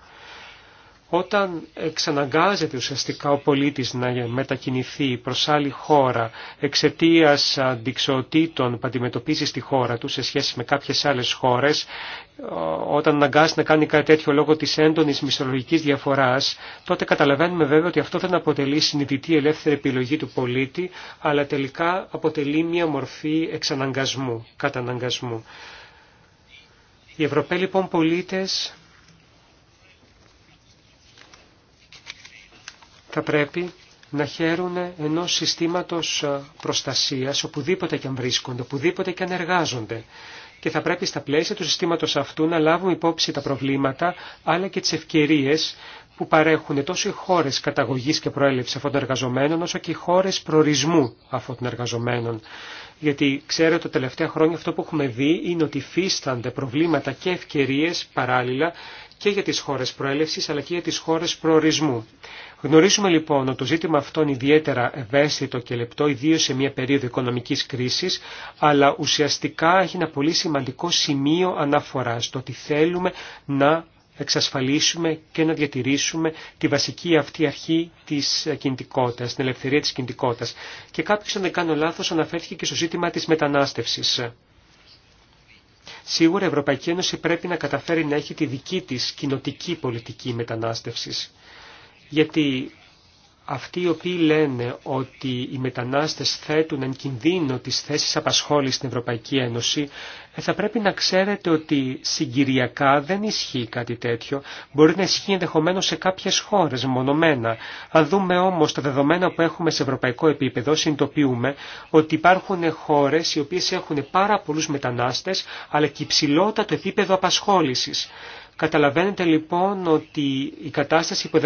Όταν εξαναγκάζεται ουσιαστικά ο πολίτης να μετακινηθεί προς άλλη χώρα εξαιτίας αντιξωτήτων που αντιμετωπίζει στη χώρα του σε σχέση με κάποιες άλλες χώρες, όταν αναγκάζεται να κάνει κάτι τέτοιο λόγω της έντονης μισθολογικής διαφοράς, τότε καταλαβαίνουμε βέβαια ότι αυτό δεν αποτελεί συνειδητή ελεύθερη επιλογή του πολίτη, αλλά τελικά αποτελεί μια μορφή εξαναγκασμού, καταναγκασμού. Οι Ευρωπαίοι λοιπόν πολίτες θα πρέπει να χαίρουν ενό συστήματος ε, προστασίας οπουδήποτε και αν βρίσκονται, οπουδήποτε και αν εργάζονται. Και θα πρέπει στα πλαίσια του συστήματος αυτού να λάβουν υπόψη τα προβλήματα αλλά και τις ευκαιρίες που παρέχουν τόσο οι χώρε καταγωγή και προέλευση αυτών των εργαζομένων, όσο και οι χώρε προορισμού αυτών των εργαζομένων. Γιατί ξέρετε, τα τελευταία χρόνια αυτό που έχουμε δει είναι ότι φύστανται προβλήματα και ευκαιρίε παράλληλα και για τι χώρε προέλευση αλλά και για τι χώρε προορισμού. Γνωρίζουμε λοιπόν ότι το ζήτημα αυτό είναι ιδιαίτερα ευαίσθητο και λεπτό, ιδίω σε μια περίοδο οικονομικής κρίσης, αλλά ουσιαστικά έχει ένα πολύ σημαντικό σημείο αναφοράς, στο ότι θέλουμε να εξασφαλίσουμε και να διατηρήσουμε τη βασική αυτή αρχή της κινητικότητας, την ελευθερία της κινητικότητας. Και κάποιος, αν δεν κάνω λάθος, αναφέρθηκε και στο ζήτημα της μετανάστευσης. Σίγουρα η Ευρωπαϊκή Ένωση πρέπει να καταφέρει να έχει τη δική της κοινοτική πολιτική μετανάστευση. Γιατί αυτοί οι οποίοι λένε ότι οι μετανάστες θέτουν εν κινδύνο τις θέσεις απασχόλησης στην Ευρωπαϊκή Ένωση, ε, θα πρέπει να ξέρετε ότι συγκυριακά δεν ισχύει κάτι τέτοιο. Μπορεί να ισχύει ενδεχομένω σε κάποιες χώρες μονομένα. Αν δούμε όμως τα δεδομένα που έχουμε σε ευρωπαϊκό επίπεδο, συνειδητοποιούμε ότι υπάρχουν χώρες οι οποίες έχουν πάρα πολλούς μετανάστες, αλλά και υψηλότατο επίπεδο απασχόλησης. Καταλαβαίνετε λοιπόν ότι η κατάσταση που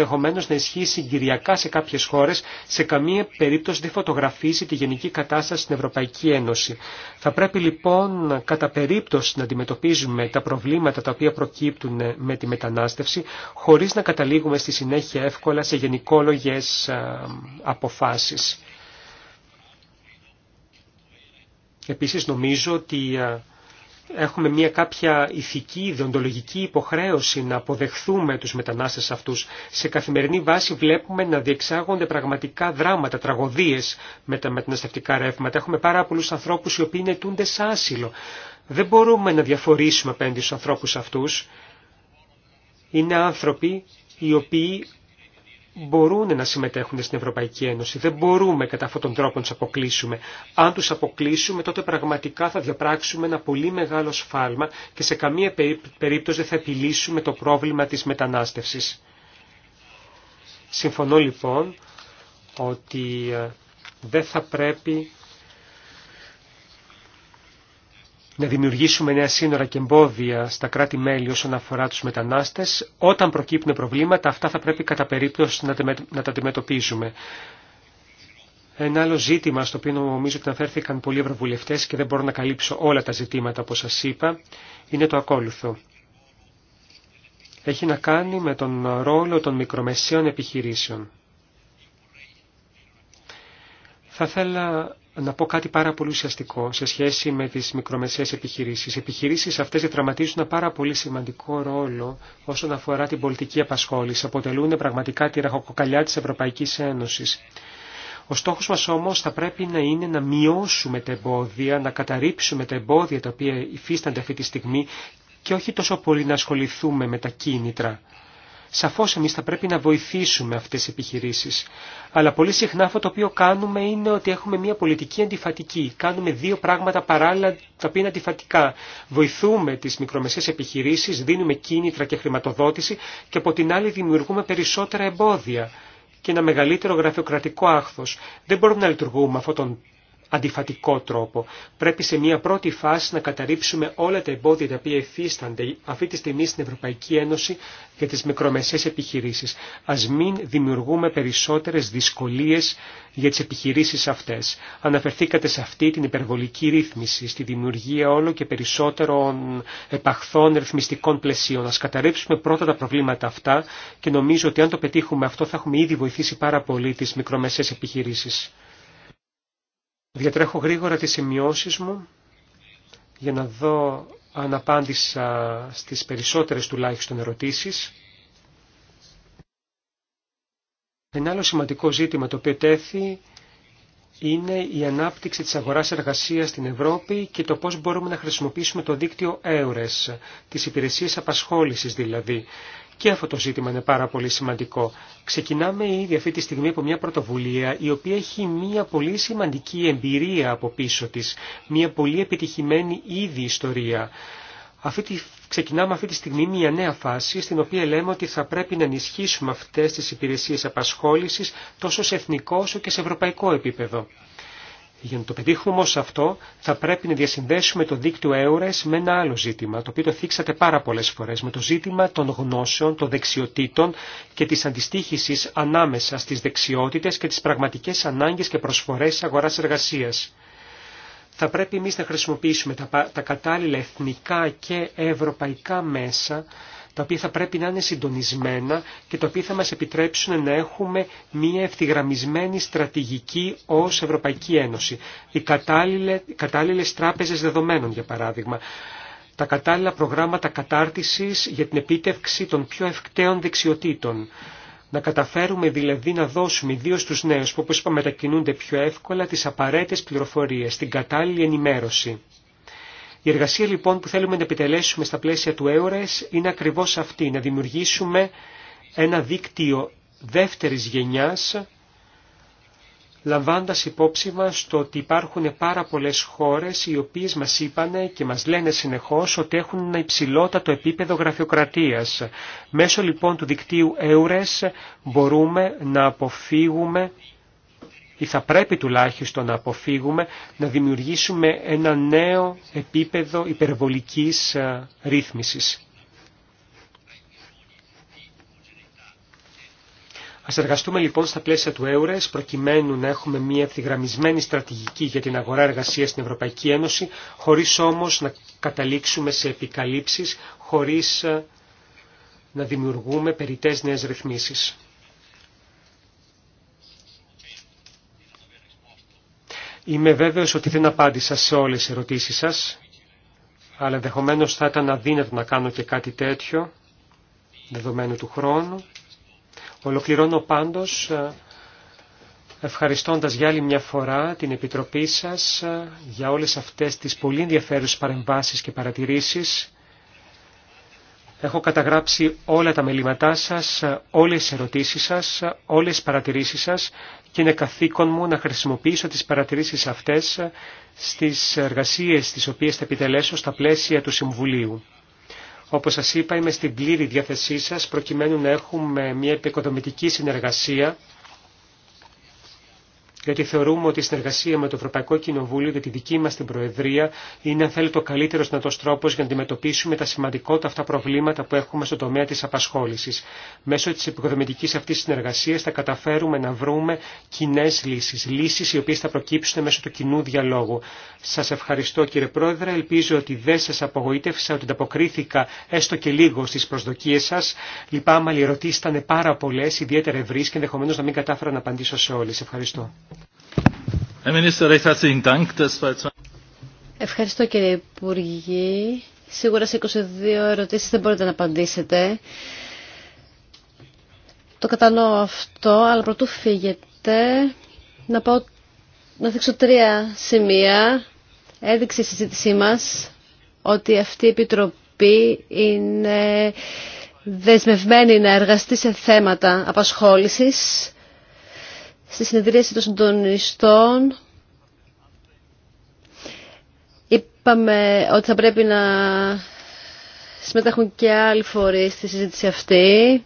να ισχύει συγκυριακά σε κάποιες χώρες σε καμία περίπτωση δεν φωτογραφίζει τη γενική κατάσταση στην Ευρωπαϊκή Ένωση. Θα πρέπει λοιπόν κατά περίπτωση να αντιμετωπίζουμε τα προβλήματα τα οποία προκύπτουν με τη μετανάστευση χωρίς να καταλήγουμε στη συνέχεια εύκολα σε γενικόλογε αποφάσει. Επίσης νομίζω ότι έχουμε μια κάποια ηθική, ιδεοντολογική υποχρέωση να αποδεχθούμε τους μετανάστες αυτούς. Σε καθημερινή βάση βλέπουμε να διεξάγονται πραγματικά δράματα, τραγωδίες με τα μεταναστευτικά ρεύματα. Έχουμε πάρα πολλούς ανθρώπους οι οποίοι νετούνται σε άσυλο. Δεν μπορούμε να διαφορήσουμε απέναντι στους ανθρώπους αυτούς. Είναι άνθρωποι οι οποίοι μπορούν να συμμετέχουν στην Ευρωπαϊκή Ένωση. Δεν μπορούμε κατά αυτόν τον τρόπο να τους αποκλείσουμε. Αν τους αποκλείσουμε τότε πραγματικά θα διαπράξουμε ένα πολύ μεγάλο σφάλμα και σε καμία περίπτωση δεν θα επιλύσουμε το πρόβλημα της μετανάστευσης. Συμφωνώ λοιπόν ότι ε, δεν θα πρέπει να δημιουργήσουμε νέα σύνορα και εμπόδια στα κράτη-μέλη όσον αφορά τους μετανάστες. Όταν προκύπτουν προβλήματα, αυτά θα πρέπει κατά περίπτωση να τα αντιμετωπίζουμε. Ένα άλλο ζήτημα στο οποίο νομίζω ότι αναφέρθηκαν πολλοί ευρωβουλευτέ και δεν μπορώ να καλύψω όλα τα ζητήματα που σας είπα, είναι το ακόλουθο. Έχει να κάνει με τον ρόλο των μικρομεσαίων επιχειρήσεων. Θα ήθελα να πω κάτι πάρα πολύ ουσιαστικό σε σχέση με τις μικρομεσαίες επιχειρήσεις. Οι επιχειρήσεις αυτές διαδραματίζουν ένα πάρα πολύ σημαντικό ρόλο όσον αφορά την πολιτική απασχόληση. Αποτελούν πραγματικά τη ραχοκοκαλιά της Ευρωπαϊκής Ένωσης. Ο στόχος μας όμως θα πρέπει να είναι να μειώσουμε τα εμπόδια, να καταρρύψουμε τα εμπόδια τα οποία υφίστανται αυτή τη στιγμή και όχι τόσο πολύ να ασχοληθούμε με τα κίνητρα. Σαφώς εμείς θα πρέπει να βοηθήσουμε αυτές τις επιχειρήσεις. Αλλά πολύ συχνά αυτό το οποίο κάνουμε είναι ότι έχουμε μια πολιτική αντιφατική. Κάνουμε δύο πράγματα παράλληλα τα οποία είναι αντιφατικά. Βοηθούμε τις μικρομεσαίες επιχειρήσεις, δίνουμε κίνητρα και χρηματοδότηση και από την άλλη δημιουργούμε περισσότερα εμπόδια και ένα μεγαλύτερο γραφειοκρατικό άχθος. Δεν μπορούμε να λειτουργούμε αυτόν τον αντιφατικό τρόπο. Πρέπει σε μια πρώτη φάση να καταρρύψουμε όλα τα εμπόδια τα οποία εφίστανται αυτή τη στιγμή στην Ευρωπαϊκή Ένωση για τις μικρομεσαίες επιχειρήσεις. Ας μην δημιουργούμε περισσότερες δυσκολίες για τις επιχειρήσεις αυτές. Αναφερθήκατε σε αυτή την υπερβολική ρύθμιση, στη δημιουργία όλο και περισσότερων επαχθών ρυθμιστικών πλαισίων. Ας καταρρύψουμε πρώτα τα προβλήματα αυτά και νομίζω ότι αν το πετύχουμε αυτό θα έχουμε ήδη βοηθήσει πάρα πολύ τις μικρομεσαίες επιχειρήσεις. Διατρέχω γρήγορα τις σημειώσεις μου για να δω αν απάντησα στις περισσότερες τουλάχιστον ερωτήσεις. Ένα άλλο σημαντικό ζήτημα το οποίο τέθη είναι η ανάπτυξη της αγοράς εργασίας στην Ευρώπη και το πώς μπορούμε να χρησιμοποιήσουμε το δίκτυο EURES, τις υπηρεσίες απασχόλησης δηλαδή. Και αυτό το ζήτημα είναι πάρα πολύ σημαντικό. Ξεκινάμε ήδη αυτή τη στιγμή από μια πρωτοβουλία η οποία έχει μια πολύ σημαντική εμπειρία από πίσω της, μια πολύ επιτυχημένη ήδη ιστορία. Αυτή τη, ξεκινάμε αυτή τη στιγμή μια νέα φάση στην οποία λέμε ότι θα πρέπει να ενισχύσουμε αυτές τις υπηρεσίες απασχόλησης τόσο σε εθνικό όσο και σε ευρωπαϊκό επίπεδο. Για να το πετύχουμε όμω αυτό, θα πρέπει να διασυνδέσουμε το δίκτυο ΕΟΡΕΣ με ένα άλλο ζήτημα, το οποίο το θίξατε πάρα πολλέ φορέ, με το ζήτημα των γνώσεων, των δεξιοτήτων και τη αντιστοίχηση ανάμεσα στι δεξιότητε και τι πραγματικέ ανάγκε και προσφορέ αγορά-εργασία. Θα πρέπει εμεί να χρησιμοποιήσουμε τα κατάλληλα εθνικά και ευρωπαϊκά μέσα τα οποία θα πρέπει να είναι συντονισμένα και τα οποία θα μας επιτρέψουν να έχουμε μια ευθυγραμμισμένη στρατηγική ως Ευρωπαϊκή Ένωση. Οι κατάλληλες, κατάλληλες τράπεζες δεδομένων, για παράδειγμα τα κατάλληλα προγράμματα κατάρτισης για την επίτευξη των πιο ευκταίων δεξιοτήτων. Να καταφέρουμε δηλαδή να δώσουμε ιδίω στου νέου που μετακινούνται πιο εύκολα τι απαραίτητε πληροφορίε, την κατάλληλη ενημέρωση. Η εργασία λοιπόν που θέλουμε να επιτελέσουμε στα πλαίσια του ΕΟΡΕΣ είναι ακριβώς αυτή, να δημιουργήσουμε ένα δίκτυο δεύτερης γενιάς, λαμβάνοντας υπόψη μας το ότι υπάρχουν πάρα πολλές χώρες οι οποίες μας είπαν και μας λένε συνεχώς ότι έχουν ένα υψηλότατο επίπεδο γραφειοκρατίας. Μέσω λοιπόν του δικτύου ΕΟΡΕΣ μπορούμε να αποφύγουμε ή θα πρέπει τουλάχιστον να αποφύγουμε να δημιουργήσουμε ένα νέο επίπεδο υπερβολικής ε, ρύθμισης. Ας εργαστούμε λοιπόν στα πλαίσια του ΕΟΡΕΣ προκειμένου να έχουμε μια ευθυγραμμισμένη στρατηγική για την αγορά εργασίας στην Ευρωπαϊκή Ένωση χωρίς όμως να καταλήξουμε σε επικαλύψεις, χωρίς ε, να δημιουργούμε περιττές νέες ρυθμίσεις. Είμαι βέβαιος ότι δεν απάντησα σε όλες τις ερωτήσεις σας, αλλά ενδεχομένω θα ήταν αδύνατο να κάνω και κάτι τέτοιο, δεδομένου του χρόνου. Ολοκληρώνω πάντως ε, ευχαριστώντας για άλλη μια φορά την Επιτροπή σας ε, για όλες αυτές τις πολύ ενδιαφέρουσες παρεμβάσεις και παρατηρήσεις. Έχω καταγράψει όλα τα μελήματά σας, όλες τις ερωτήσεις σας, όλες τις παρατηρήσεις σας και είναι καθήκον μου να χρησιμοποιήσω τις παρατηρήσεις αυτές στις εργασίες τις οποίες θα επιτελέσω στα πλαίσια του Συμβουλίου. Όπως σας είπα είμαι στην πλήρη διάθεσή σας προκειμένου να έχουμε μια επικοδομητική συνεργασία γιατί θεωρούμε ότι η συνεργασία με το Ευρωπαϊκό Κοινοβούλιο και τη δική μας την Προεδρία είναι αν θέλετε ο καλύτερος δυνατός τρόπος για να αντιμετωπίσουμε τα σημαντικότητα αυτά προβλήματα που έχουμε στο τομέα της απασχόλησης. Μέσω της επικοδομητικής αυτής συνεργασίας θα καταφέρουμε να βρούμε κοινέ λύσεις, λύσεις οι οποίες θα προκύψουν μέσω του κοινού διαλόγου. Σας ευχαριστώ κύριε Πρόεδρε, ελπίζω ότι δεν σας απογοήτευσα, ότι ανταποκρίθηκα έστω και λίγο στι προσδοκίε σα. Λυπάμαι, οι ερωτήσει ήταν πάρα πολλέ, ιδιαίτερα ευρύς και ενδεχομένω να μην κατάφερα να απαντήσω σε όλες. Ευχαριστώ. Ευχαριστώ κύριε Υπουργή. Σίγουρα σε 22 ερωτήσεις δεν μπορείτε να απαντήσετε. Το κατανοώ αυτό, αλλά πρωτού φύγετε να, να δείξω τρία σημεία. Έδειξε η συζήτησή μας ότι αυτή η Επιτροπή είναι δεσμευμένη να εργαστεί σε θέματα απασχόλησης στη συνεδρίαση των συντονιστών είπαμε ότι θα πρέπει να συμμετέχουν και άλλοι φορεί στη συζήτηση αυτή.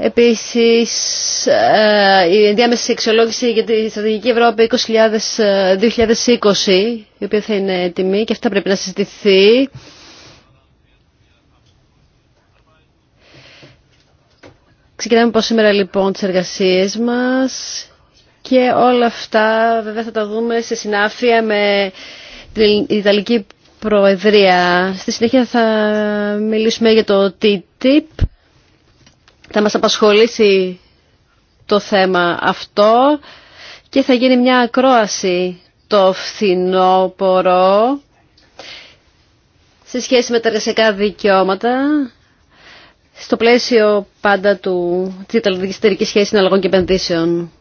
Επίσης, ε, η ενδιάμεση αξιολόγηση για τη Στρατηγική Ευρώπη 2020, ε, η οποία θα είναι έτοιμη και αυτά πρέπει να συζητηθεί. Ξεκινάμε από σήμερα λοιπόν τις εργασίες μας και όλα αυτά βέβαια θα τα δούμε σε συνάφεια με την Ιταλική Προεδρία. Στη συνέχεια θα μιλήσουμε για το TTIP. Θα μας απασχολήσει το θέμα αυτό και θα γίνει μια ακρόαση το φθινόπορο σε σχέση με τα εργασιακά δικαιώματα στο πλαίσιο πάντα του, της Ιταλικής Σχέσης Συναλλαγών και Επενδύσεων.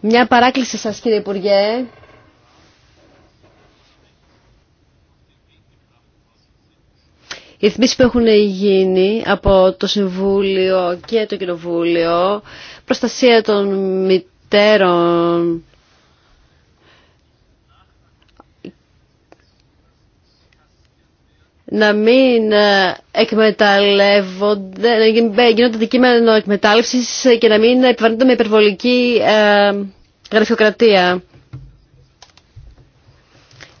Μια παράκληση σας κύριε Υπουργέ. Οι θυμίσεις που έχουν γίνει από το Συμβούλιο και το Κοινοβούλιο, προστασία των μητέρων να μην ε, εκμεταλλεύονται, να γίνονται αντικείμενο εκμετάλλευση και να μην επιβαρύνονται με υπερβολική ε, γραφειοκρατία.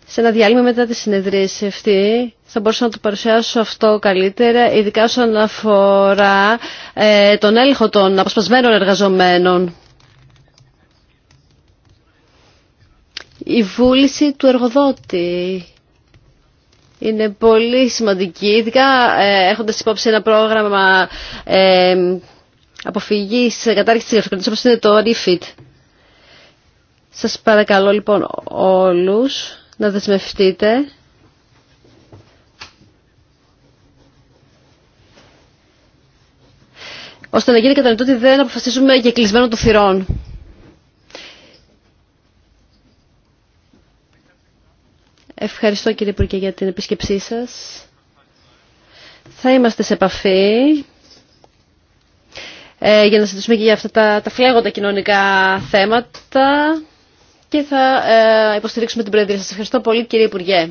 Σε ένα διάλειμμα μετά τη συνεδρίαση αυτή θα μπορούσα να το παρουσιάσω αυτό καλύτερα, ειδικά όσον αφορά ε, τον έλεγχο των αποσπασμένων εργαζομένων. Η βούληση του εργοδότη είναι πολύ σημαντική, ειδικά ε, έχοντας υπόψη ένα πρόγραμμα ε, αποφυγής κατάρχησης της γραφειοκρατίας όπως είναι το REFIT. Σας παρακαλώ λοιπόν όλους να δεσμευτείτε ώστε να γίνει κατανοητό ότι δεν αποφασίζουμε για κλεισμένο του θυρών. Ευχαριστώ κύριε Υπουργέ για την επισκεψή σας. Θα είμαστε σε επαφή ε, για να συζητήσουμε και για αυτά τα, τα φλέγοντα κοινωνικά θέματα και θα ε, υποστηρίξουμε την Προεδρία. Σας ευχαριστώ πολύ κύριε Υπουργέ.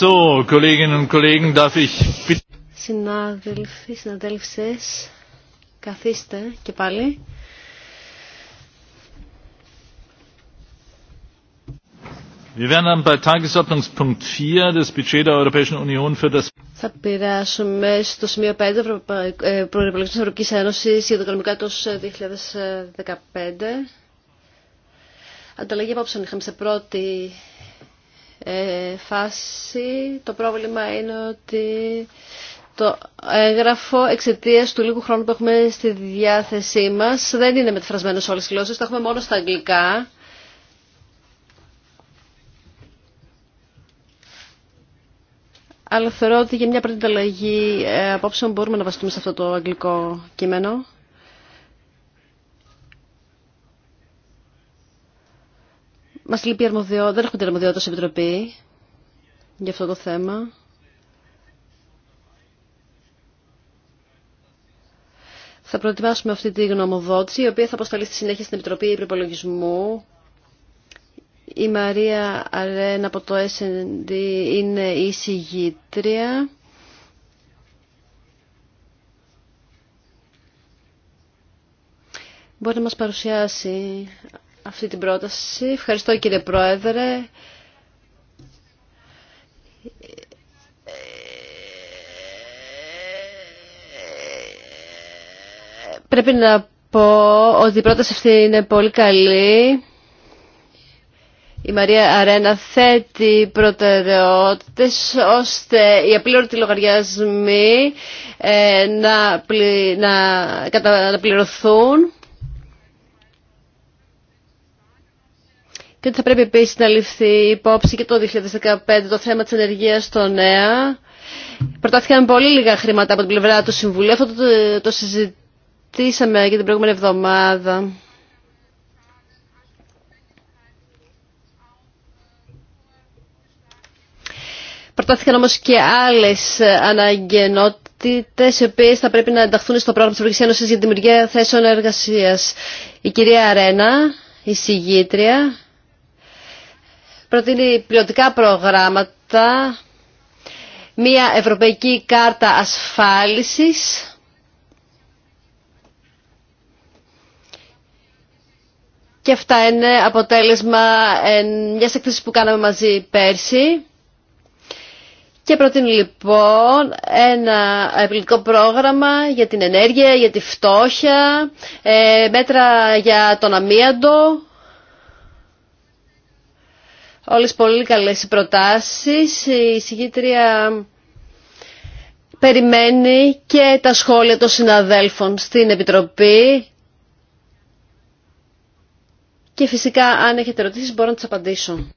So, Kolleginnen und Kollegen, darf ich bitte... Συνάδελφοι, συναδέλφες, καθίστε και πάλι. Wir werden dann bei Tagesordnungspunkt 4 des Budget der Europäischen Union für das Θα περάσουμε στο σημείο 5 ε, Προεπιλογής της Ευρωπαϊκής Ένωσης για το οικονομικό έτος 2015. Ε, Ανταλλαγή απόψεων είχαμε σε πρώτη ε, φάση το πρόβλημα είναι ότι το έγγραφο εξαιτία του λίγου χρόνου που έχουμε στη διάθεσή μας δεν είναι μεταφρασμένο σε όλες τις γλώσσες, το έχουμε μόνο στα αγγλικά. Αλλά θεωρώ ότι για μια πρώτη ανταλλαγή ε, απόψεων μπορούμε να βαστούμε σε αυτό το αγγλικό κείμενο. Μας λείπει αρμοδιότητα, δεν έχουμε την αρμοδιότητα στην Επιτροπή για αυτό το θέμα. Θα προετοιμάσουμε αυτή τη γνωμοδότηση, η οποία θα αποσταλεί στη συνέχεια στην Επιτροπή Υπροπολογισμού. Η Μαρία Αρένα από το S&D είναι η συγγήτρια. Μπορεί να μας παρουσιάσει αυτή την πρόταση. Ευχαριστώ κύριε Πρόεδρε. Πρέπει να πω ότι η πρόταση αυτή είναι πολύ καλή. Η Μαρία Αρένα θέτει προτεραιότητες ώστε οι απλήρωτοι λογαριασμοί ε, να, πλη, να, κατα, να πληρωθούν. και ότι θα πρέπει επίσης να ληφθεί υπόψη και το 2015 το θέμα της ενεργείας στο νέα. Προτάθηκαν πολύ λίγα χρήματα από την πλευρά του Συμβουλίου. Αυτό το, συζητήσαμε και την προηγούμενη εβδομάδα. Προτάθηκαν όμως και άλλες αναγκαινότητες οι οποίες θα πρέπει να ενταχθούν στο πρόγραμμα της Ευρωπαϊκής Ένωσης για τη δημιουργία θέσεων εργασίας. Η κυρία Αρένα, η συγγήτρια, προτείνει πιλωτικά προγράμματα, μια ευρωπαϊκή κάρτα ασφάλισης, Και αυτά είναι αποτέλεσμα ε, μια έκθεσης που κάναμε μαζί πέρσι. Και προτείνει λοιπόν ένα επιλογικό πρόγραμμα για την ενέργεια, για τη φτώχεια, ε, μέτρα για τον αμίαντο, Όλες πολύ καλές οι προτάσεις. Η συγκήτρια περιμένει και τα σχόλια των συναδέλφων στην Επιτροπή. Και φυσικά αν έχετε ερωτήσεις μπορώ να τις απαντήσω.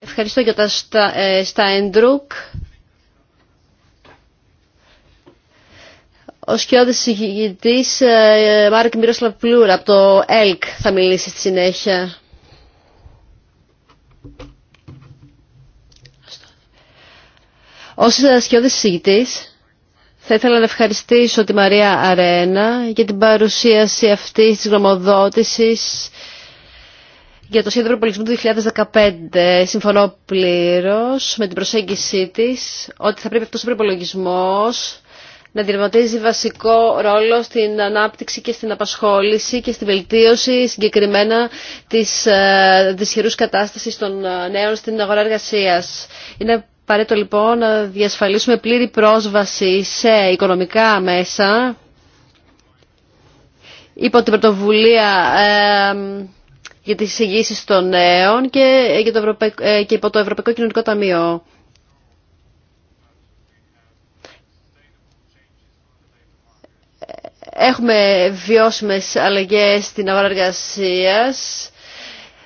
Ευχαριστώ Γιώτα ε, Στάιντρουκ. Ο σκιώδης συγγητής ε, Μάρκ Μυρόσλαβ Πλούρ από το ΕΛΚ θα μιλήσει στη συνέχεια. Ως σκιώδης συγγητής θα ήθελα να ευχαριστήσω τη Μαρία Αρένα για την παρουσίαση αυτής της γνωμοδότησης για το σχέδιο Πολιτισμού του 2015. Συμφωνώ πλήρως με την προσέγγιση της ότι θα πρέπει αυτός ο προπολογισμός να δημιουργηθεί βασικό ρόλο στην ανάπτυξη και στην απασχόληση και στην βελτίωση συγκεκριμένα της δυσχερούς ε, κατάστασης των ε, νέων στην αγορά εργασίας. Είναι απαραίτητο λοιπόν να διασφαλίσουμε πλήρη πρόσβαση σε οικονομικά μέσα υπό την πρωτοβουλία για τις εγγύσεις των νέων και, ε, για το Ευρωπαϊκό, και υπό το Ευρωπαϊκό Κοινωνικό Ταμείο. Έχουμε βιώσιμες αλλαγές στην αγορά εργασία.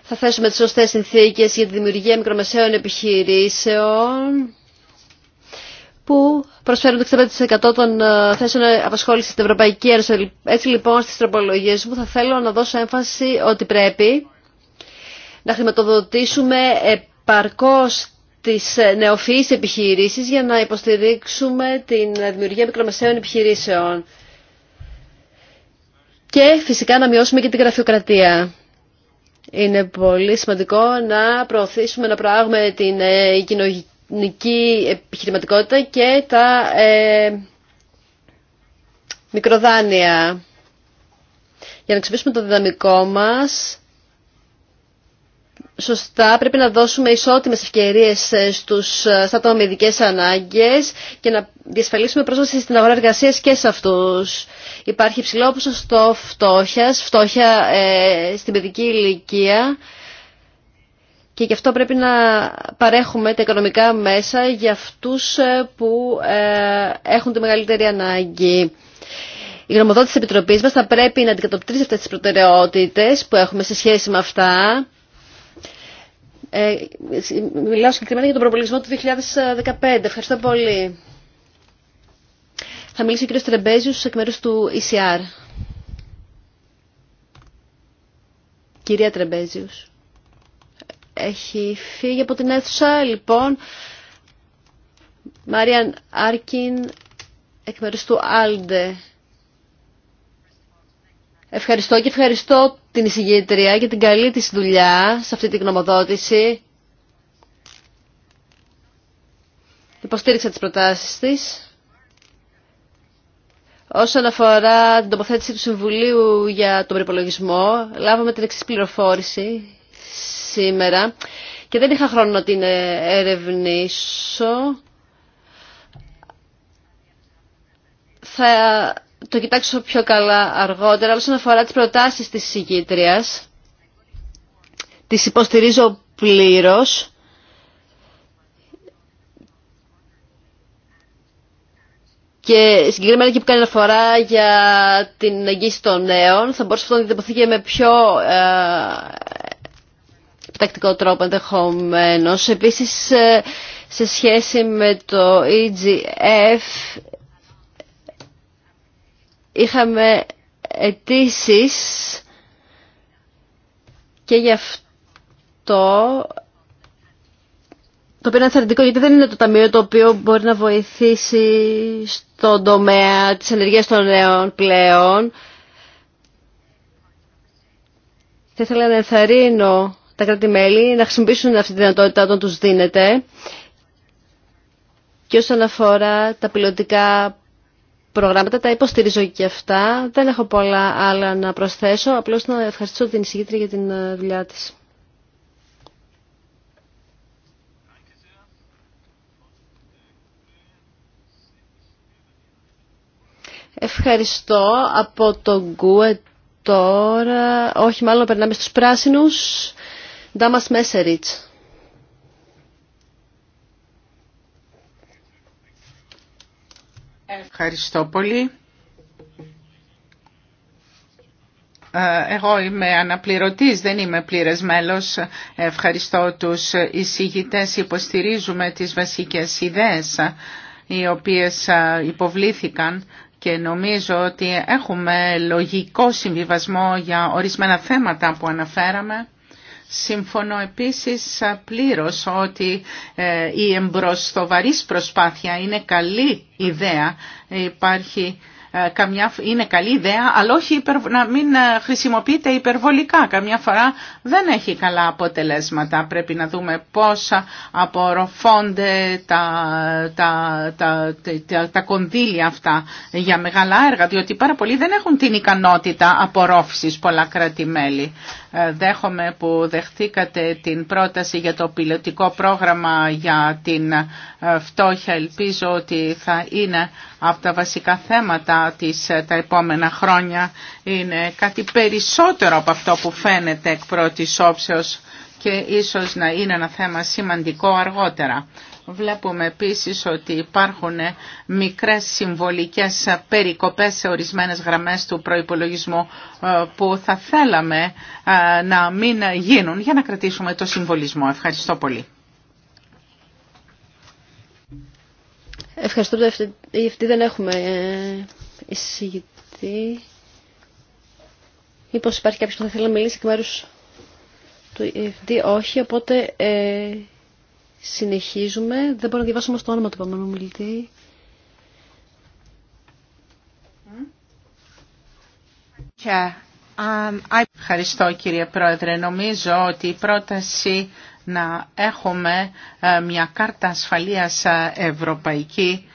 Θα θέσουμε τις σωστές συνθήκες για τη δημιουργία μικρομεσαίων επιχειρήσεων που προσφέρουν το 65% των ε, θέσεων απασχόλησης στην Ευρωπαϊκή Ένωση. Έτσι λοιπόν στις τροπολογίες μου θα θέλω να δώσω έμφαση ότι πρέπει να χρηματοδοτήσουμε επαρκώς τις ε, νεοφυείς επιχειρήσεις για να υποστηρίξουμε την δημιουργία μικρομεσαίων επιχειρήσεων και φυσικά να μειώσουμε και την γραφειοκρατία. Είναι πολύ σημαντικό να προωθήσουμε, να προάγουμε την ε, κοινωνική επιχειρηματικότητα και τα ε, μικροδάνεια. Για να ξεπίσουμε το δυναμικό μας σωστά πρέπει να δώσουμε ισότιμες ευκαιρίες ε, στους, ε, στα άτομα με ειδικές ανάγκες και να διασφαλίσουμε πρόσβαση στην αγορά εργασίας και σε αυτούς. Υπάρχει ψηλό ποσοστό φτώχειας, φτώχεια ε, στην παιδική ηλικία και γι' αυτό πρέπει να παρέχουμε τα οικονομικά μέσα για αυτούς που έχουν τη μεγαλύτερη ανάγκη. Η γνωμοδότηση της Επιτροπής μας θα πρέπει να αντικατοπτρίζει αυτές τις προτεραιότητες που έχουμε σε σχέση με αυτά ε, μιλάω συγκεκριμένα για τον προπολογισμό του 2015. Ευχαριστώ πολύ. Θα μιλήσει ο κύριος Τρεμπέζιος εκ μέρους του ECR. Κυρία Τρεμπέζιος. Έχει φύγει από την αίθουσα, λοιπόν. Μαρίαν Άρκιν, εκ μέρους του Άλντε. Ευχαριστώ και ευχαριστώ την εισηγήτρια για την καλή της δουλειά σε αυτή την γνωμοδότηση. Υποστήριξα τις προτάσεις της. Όσον αφορά την τοποθέτηση του Συμβουλίου για τον προπολογισμό, λάβαμε την εξή πληροφόρηση σήμερα και δεν είχα χρόνο να την ερευνήσω. Θα το κοιτάξω πιο καλά αργότερα, όσον αφορά τις προτάσεις της συγκήτριας, τις υποστηρίζω πλήρως. Και συγκεκριμένα εκεί που κάνει αναφορά για την εγγύηση των νέων, θα μπορούσε αυτό να διατυπωθεί με πιο επιτακτικό τρόπο ενδεχομένω. Επίσης, ε, σε σχέση με το EGF, είχαμε αιτήσει και γι' αυτό το οποίο είναι ενθαρρυντικό γιατί δεν είναι το ταμείο το οποίο μπορεί να βοηθήσει στον τομέα της ενεργείας των νέων πλέον. Θα ήθελα να ενθαρρύνω τα κράτη-μέλη να χρησιμοποιήσουν αυτή τη δυνατότητα όταν τους δίνεται και όσον αφορά τα πιλωτικά προγράμματα, τα υποστηρίζω και αυτά. Δεν έχω πολλά άλλα να προσθέσω, απλώς να ευχαριστήσω την εισηγήτρια για την ε, δουλειά της. Ευχαριστώ από τον Γκουε τώρα. Όχι, μάλλον περνάμε στους πράσινους. Ντάμας Μέσεριτς. Ευχαριστώ πολύ. Ε, εγώ είμαι αναπληρωτής, δεν είμαι πλήρες μέλος. Ευχαριστώ τους εισηγητές, υποστηρίζουμε τις βασικές ιδέες οι οποίες ε, υποβλήθηκαν και νομίζω ότι έχουμε λογικό συμβιβασμό για ορισμένα θέματα που αναφέραμε Συμφωνώ επίσης πλήρως ότι ε, η εμπροστοβαρής προσπάθεια είναι καλή ιδέα. Υπάρχει ε, καμιά, είναι καλή ιδέα, αλλά όχι να μην ε, χρησιμοποιείται υπερβολικά. Καμιά φορά δεν έχει καλά αποτελέσματα. Πρέπει να δούμε πώς απορροφώνται τα, τα, τα, τα, τα κονδύλια αυτά για μεγάλα έργα, διότι πάρα πολλοί δεν έχουν την ικανότητα απορρόφησης πολλά κράτη-μέλη δέχομαι που δεχτήκατε την πρόταση για το πιλωτικό πρόγραμμα για την ε, φτώχεια. Ελπίζω ότι θα είναι από τα βασικά θέματα της ε, τα επόμενα χρόνια. Είναι κάτι περισσότερο από αυτό που φαίνεται εκ πρώτης όψεως και ίσως να είναι ένα θέμα σημαντικό αργότερα. Βλέπουμε επίσης ότι υπάρχουν μικρές συμβολικές περικοπές σε ορισμένες γραμμές του προϋπολογισμού ε, που θα θέλαμε ε, να μην γίνουν για να κρατήσουμε το συμβολισμό. Ευχαριστώ πολύ. Ευχαριστώ. το αυτή δεν έχουμε ε, εισηγητή. Μήπως υπάρχει κάποιος που θα θέλει να μιλήσει εκ μέρους του ΕΦΔ. Όχι, οπότε... Συνεχίζουμε. Δεν μπορώ να διαβάσουμε στο το όνομα του επόμενου μιλητή. Ευχαριστώ κύριε Πρόεδρε. Νομίζω ότι η πρόταση να έχουμε ε, μια κάρτα ασφαλείας ε, ευρωπαϊκή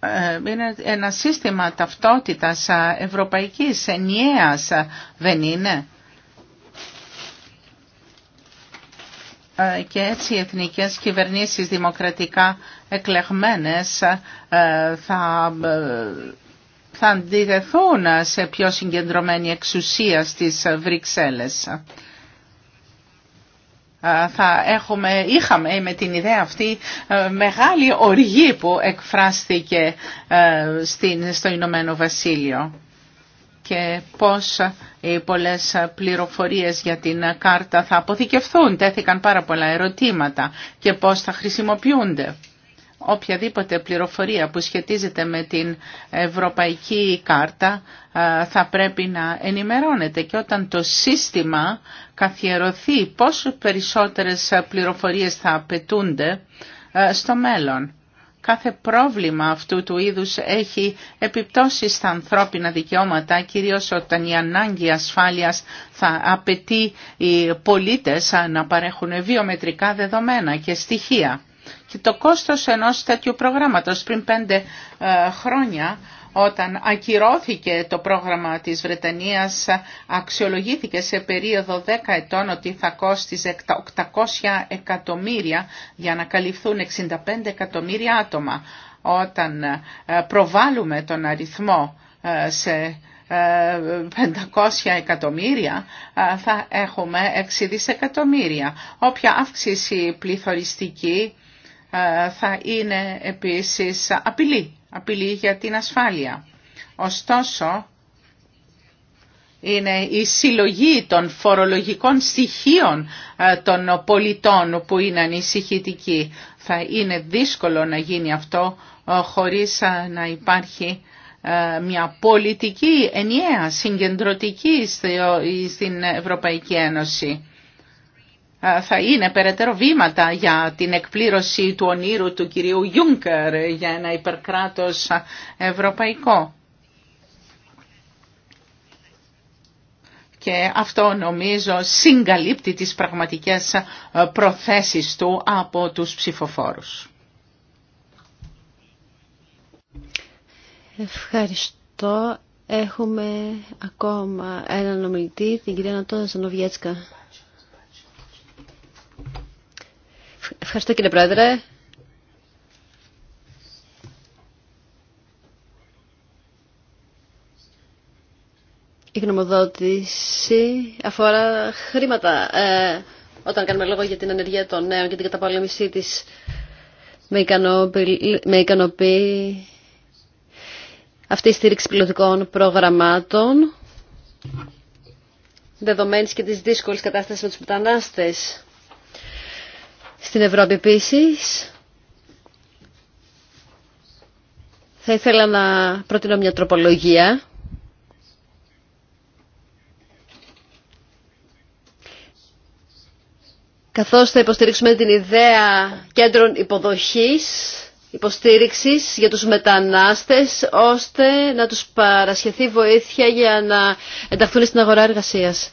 ε, είναι ένα σύστημα ταυτότητας ευρωπαϊκής ενιαίας δεν είναι. Ε, και έτσι οι εθνικές κυβερνήσεις δημοκρατικά εκλεγμένες ε, θα, ε, θα αντιδεθούν σε πιο συγκεντρωμένη εξουσία στις Βρυξέλλες. Θα έχουμε, είχαμε με την ιδέα αυτή μεγάλη οργή που εκφράστηκε στην, στο Ηνωμένο Βασίλειο και πώς οι πολλές πληροφορίες για την κάρτα θα αποθηκευθούν. Τέθηκαν πάρα πολλά ερωτήματα και πώς θα χρησιμοποιούνται. Οποιαδήποτε πληροφορία που σχετίζεται με την Ευρωπαϊκή Κάρτα θα πρέπει να ενημερώνεται και όταν το σύστημα καθιερωθεί πόσο περισσότερες πληροφορίες θα απαιτούνται στο μέλλον. Κάθε πρόβλημα αυτού του είδους έχει επιπτώσεις στα ανθρώπινα δικαιώματα, κυρίως όταν η ανάγκη ασφάλειας θα απαιτεί οι πολίτες να παρέχουν βιομετρικά δεδομένα και στοιχεία. Και το κόστος ενός τέτοιου προγράμματος πριν πέντε ε, χρόνια όταν ακυρώθηκε το πρόγραμμα της Βρετανίας, αξιολογήθηκε σε περίοδο 10 ετών ότι θα κόστιζε 800 εκατομμύρια για να καλυφθούν 65 εκατομμύρια άτομα. Όταν ε, προβάλλουμε τον αριθμό ε, σε 500 ε, εκατομμύρια θα έχουμε 6 δισεκατομμύρια. Όποια αύξηση πληθωριστική θα είναι επίσης απειλή απειλή για την ασφάλεια. Ωστόσο, είναι η συλλογή των φορολογικών στοιχείων ε, των πολιτών που είναι ανησυχητική. Θα είναι δύσκολο να γίνει αυτό ε, χωρίς ε, να υπάρχει μια πολιτική ενιαία συγκεντρωτική στην Ευρωπαϊκή Ένωση. Ε, θα είναι περαιτέρω βήματα για την εκπλήρωση του ονείρου του κυρίου Γιούνκερ για ένα υπερκράτος ευρωπαϊκό. Και αυτό νομίζω συγκαλύπτει τις πραγματικές προθέσεις του από τους ψηφοφόρους. Ευχαριστώ. Έχουμε ακόμα έναν ομιλητή, την κυρία Νατώνα Σανοβιέτσκα. Ευχαριστώ κύριε Πρόεδρε. Η γνωμοδότηση αφορά χρήματα. Ε, όταν κάνουμε λόγο για την ενεργεία των νέων και την καταπολέμησή της, με ικανοποιεί, με ικανοποιεί αυτή η στήριξη πιλωτικών προγραμμάτων, δεδομένης και της δύσκολης κατάστασης με τους μετανάστες. Στην Ευρώπη επίσης θα ήθελα να προτείνω μια τροπολογία καθώς θα υποστηρίξουμε την ιδέα κέντρων υποδοχής, υποστήριξης για τους μετανάστες, ώστε να τους παρασχεθεί βοήθεια για να ενταχθούν στην αγορά εργασίας.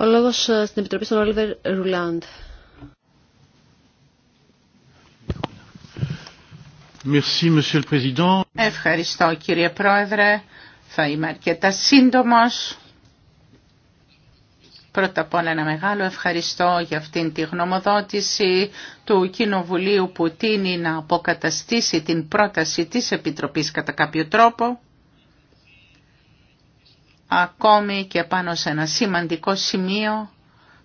Ο λόγος ε, στην Επιτροπή στον Όλιβερ Ρουλάντ. Ευχαριστώ κύριε Πρόεδρε. Θα είμαι αρκετά σύντομος. Πρώτα απ' όλα ένα μεγάλο ευχαριστώ για αυτήν τη γνωμοδότηση του Κοινοβουλίου που τίνει να αποκαταστήσει την πρόταση της Επιτροπής κατά κάποιο τρόπο ακόμη και πάνω σε ένα σημαντικό σημείο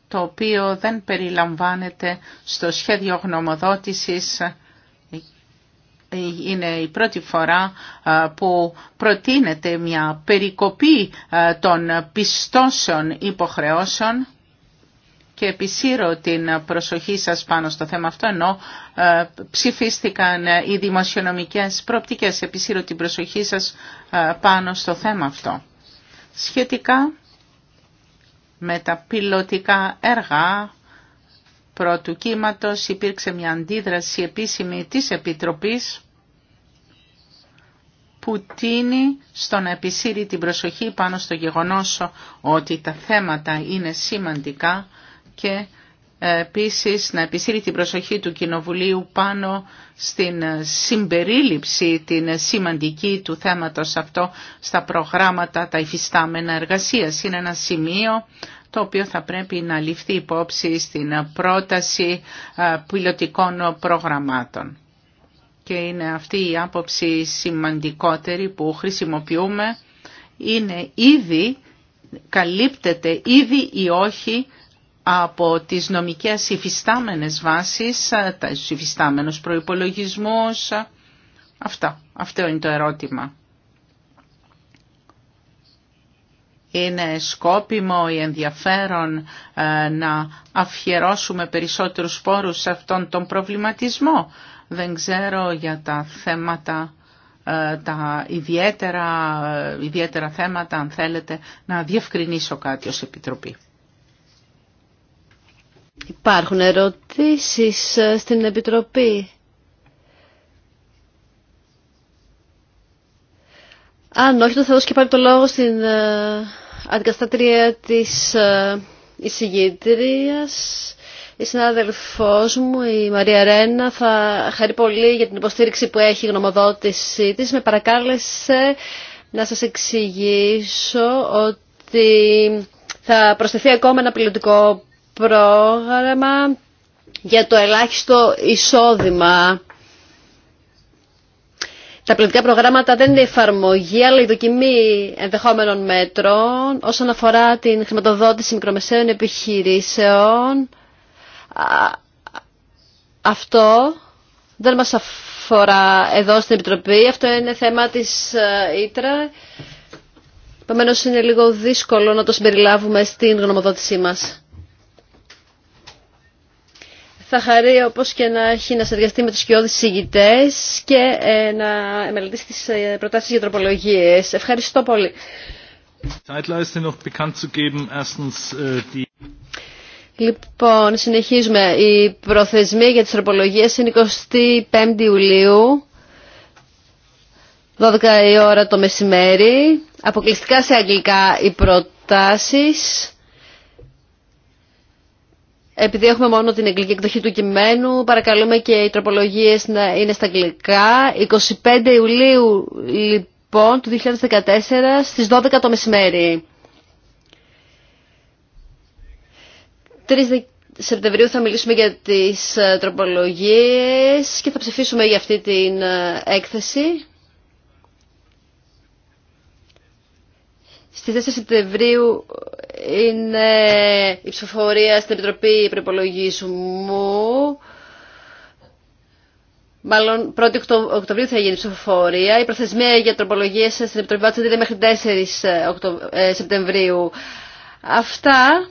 το οποίο δεν περιλαμβάνεται στο σχέδιο γνωμοδότησης. Είναι η πρώτη φορά που προτείνεται μια περικοπή των πιστώσεων υποχρεώσεων και επισύρω την προσοχή σας πάνω στο θέμα αυτό, ενώ ψηφίστηκαν οι δημοσιονομικές πρόπτικες. Επισύρω την προσοχή σας πάνω στο θέμα αυτό σχετικά με τα πιλωτικά έργα πρώτου κύματος υπήρξε μια αντίδραση επίσημη της Επιτροπής που τίνει στο να επισύρει την προσοχή πάνω στο γεγονός ότι τα θέματα είναι σημαντικά και ε, Επίση να επισύρει την προσοχή του Κοινοβουλίου πάνω στην ε, συμπερίληψη την ε, σημαντική του θέματος αυτό στα προγράμματα τα υφιστάμενα εργασίας. Είναι ένα σημείο το οποίο θα πρέπει να ληφθεί υπόψη στην πρόταση πιλωτικών προγραμμάτων. Και είναι αυτή η άποψη σημαντικότερη που χρησιμοποιούμε. Είναι ήδη, καλύπτεται ήδη ή όχι από τις νομικές υφιστάμενες βάσεις, ε, τους υφιστάμενους προϋπολογισμούς. Ε, αυτά. Αυτό είναι το ερώτημα. είναι σκόπιμο ή ενδιαφέρον ε, να αφιερώσουμε περισσότερους πόρους σε αυτόν τον προβληματισμό. Δεν ξέρω για τα θέματα, τα ιδιαίτερα, ιδιαίτερα θέματα, αν θέλετε, να διευκρινίσω κάτι ως Επιτροπή. Υπάρχουν ερωτήσεις ε, στην Επιτροπή. Αν όχι, θα δώσω και πάλι το λόγο στην ε, αντικαστάτρια της ε, εισηγήτριας. Η συνάδελφός μου, η Μαρία Ρένα, θα χαρεί πολύ για την υποστήριξη που έχει η γνωμοδότησή της. Με παρακάλεσε να σας εξηγήσω ότι θα προσθεθεί ακόμα ένα πιλωτικό πρόγραμμα για το ελάχιστο εισόδημα. Τα πολιτικά προγράμματα δεν είναι εφαρμογή, αλλά η δοκιμή ενδεχόμενων μέτρων όσον αφορά την χρηματοδότηση μικρομεσαίων επιχειρήσεων. Αυτό δεν μας αφορά εδώ στην Επιτροπή. Αυτό είναι θέμα της ε, Ήτρα. Επομένως είναι λίγο δύσκολο να το συμπεριλάβουμε στην γνωμοδότησή μας θα χαρεί όπως και να έχει να συνεργαστεί με τους κοιόδης συγητές και ε, να μελετήσει τις ε, προτάσεις για τροπολογίες. Ευχαριστώ πολύ. Äh, λοιπόν, συνεχίζουμε. Η προθεσμία για τις τροπολογίες είναι 25 Ιουλίου, 12 η ώρα το μεσημέρι. Αποκλειστικά σε αγγλικά οι προτάσεις. Επειδή έχουμε μόνο την εγγλική εκδοχή του κειμένου, παρακαλούμε και οι τροπολογίες να είναι στα αγγλικά. 25 Ιουλίου, λοιπόν, του 2014, στις 12 το μεσημέρι. 3 Σεπτεμβρίου θα μιλήσουμε για τις ε, τροπολογίες και θα ψηφίσουμε για αυτή την ε, έκθεση. Στι 4 Σεπτεμβρίου είναι η ψηφοφορία στην Επιτροπή Προπολογισμού. Μάλλον 1η Οκτωβρίου θα γίνει η ψηφοφορία. Η προθεσμία για τροπολογίε στην Επιτροπή Βάτσαντη είναι μέχρι 4 ε, ε, Σεπτεμβρίου. Αυτά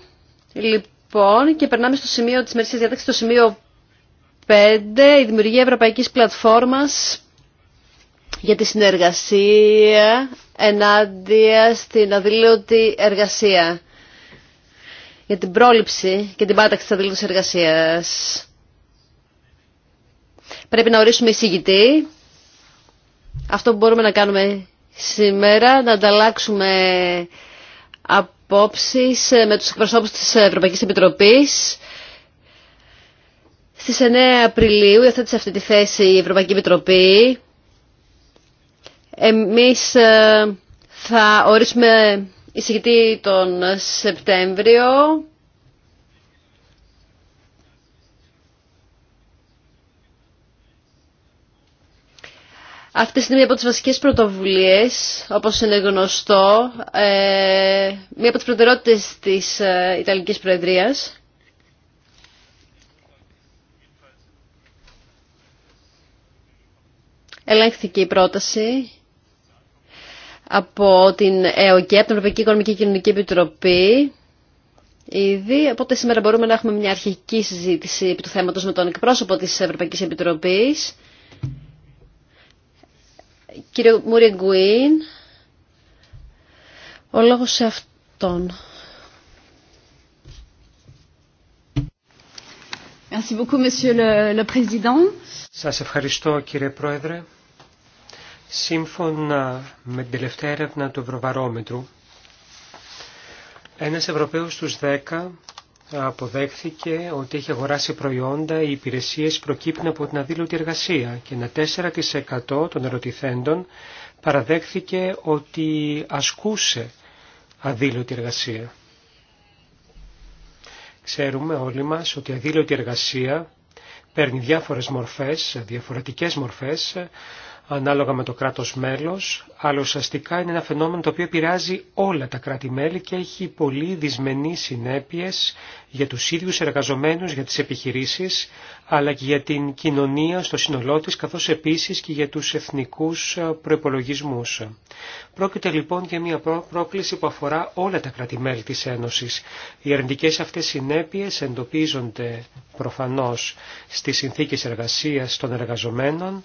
λοιπόν και περνάμε στο σημείο τη μερική διάταξη, το σημείο 5, η δημιουργία Ευρωπαϊκή Πλατφόρμα για τη συνεργασία ενάντια στην αδήλωτη εργασία για την πρόληψη και την πάταξη της αδήλωτης εργασίας. Πρέπει να ορίσουμε εισηγητή. Αυτό που μπορούμε να κάνουμε σήμερα, να ανταλλάξουμε απόψεις με τους εκπροσώπους της Ευρωπαϊκής Επιτροπής. Στις 9 Απριλίου υιοθέτησε αυτή τη θέση η Ευρωπαϊκή Επιτροπή εμείς ε, θα ορίσουμε εισηγητή τον Σεπτέμβριο. Αυτή είναι μία από τις βασικές πρωτοβουλίες, όπως είναι γνωστό, ε, μία από τις προτεραιότητες της ε, Ιταλικής Προεδρίας. Ελέγχθηκε η πρόταση από την ΕΟΚΕ, την Ευρωπαϊκή Οικονομική και Κοινωνική Επιτροπή ήδη. Οπότε σήμερα μπορούμε να έχουμε μια αρχική συζήτηση επί του θέματος με τον εκπρόσωπο της Ευρωπαϊκής Επιτροπής, κύριο Μούρι Γκουίν. Ο λόγος σε αυτόν. Merci Σας ευχαριστώ κύριε Πρόεδρε. Σύμφωνα με την τελευταία έρευνα του Ευρωβαρόμετρου, ένας Ευρωπαίος στους 10 αποδέχθηκε ότι έχει αγοράσει προϊόντα ή υπηρεσίες προκύπτουν από την αδήλωτη εργασία και ένα 4% των ερωτηθέντων παραδέχθηκε ότι ασκούσε αδήλωτη εργασία. Ξέρουμε όλοι μας ότι η αδήλωτη εργασία παίρνει διάφορες μορφές, διαφορετικές μορφές, ανάλογα με το κράτος μέλος, αλλά ουσιαστικά είναι ένα φαινόμενο το οποίο επηρεάζει όλα τα κράτη-μέλη και έχει πολύ δυσμενείς συνέπειες για τους ίδιους εργαζομένους, για τις επιχειρήσεις, αλλά και για την κοινωνία στο σύνολό της, καθώς επίσης και για τους εθνικούς ε, προϋπολογισμούς. Πρόκειται λοιπόν για μια πρόκληση που αφορά όλα τα κράτη-μέλη της Ένωσης. Οι αρνητικές αυτές συνέπειες εντοπίζονται προφανώς στις συνθήκες εργασίας των εργαζομένων,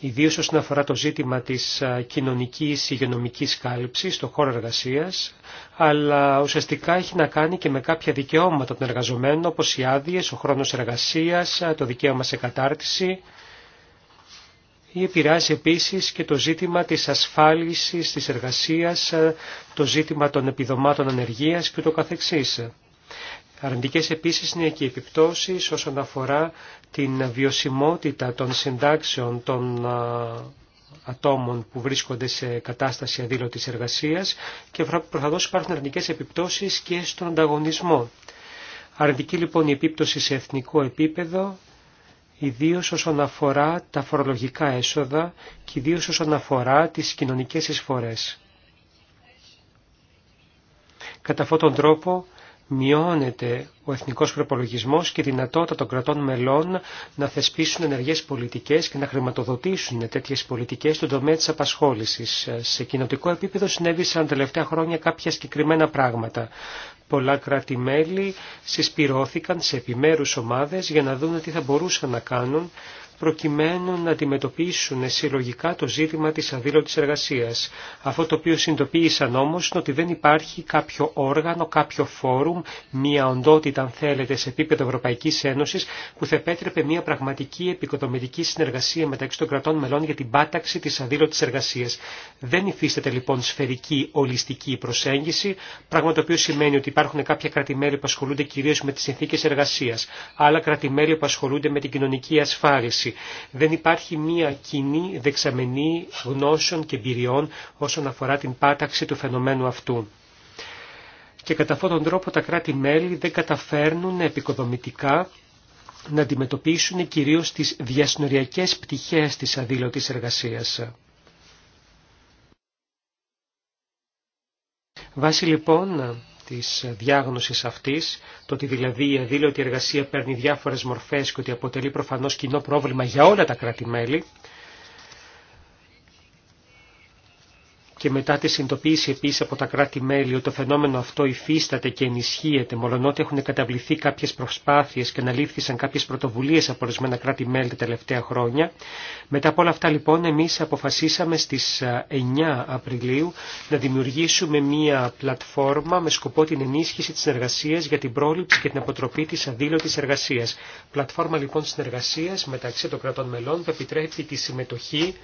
ιδίως όσον αφορά το ζήτημα της κοινωνικής υγειονομικής κάλυψης στον χώρο εργασίας, αλλά ουσιαστικά έχει να κάνει και με κάποια δικαιώματα των εργαζομένων, όπως οι άδειες, ο χρόνος εργασίας, το δικαίωμα σε κατάρτιση, ή επηρεάζει επίσης και το ζήτημα της ασφάλισης της εργασίας, το ζήτημα των επιδομάτων ανεργίας και το καθεξής. Αρνητικές επίσης είναι και οι επιπτώσεις όσον αφορά την βιωσιμότητα των συντάξεων των ατόμων που βρίσκονται σε κατάσταση αδήλωτης εργασίας και προφανώς υπάρχουν αρνητικές επιπτώσεις και στον ανταγωνισμό. Αρνητική λοιπόν η επίπτωση σε εθνικό επίπεδο, ιδίως όσον αφορά τα φορολογικά έσοδα και ιδίως όσον αφορά τις κοινωνικές εισφορές. Κατά αυτόν τον τρόπο μειώνεται ο εθνικός προπολογισμός και η δυνατότητα των κρατών μελών να θεσπίσουν ενεργές πολιτικές και να χρηματοδοτήσουν τέτοιες πολιτικές στον τομέα της απασχόλησης. Σε κοινοτικό επίπεδο συνέβησαν τελευταία χρόνια κάποια συγκεκριμένα πράγματα. Πολλά κράτη-μέλη συσπυρώθηκαν σε επιμέρους ομάδες για να δουν τι θα μπορούσαν να κάνουν προκειμένου να αντιμετωπίσουν συλλογικά το ζήτημα της αδήλωτης εργασίας. Αυτό το οποίο συνειδητοποίησαν όμως είναι ότι δεν υπάρχει κάποιο όργανο, κάποιο φόρουμ, μια οντότητα αν θέλετε σε επίπεδο Ευρωπαϊκής Ένωσης που θα επέτρεπε μια πραγματική επικοδομητική συνεργασία μεταξύ των κρατών μελών για την πάταξη της αδήλωτης εργασίας. Δεν υφίσταται λοιπόν σφαιρική ολιστική προσέγγιση, πράγμα το οποίο σημαίνει ότι υπάρχουν κάποια κρατημέλη που ασχολούνται κυρίως με τις συνθήκες εργασίας, άλλα κρατημέρια που ασχολούνται με την κοινωνική ασφάλιση δεν υπάρχει μία κοινή δεξαμενή γνώσεων και εμπειριών όσον αφορά την πάταξη του φαινομένου αυτού. Και κατά αυτόν τον τρόπο τα κράτη-μέλη δεν καταφέρνουν επικοδομητικά να αντιμετωπίσουν κυρίως τις διασνοριακές πτυχές της αδήλωτης εργασίας. Βάσει λοιπόν της διάγνωσης αυτής, το ότι δηλαδή η αδήλωτη εργασία παίρνει διάφορες μορφές και ότι αποτελεί προφανώς κοινό πρόβλημα για όλα τα κράτη-μέλη, και μετά τη συνειδητοποίηση επίσης από τα κράτη-μέλη ότι το φαινόμενο αυτό υφίσταται και ενισχύεται, μολονότι έχουν καταβληθεί κάποιες προσπάθειες και αναλήφθησαν κάποιες πρωτοβουλίες από ορισμένα κράτη-μέλη τα τελευταία χρόνια. Μετά από όλα αυτά λοιπόν εμείς αποφασίσαμε στις 9 Απριλίου να δημιουργήσουμε μία πλατφόρμα με σκοπό την ενίσχυση της συνεργασίας για την πρόληψη και την αποτροπή της αδήλωτης εργασία. Πλατφόρμα λοιπόν συνεργασίας μεταξύ των κρατών μελών που επιτρέπει τη συμμετοχή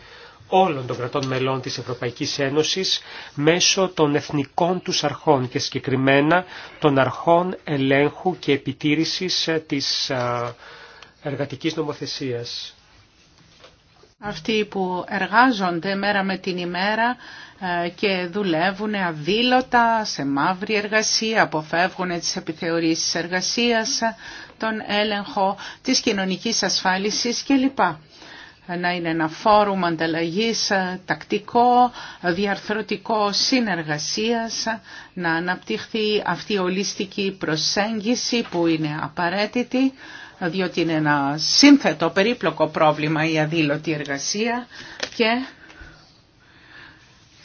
όλων των κρατών μελών της Ευρωπαϊκής Ένωσης μέσω των εθνικών τους αρχών και συγκεκριμένα των αρχών ελέγχου και επιτήρησης ε, της ε, εργατικής νομοθεσίας. Αυτοί που εργάζονται μέρα με την ημέρα ε, και δουλεύουν αδήλωτα σε μαύρη εργασία, αποφεύγουν τις επιθεωρήσεις εργασίας, τον έλεγχο της κοινωνικής ασφάλισης κλπ να είναι ένα φόρουμ ανταλλαγής ε, τακτικό, διαρθρωτικό συνεργασίας, να αναπτυχθεί αυτή η ολιστική προσέγγιση που είναι απαραίτητη, διότι είναι ένα σύνθετο περίπλοκο πρόβλημα η αδήλωτη εργασία και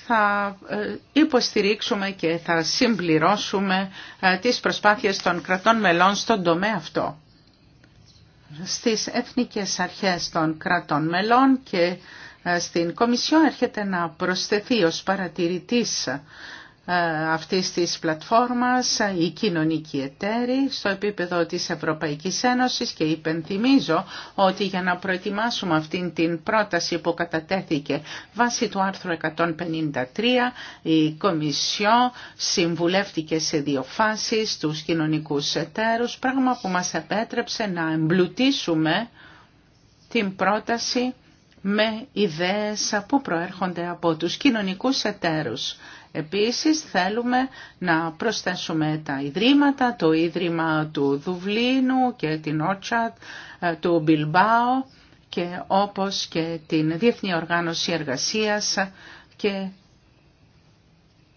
θα ε, υποστηρίξουμε και θα συμπληρώσουμε ε, τις προσπάθειες των κρατών μελών στον τομέα αυτό στις εθνικές αρχές των κρατών μελών και ε, στην Κομισιό έρχεται να προσθεθεί ως παρατηρητής ε, Αυτή της πλατφόρμας, η κοινωνική εταίρη, στο επίπεδο της Ευρωπαϊκής Ένωσης και υπενθυμίζω ότι για να προετοιμάσουμε αυτήν την πρόταση που κατατέθηκε βάσει του άρθρου 153 η Κομισιό συμβουλεύτηκε σε δύο φάσεις τους κοινωνικούς εταίρους πράγμα που μας επέτρεψε να εμπλουτίσουμε την πρόταση με ιδέες που προέρχονται από τους κοινωνικούς εταίρους. Επίσης θέλουμε να προσθέσουμε τα ιδρύματα, το Ίδρυμα του Δουβλίνου και την ΟΤΣΑΤ, ε, του Μπιλμπάο και όπως και την Διεθνή Οργάνωση Εργασίας και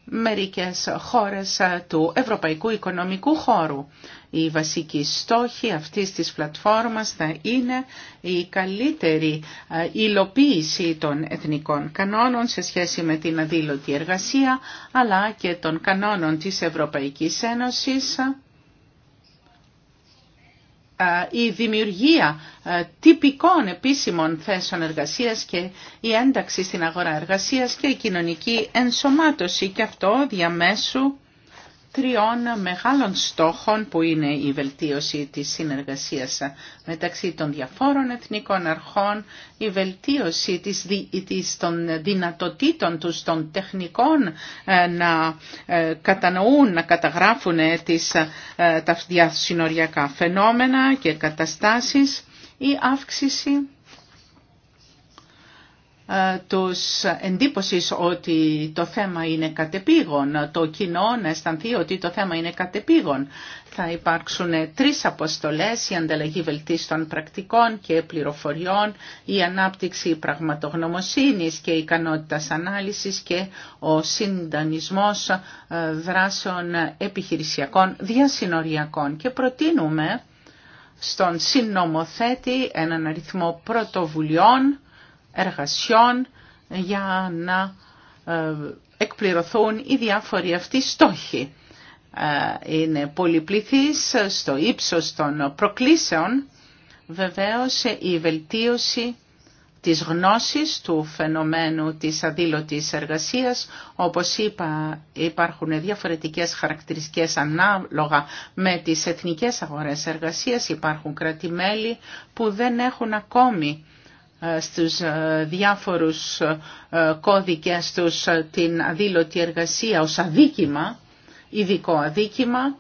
μερικές χώρες ε, του Ευρωπαϊκού Οικονομικού Χώρου. Η βασική στόχη αυτής της πλατφόρμας θα είναι η καλύτερη ε, υλοποίηση των εθνικών κανόνων σε σχέση με την αδήλωτη εργασία, αλλά και των κανόνων της Ευρωπαϊκής Ένωσης ε, η δημιουργία ε, τυπικών επίσημων θέσεων εργασίας και η ένταξη στην αγορά εργασίας και η κοινωνική ενσωμάτωση και αυτό διαμέσου τριών μεγάλων στόχων που είναι η βελτίωση της συνεργασίας μεταξύ των διαφόρων εθνικών αρχών, η βελτίωση της, της, των δυνατοτήτων τους των τεχνικών ε, να ε, κατανοούν, να καταγράφουν ε, τις, τα διασυνοριακά φαινόμενα και καταστάσεις, η αύξηση ε, τους εντύπωση ότι το θέμα είναι κατεπήγον, το κοινό να αισθανθεί ότι το θέμα είναι κατεπήγον. Θα υπάρξουν τρεις αποστολές, η ανταλλαγή βελτίστων πρακτικών και πληροφοριών, η ανάπτυξη πραγματογνωμοσύνης και ικανότητας ανάλυσης και ο συντανισμός ε, δράσεων επιχειρησιακών διασυνοριακών. Και προτείνουμε στον συνομοθέτη έναν αριθμό πρωτοβουλειών, εργασιών για να ε, εκπληρωθούν οι διάφοροι αυτοί στόχοι. Ε, είναι πολυπληθής στο ύψος των προκλήσεων, βεβαίως η βελτίωση της γνώσης του φαινομένου της αδήλωτης εργασίας. Όπως είπα, υπάρχουν διαφορετικές χαρακτηριστικές ανάλογα με τις εθνικές αγορές εργασίας. Υπάρχουν κρατημέλη που δεν έχουν ακόμη ε, στους ε, διάφορους ε, κώδικες τους την αδήλωτη εργασία ως αδίκημα, ειδικό αδίκημα.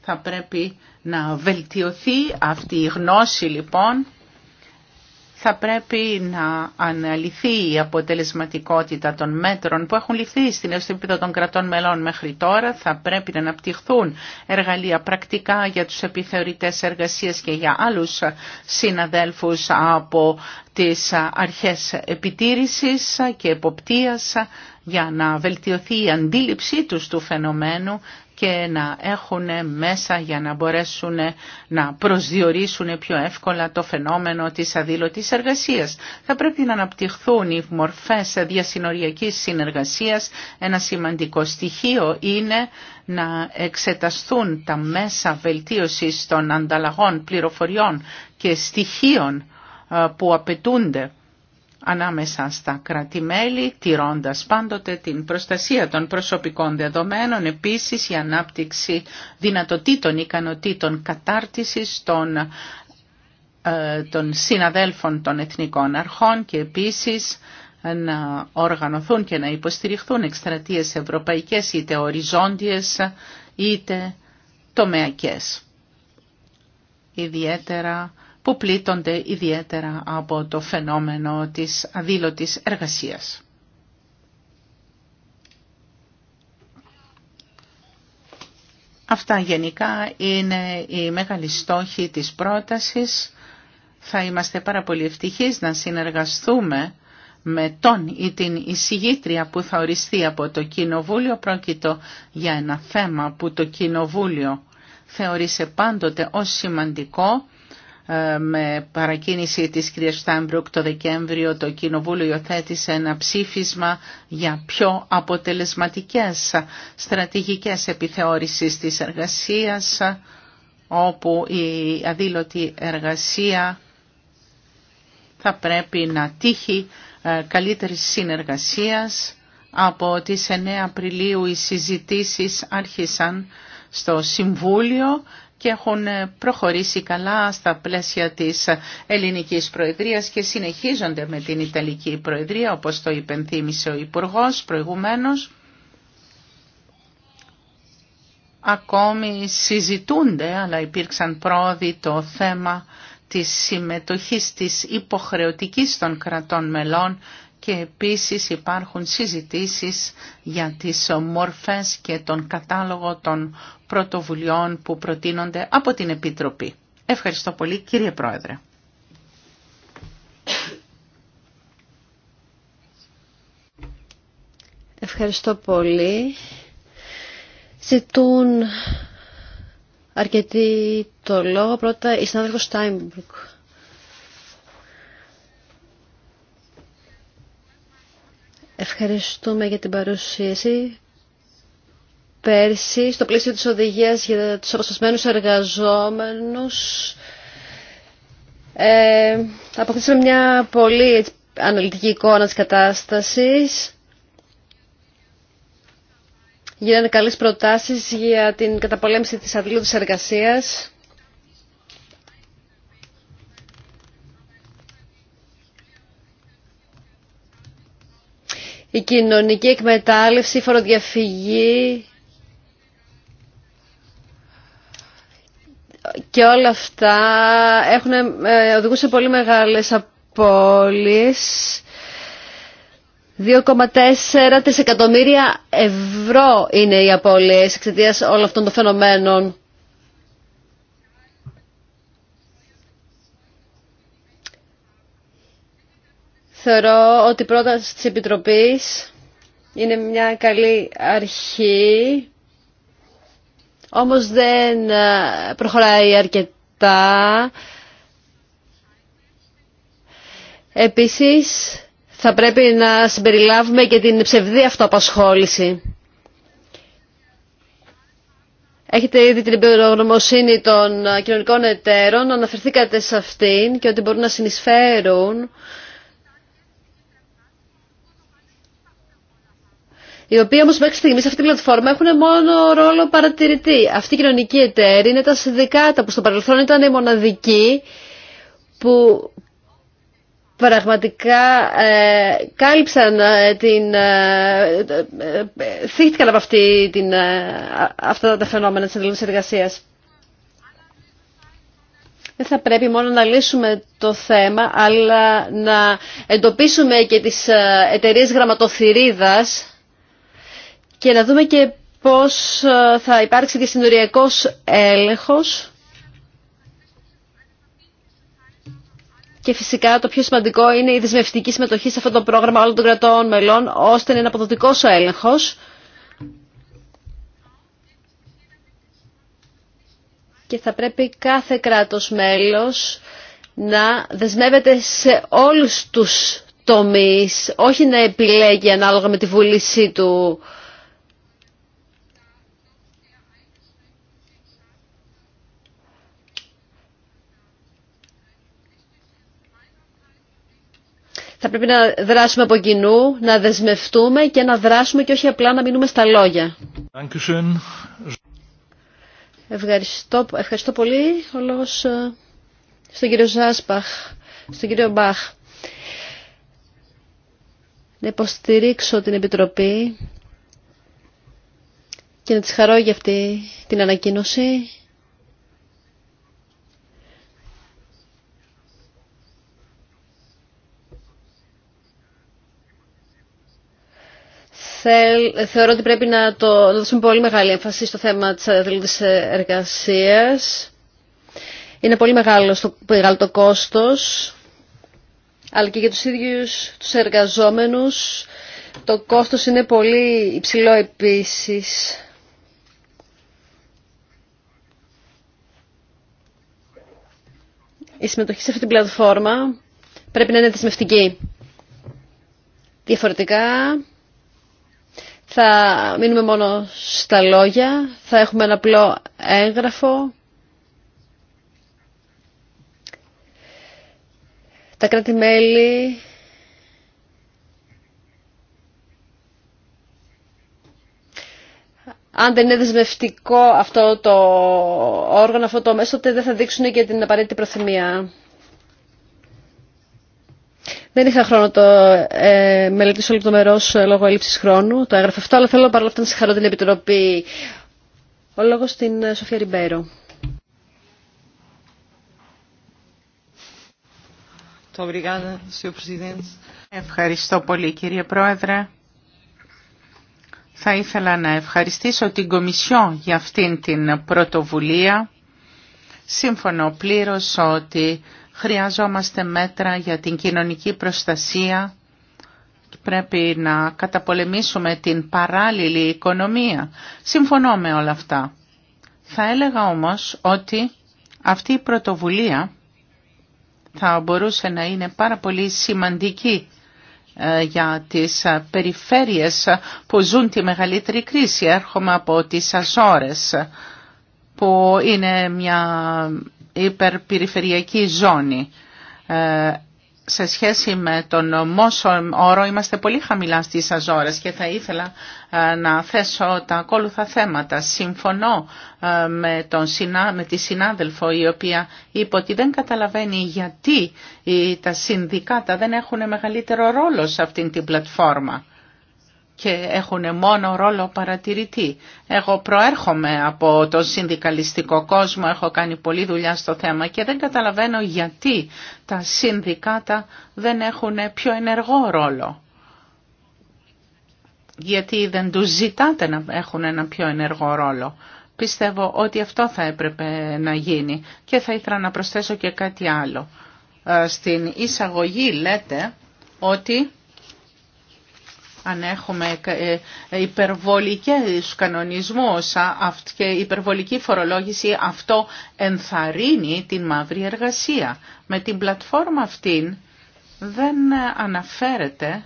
Θα πρέπει να βελτιωθεί αυτή η γνώση λοιπόν θα πρέπει να αναλυθεί η αποτελεσματικότητα των μέτρων που έχουν ληφθεί στην επίπεδο των κρατών μελών μέχρι τώρα. Θα πρέπει να αναπτυχθούν εργαλεία πρακτικά για τους επιθεωρητές εργασίας και για άλλους συναδέλφους από τις αρχές επιτήρησης και εποπτείας για να βελτιωθεί η αντίληψή τους του φαινομένου και να έχουν μέσα για να μπορέσουν να προσδιορίσουν πιο εύκολα το φαινόμενο της αδήλωτης εργασίας. Θα πρέπει να αναπτυχθούν οι μορφές διασυνοριακής συνεργασίας. Ένα σημαντικό στοιχείο είναι να εξεταστούν τα μέσα βελτίωσης των ανταλλαγών πληροφοριών και στοιχείων που απαιτούνται ανάμεσα στα κρατημέλη, τηρώντας πάντοτε την προστασία των προσωπικών δεδομένων, επίσης η ανάπτυξη δυνατοτήτων, ικανοτήτων κατάρτισης των, ε, των συναδέλφων των εθνικών αρχών και επίσης να οργανωθούν και να υποστηριχθούν εκστρατείες ευρωπαϊκές είτε οριζόντιες είτε τομεακές. Ιδιαίτερα που πλήττονται ιδιαίτερα από το φαινόμενο της αδήλωτης εργασίας. Αυτά γενικά είναι οι μεγάλοι στόχοι της πρότασης. Θα είμαστε πάρα πολύ ευτυχείς να συνεργαστούμε με τον ή την εισηγήτρια που θα οριστεί από το Κοινοβούλιο. Πρόκειτο για ένα θέμα που το Κοινοβούλιο θεωρήσε πάντοτε ως σημαντικό ε, με παρακίνηση της κυρίας Στάμπρουκ το Δεκέμβριο το Κοινοβούλιο υιοθέτησε ένα ψήφισμα για πιο αποτελεσματικές στρατηγικές επιθεώρησης της εργασίας όπου η αδήλωτη εργασία θα πρέπει να τύχει ε, καλύτερης συνεργασίας. Από τις 9 Απριλίου οι συζητήσεις άρχισαν στο Συμβούλιο και έχουν ε, προχωρήσει καλά στα πλαίσια της ελληνικής προεδρίας και συνεχίζονται με την Ιταλική προεδρία, όπως το υπενθύμησε ο Υπουργός προηγουμένως. Ακόμη συζητούνται, αλλά υπήρξαν πρόοδοι το θέμα της συμμετοχής της υποχρεωτικής των κρατών μελών και επίσης υπάρχουν συζητήσεις για τις μορφές και τον κατάλογο των πρωτοβουλειών που προτείνονται από την Επιτροπή. Ευχαριστώ πολύ κύριε Πρόεδρε. Ευχαριστώ πολύ. Ζητούν αρκετοί το λόγο. Πρώτα η συνάδελφος Στάιμπρουκ. Ευχαριστούμε για την παρουσίαση πέρσι στο πλαίσιο της οδηγίας για τους αποσπασμένους εργαζόμενους ε, αποκτήσαμε μια πολύ αναλυτική εικόνα της κατάστασης. Γίνανε καλές προτάσεις για την καταπολέμηση της αδειλούδης εργασίας. Η κοινωνική εκμετάλλευση, η φοροδιαφυγή, και όλα αυτά έχουν, ε, οδηγούν σε πολύ μεγάλες απώλειες. 2,4 δισεκατομμύρια ευρώ είναι οι απώλειες εξαιτία όλων αυτών των φαινομένων. Θεωρώ ότι η πρόταση της Επιτροπής είναι μια καλή αρχή όμως δεν ε, προχωράει αρκετά. Επίσης, θα πρέπει να συμπεριλάβουμε και την ψευδή αυτοαπασχόληση. Έχετε ήδη την υπερογνωμοσύνη των ε, κοινωνικών εταίρων, αναφερθήκατε σε αυτήν και ότι μπορούν να συνεισφέρουν οι οποίοι όμω μέχρι στιγμή σε αυτή την πλατφόρμα έχουν μόνο ρόλο παρατηρητή. Αυτή η κοινωνική εταίρη είναι τα συνδικάτα που στο παρελθόν ήταν οι μοναδικοί που πραγματικά ε, κάλυψαν ε, την... Ε, ε από αυτή, την, ε, αυτά τα φαινόμενα τη ελληνική εργασία. Δεν θα πρέπει μόνο να λύσουμε το θέμα, αλλά να εντοπίσουμε και τις εταιρείες γραμματοθυρίδας και να δούμε και πώς ε, θα υπάρξει και συνοριακός έλεγχος. Και φυσικά το πιο σημαντικό είναι η δεσμευτική συμμετοχή σε αυτό το πρόγραμμα όλων των κρατών μελών, ώστε να είναι αποδοτικό ο έλεγχο. Και θα πρέπει κάθε κράτος μέλος να δεσμεύεται σε όλους τους τομείς, όχι να επιλέγει ανάλογα με τη βούλησή του θα πρέπει να δράσουμε από κοινού, να δεσμευτούμε και να δράσουμε και όχι απλά να μείνουμε στα λόγια. Ευχαριστώ, ευχαριστώ πολύ. Ο λόγος ε, στον κύριο Ζάσπαχ, στον κύριο Μπαχ. Να υποστηρίξω την Επιτροπή και να της χαρώ για αυτή την ανακοίνωση. θεωρώ ότι πρέπει να, το, να δώσουμε πολύ μεγάλη έμφαση στο θέμα της αδελφής εργασίας. Είναι πολύ μεγάλο, στο, μεγάλο το κόστος, αλλά και για τους ίδιους τους εργαζόμενους το κόστος είναι πολύ υψηλό επίσης. Η συμμετοχή σε αυτή την πλατφόρμα πρέπει να είναι δεσμευτική. Διαφορετικά, θα μείνουμε μόνο στα λόγια, θα έχουμε ένα απλό έγγραφο. Τα κράτη-μέλη αν δεν είναι δεσμευτικό αυτό το όργανο, αυτό το μέσο, τότε δεν θα δείξουν και την απαραίτητη προθυμία. Δεν είχα χρόνο το ε, μελετήσω λεπτομερώ ε, λόγω έλλειψη χρόνου. Το έγραφε αυτό, αλλά θέλω παρόλα αυτά να συγχαρώ την Επιτροπή. Ο λόγο στην ε, Σοφία Ριμπέρο. Ευχαριστώ πολύ κύριε Πρόεδρε. Θα ήθελα να ευχαριστήσω την Κομισιό για αυτήν την πρωτοβουλία. Σύμφωνο πλήρως ότι Χρειαζόμαστε μέτρα για την κοινωνική προστασία. Πρέπει να καταπολεμήσουμε την παράλληλη οικονομία. Συμφωνώ με όλα αυτά. Θα έλεγα όμως ότι αυτή η πρωτοβουλία θα μπορούσε να είναι πάρα πολύ σημαντική ε, για τις ε, περιφέρειες που ζουν τη μεγαλύτερη κρίση. Έρχομαι από τις Αζόρες που είναι μια υπερπεριφερειακή ζώνη. Ε, σε σχέση με τον μόσο όρο είμαστε πολύ χαμηλά στις αζόρες και θα ήθελα ε, να θέσω τα ακόλουθα θέματα. Συμφωνώ ε, με, τον, με τη συνάδελφο η οποία είπε ότι δεν καταλαβαίνει γιατί τα συνδικάτα δεν έχουν μεγαλύτερο ρόλο σε αυτήν την πλατφόρμα και έχουν μόνο ρόλο παρατηρητή. Εγώ προέρχομαι από το συνδικαλιστικό κόσμο, έχω κάνει πολλή δουλειά στο θέμα και δεν καταλαβαίνω γιατί τα συνδικάτα δεν έχουν πιο ενεργό ρόλο. Γιατί δεν τους ζητάτε να έχουν ένα πιο ενεργό ρόλο. Πιστεύω ότι αυτό θα έπρεπε να γίνει και θα ήθελα να προσθέσω και κάτι άλλο. Ε, στην εισαγωγή λέτε ότι αν έχουμε ε, υπερβολικές κανονισμούς και υπερβολική φορολόγηση, αυτό ενθαρρύνει την μαύρη εργασία. Με την πλατφόρμα αυτήν δεν αναφέρεται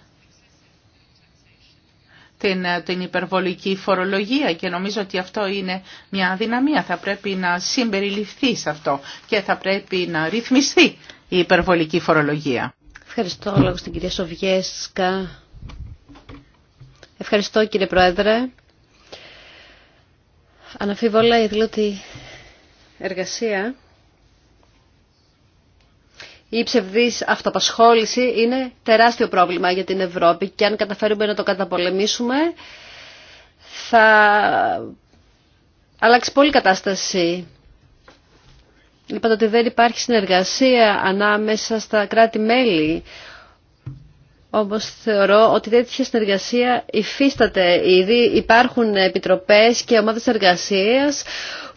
την, ε, την υπερβολική φορολογία και νομίζω ότι αυτό είναι μια αδυναμία. Θα πρέπει να συμπεριληφθεί σε αυτό και θα πρέπει να ρυθμιστεί η υπερβολική φορολογία. Ευχαριστώ λόγω στην κυρία Σοβιέσκα Ευχαριστώ κύριε Πρόεδρε. Αναφίβολα η δηλώτη εργασία η ψευδής αυτοπασχόληση είναι τεράστιο πρόβλημα για την Ευρώπη και αν καταφέρουμε να το καταπολεμήσουμε θα αλλάξει πολύ κατάσταση. Είπατε ότι δεν υπάρχει συνεργασία ανάμεσα στα κράτη-μέλη όμως θεωρώ ότι τέτοια συνεργασία υφίσταται ήδη. Υπάρχουν επιτροπές και ομάδες εργασίας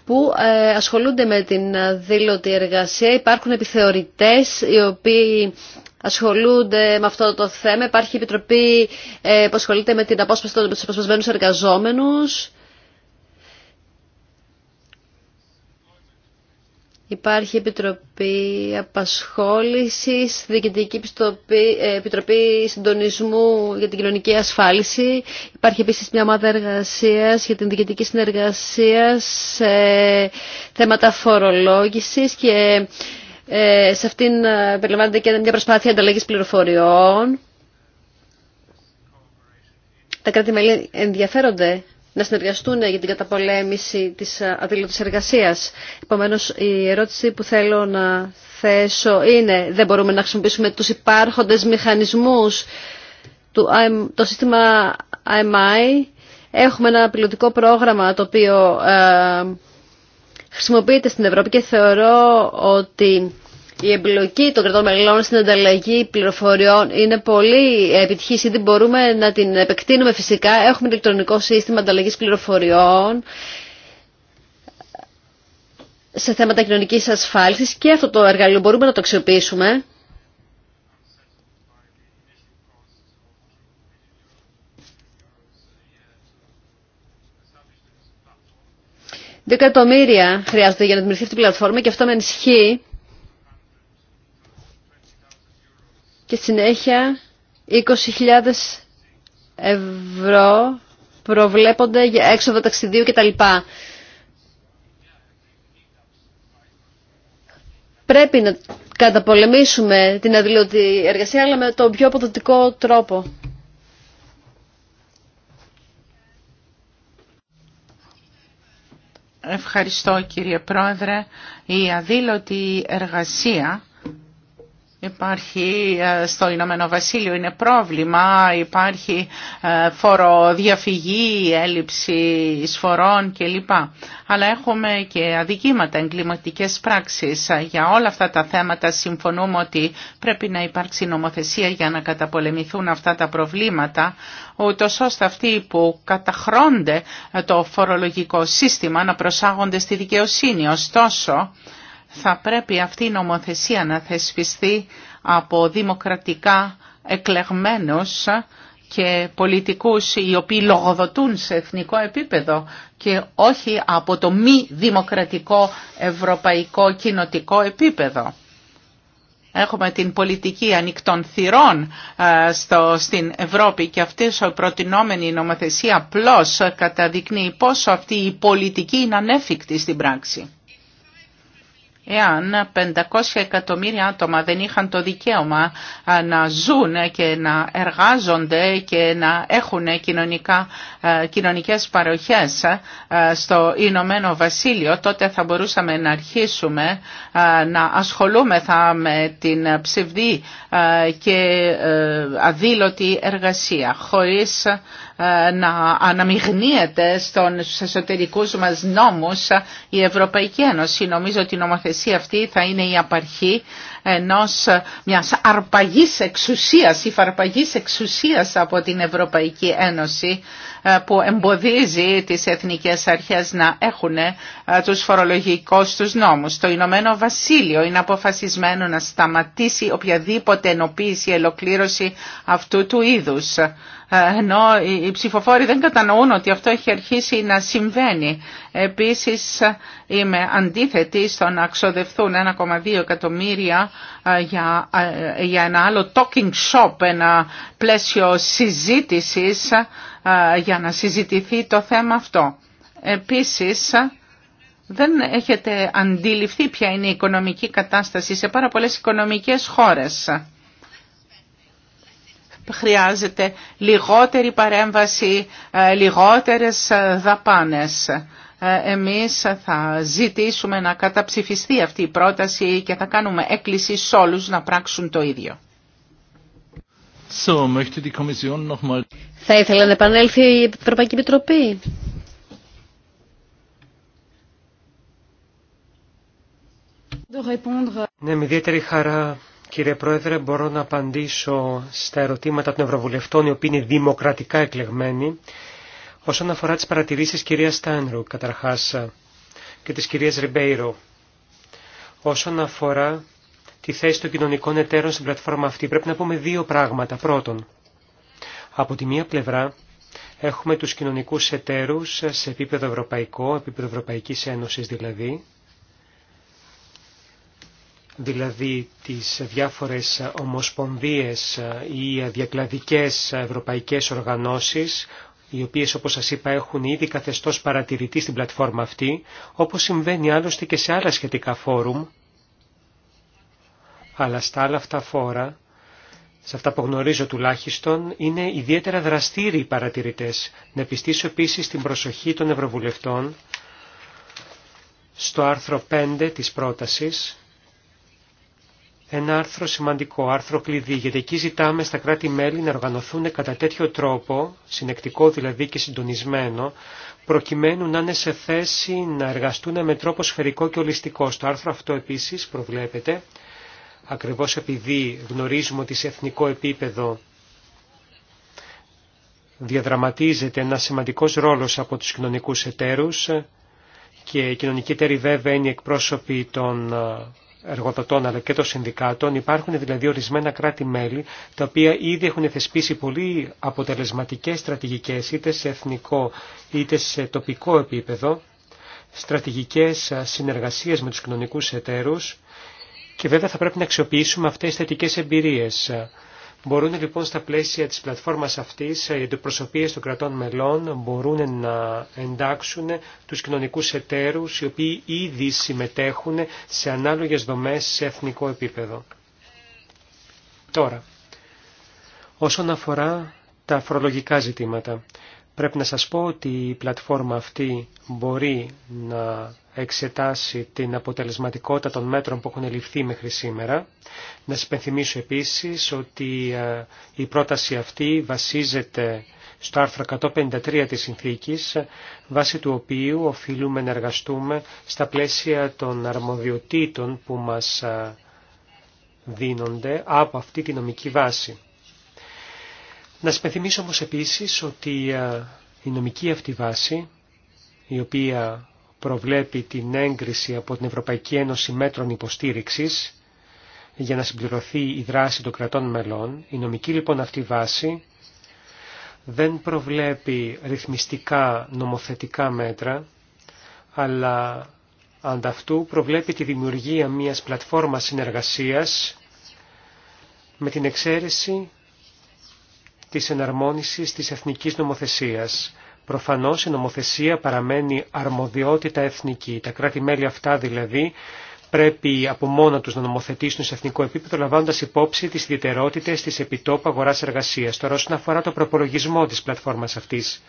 που ε, ασχολούνται με την δήλωτη εργασία. Υπάρχουν επιθεωρητές οι οποίοι ασχολούνται με αυτό το θέμα. Υπάρχει επιτροπή ε, που ασχολείται με την απόσπαση των αποσπασμένους εργαζόμενους. Υπάρχει Επιτροπή Απασχόλησης, Διοικητική ε, Επιτροπή, Συντονισμού για την Κοινωνική Ασφάλιση. Υπάρχει επίσης μια ομάδα εργασίας για την διοικητική συνεργασία σε θέματα φορολόγησης και ε, σε αυτήν ε, περιλαμβάνεται και μια προσπάθεια ανταλλαγής πληροφοριών. Τα κράτη-μέλη ενδιαφέρονται να συνεργαστούν για την καταπολέμηση της ε, αδίλωτης εργασίας. Επομένως, η ερώτηση που θέλω να θέσω είναι δεν μπορούμε να χρησιμοποιήσουμε τους υπάρχοντες μηχανισμούς του, το σύστημα IMI. Έχουμε ένα πιλωτικό πρόγραμμα το οποίο ε, χρησιμοποιείται στην Ευρώπη και θεωρώ ότι η εμπλοκή των κρατών μελών στην ανταλλαγή πληροφοριών είναι πολύ επιτυχής. Ήδη μπορούμε να την επεκτείνουμε φυσικά. Έχουμε ηλεκτρονικό σύστημα ανταλλαγή πληροφοριών σε θέματα κοινωνική ασφάλιση και αυτό το εργαλείο μπορούμε να το αξιοποιήσουμε. Δεκατομμύρια χρειάζονται για να δημιουργηθεί αυτή η πλατφόρμα και αυτό με ενισχύει και συνέχεια 20.000 ευρώ προβλέπονται για έξοδο ταξιδίου κτλ. Πρέπει να καταπολεμήσουμε την αδειλωτή εργασία, αλλά με τον πιο αποδοτικό τρόπο. Ευχαριστώ κύριε Πρόεδρε. Η αδήλωτη εργασία Υπάρχει ε, στο Ηνωμένο Βασίλειο, είναι πρόβλημα, υπάρχει ε, φοροδιαφυγή, έλλειψη εισφορών κλπ. Αλλά έχουμε και αδικήματα, εγκληματικές πράξεις. Για όλα αυτά τα θέματα συμφωνούμε ότι πρέπει να υπάρξει νομοθεσία για να καταπολεμηθούν αυτά τα προβλήματα, ούτω ώστε αυτοί που καταχρώνται το φορολογικό σύστημα να προσάγονται στη δικαιοσύνη. Ωστόσο, θα πρέπει αυτή η νομοθεσία να θεσπιστεί από δημοκρατικά εκλεγμένους και πολιτικούς οι οποίοι λογοδοτούν σε εθνικό επίπεδο και όχι από το μη δημοκρατικό ευρωπαϊκό κοινοτικό επίπεδο. Έχουμε την πολιτική ανοιχτών θυρών ε, στο, στην Ευρώπη και αυτή η προτινόμενη νομοθεσία απλώς καταδεικνύει πόσο αυτή η πολιτική είναι ανέφικτη στην πράξη. Εάν 500 εκατομμύρια άτομα δεν είχαν το δικαίωμα να ζουν και να εργάζονται και να έχουν κοινωνικά, κοινωνικές παροχές στο Ηνωμένο Βασίλειο, τότε θα μπορούσαμε να αρχίσουμε να ασχολούμεθα με την ψευδή και ε, αδήλωτη εργασία, χωρίς ε, να αναμειγνύεται στους εσωτερικούς μας νόμους η Ευρωπαϊκή Ένωση. Νομίζω ότι η νομοθεσία αυτή θα είναι η απαρχή ενός μιας αρπαγής εξουσίας, υφαρπαγής εξουσίας από την Ευρωπαϊκή Ένωση ε, που εμποδίζει τις εθνικές αρχές να έχουν ε, τους φορολογικούς τους νόμους. Το Ηνωμένο Βασίλειο είναι αποφασισμένο να σταματήσει οποιαδήποτε ενοποίηση, ελοκλήρωση αυτού του είδους. Ε, ενώ οι ψηφοφόροι δεν κατανοούν ότι αυτό έχει αρχίσει να συμβαίνει. Επίσης είμαι αντίθετη στο να ξοδευτούν 1,2 εκατομμύρια ε, για, ε, για ένα άλλο talking shop, ένα πλαίσιο συζήτησης για να συζητηθεί το θέμα αυτό. Επίσης, δεν έχετε αντιληφθεί ποια είναι η οικονομική κατάσταση σε πάρα πολλές οικονομικές χώρες χρειάζεται λιγότερη παρέμβαση, ε, λιγότερες ε, δαπάνες. Ε, εμείς θα ζητήσουμε να καταψηφιστεί αυτή η πρόταση και θα κάνουμε έκκληση σε όλους να πράξουν το ίδιο. Θα ήθελα να επανέλθει η Ευρωπαϊκή Επιτροπή. Ναι, με ιδιαίτερη χαρά Κύριε Πρόεδρε, μπορώ να απαντήσω στα ερωτήματα των Ευρωβουλευτών, οι οποίοι είναι δημοκρατικά εκλεγμένοι, όσον αφορά τις παρατηρήσεις κυρίας Στάνρου, καταρχάς, και της κυρίας Ριμπέιρο, όσον αφορά τη θέση των κοινωνικών εταίρων στην πλατφόρμα αυτή. Πρέπει να πούμε δύο πράγματα. Πρώτον, από τη μία πλευρά έχουμε τους κοινωνικούς εταίρους σε επίπεδο ευρωπαϊκό, επίπεδο Ευρωπαϊκής Ένωσης δηλαδή, δηλαδή τις διάφορες ομοσπονδίες ή διακλαδικές ευρωπαϊκές οργανώσεις, οι οποίες όπως σας είπα έχουν ήδη καθεστώς παρατηρητή στην πλατφόρμα αυτή, όπως συμβαίνει άλλωστε και σε άλλα σχετικά φόρουμ, αλλά στα άλλα αυτά φόρα, σε αυτά που γνωρίζω τουλάχιστον, είναι ιδιαίτερα δραστήριοι οι παρατηρητές. Να επιστήσω επίσης την προσοχή των Ευρωβουλευτών στο άρθρο 5 της πρότασης, ένα άρθρο σημαντικό, άρθρο κλειδί, γιατί εκεί ζητάμε στα κράτη-μέλη να οργανωθούν κατά τέτοιο τρόπο, συνεκτικό δηλαδή και συντονισμένο, προκειμένου να είναι σε θέση να εργαστούν με τρόπο σφαιρικό και ολιστικό. Στο άρθρο αυτό επίσης προβλέπεται, ακριβώς επειδή γνωρίζουμε ότι σε εθνικό επίπεδο διαδραματίζεται ένα σημαντικός ρόλος από τους κοινωνικούς εταίρους και οι κοινωνικοί εταίροι βέβαια είναι οι εκπρόσωποι των εργοδοτών αλλά και των συνδικάτων. Υπάρχουν δηλαδή ορισμένα κράτη-μέλη τα οποία ήδη έχουν θεσπίσει πολύ αποτελεσματικές στρατηγικές είτε σε εθνικό είτε σε τοπικό επίπεδο, στρατηγικές συνεργασίες με τους κοινωνικούς εταίρους και βέβαια θα πρέπει να αξιοποιήσουμε αυτές τις θετικές εμπειρίες. Μπορούν λοιπόν στα πλαίσια της πλατφόρμας αυτής ε, οι αντιπροσωπείες των κρατών μελών μπορούν να εντάξουν τους κοινωνικούς εταίρους οι οποίοι ήδη συμμετέχουν σε ανάλογες δομές σε εθνικό επίπεδο. Τώρα, όσον αφορά τα φορολογικά ζητήματα, πρέπει να σας πω ότι η πλατφόρμα αυτή μπορεί να εξετάσει την αποτελεσματικότητα των μέτρων που έχουν ληφθεί μέχρι σήμερα. Να σας υπενθυμίσω επίσης ότι ε, η πρόταση αυτή βασίζεται στο άρθρο 153 της συνθήκης, βάσει του οποίου οφείλουμε να εργαστούμε στα πλαίσια των αρμοδιοτήτων που μας ε, δίνονται από αυτή τη νομική βάση. Να σας όμως επίσης ότι ε, η νομική αυτή βάση, η οποία προβλέπει την έγκριση από την Ευρωπαϊκή Ένωση μέτρων υποστήριξης για να συμπληρωθεί η δράση των κρατών μελών. Η νομική λοιπόν αυτή βάση δεν προβλέπει ρυθμιστικά νομοθετικά μέτρα, αλλά ανταυτού προβλέπει τη δημιουργία μιας πλατφόρμας συνεργασίας με την εξαίρεση της εναρμόνισης της εθνικής νομοθεσίας. Προφανώς η νομοθεσία παραμένει αρμοδιότητα εθνική. Τα κράτη-μέλη αυτά δηλαδή πρέπει από μόνα τους να νομοθετήσουν σε εθνικό επίπεδο λαμβάνοντας υπόψη τις ιδιαιτερότητες της επιτόπου αγοράς εργασίας. Τώρα όσον αφορά το προπολογισμό της πλατφόρμας αυτής.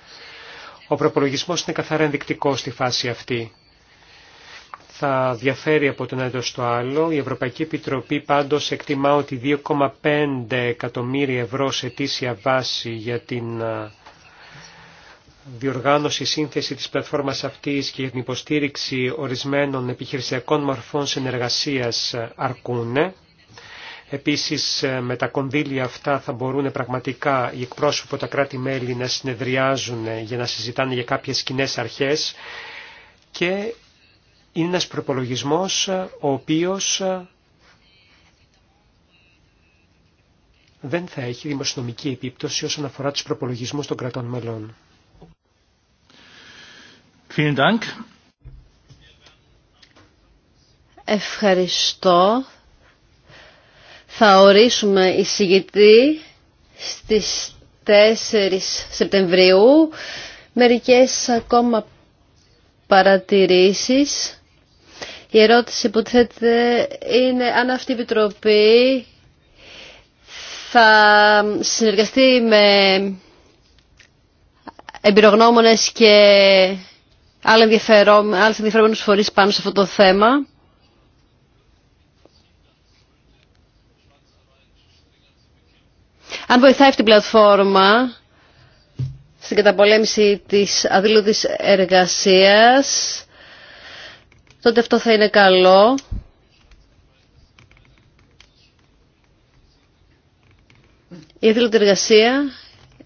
Ο προπολογισμός είναι καθαρά ενδεικτικό στη φάση αυτή. Θα διαφέρει από τον ένα στο άλλο. Η Ευρωπαϊκή Επιτροπή πάντως εκτιμά ότι 2,5 εκατομμύρια ευρώ σε αιτήσια βάση για την διοργάνωση, σύνθεση της πλατφόρμας αυτής και για την υποστήριξη ορισμένων επιχειρησιακών μορφών συνεργασίας αρκούν. Επίσης με τα κονδύλια αυτά θα μπορούν πραγματικά οι εκπρόσωποι τα κράτη-μέλη να συνεδριάζουν για να συζητάνε για κάποιες κοινέ αρχές και είναι ένας προπολογισμός ο οποίος δεν θα έχει δημοσιονομική επίπτωση όσον αφορά τους προπολογισμούς των κρατών μελών. Ευχαριστώ. Θα ορίσουμε εισηγητή στις 4 Σεπτεμβρίου. Μερικές ακόμα παρατηρήσεις. Η ερώτηση που θέτε είναι αν αυτή η Επιτροπή θα συνεργαστεί με εμπειρογνώμονες και άλλες ενδιαφερόμενες φορείς πάνω σε αυτό το θέμα. Αν βοηθάει αυτή την πλατφόρμα στην καταπολέμηση της αδίλωτης εργασίας, τότε αυτό θα είναι καλό. Η αδίλωτη εργασία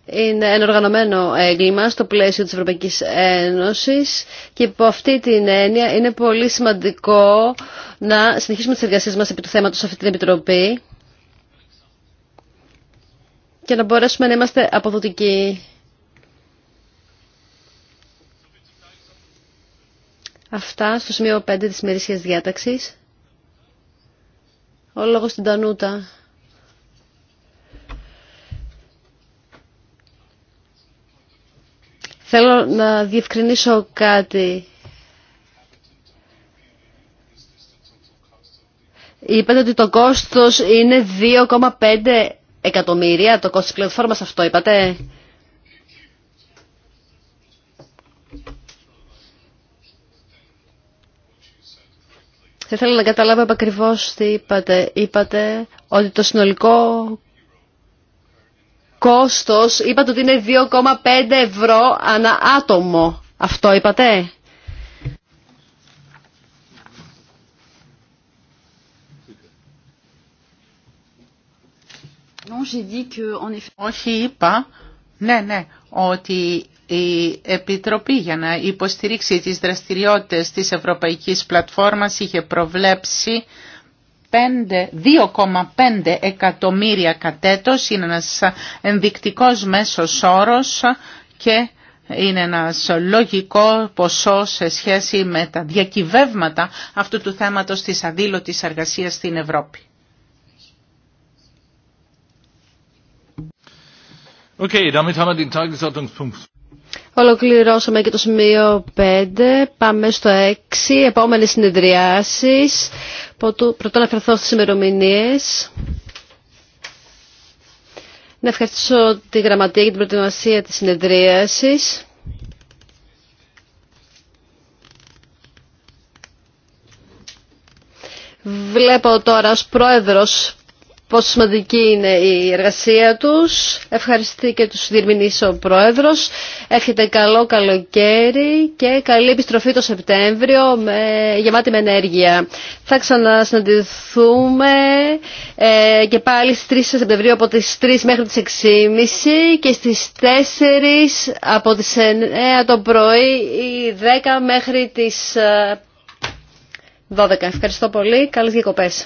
είναι ένα οργανωμένο έγκλημα στο πλαίσιο της Ευρωπαϊκής Ένωσης και υπό αυτή την έννοια είναι πολύ σημαντικό να συνεχίσουμε τις εργασίες μας επί του θέματος σε αυτή την Επιτροπή και να μπορέσουμε να είμαστε αποδοτικοί. Αυτά στο σημείο 5 της μερίσιας διάταξης. Ο λόγος στην Τανούτα. Θέλω να διευκρινίσω κάτι. Είπατε ότι το κόστος είναι 2,5 εκατομμύρια, το κόστος της πλατφόρμας αυτό είπατε. Θα ήθελα να καταλάβω ακριβώ τι είπατε. Είπατε ότι το συνολικό κόστος, είπατε ότι είναι 2,5 ευρώ ανά άτομο. Αυτό είπατε. Όχι είπα, ναι, ναι, ότι η Επιτροπή για να υποστηρίξει τις δραστηριότητες της Ευρωπαϊκής Πλατφόρμας είχε προβλέψει 2,5 εκατομμύρια κατέτος, είναι ένας ενδεικτικός μέσος όρος και είναι ένα λογικό ποσό σε σχέση με τα διακυβεύματα αυτού του θέματος της αδήλωτης εργασίας στην Ευρώπη. Okay, damit haben wir den Tagesordnungspunkt. Ολοκληρώσαμε και το σημείο 5. Πάμε στο 6. Επόμενες συνεδριάσεις. Πρωτόν να φερθώ στις ημερομηνίε. Να ευχαριστήσω τη Γραμματεία για την προετοιμασία της συνεδρίασης. Βλέπω τώρα ως πρόεδρος πόσο σημαντική είναι η εργασία τους. Ευχαριστεί και τους διερμηνείς ο Πρόεδρος. Έχετε καλό καλοκαίρι και καλή επιστροφή το Σεπτέμβριο με, γεμάτη με ενέργεια. Θα ξανασυναντηθούμε ε, και πάλι στις 3 Σεπτεμβρίου από τις 3 μέχρι τις 6.30 και στις 4 από τις 9 το πρωί ή 10 μέχρι τις 12. Ε, Ευχαριστώ πολύ. Καλές διακοπές.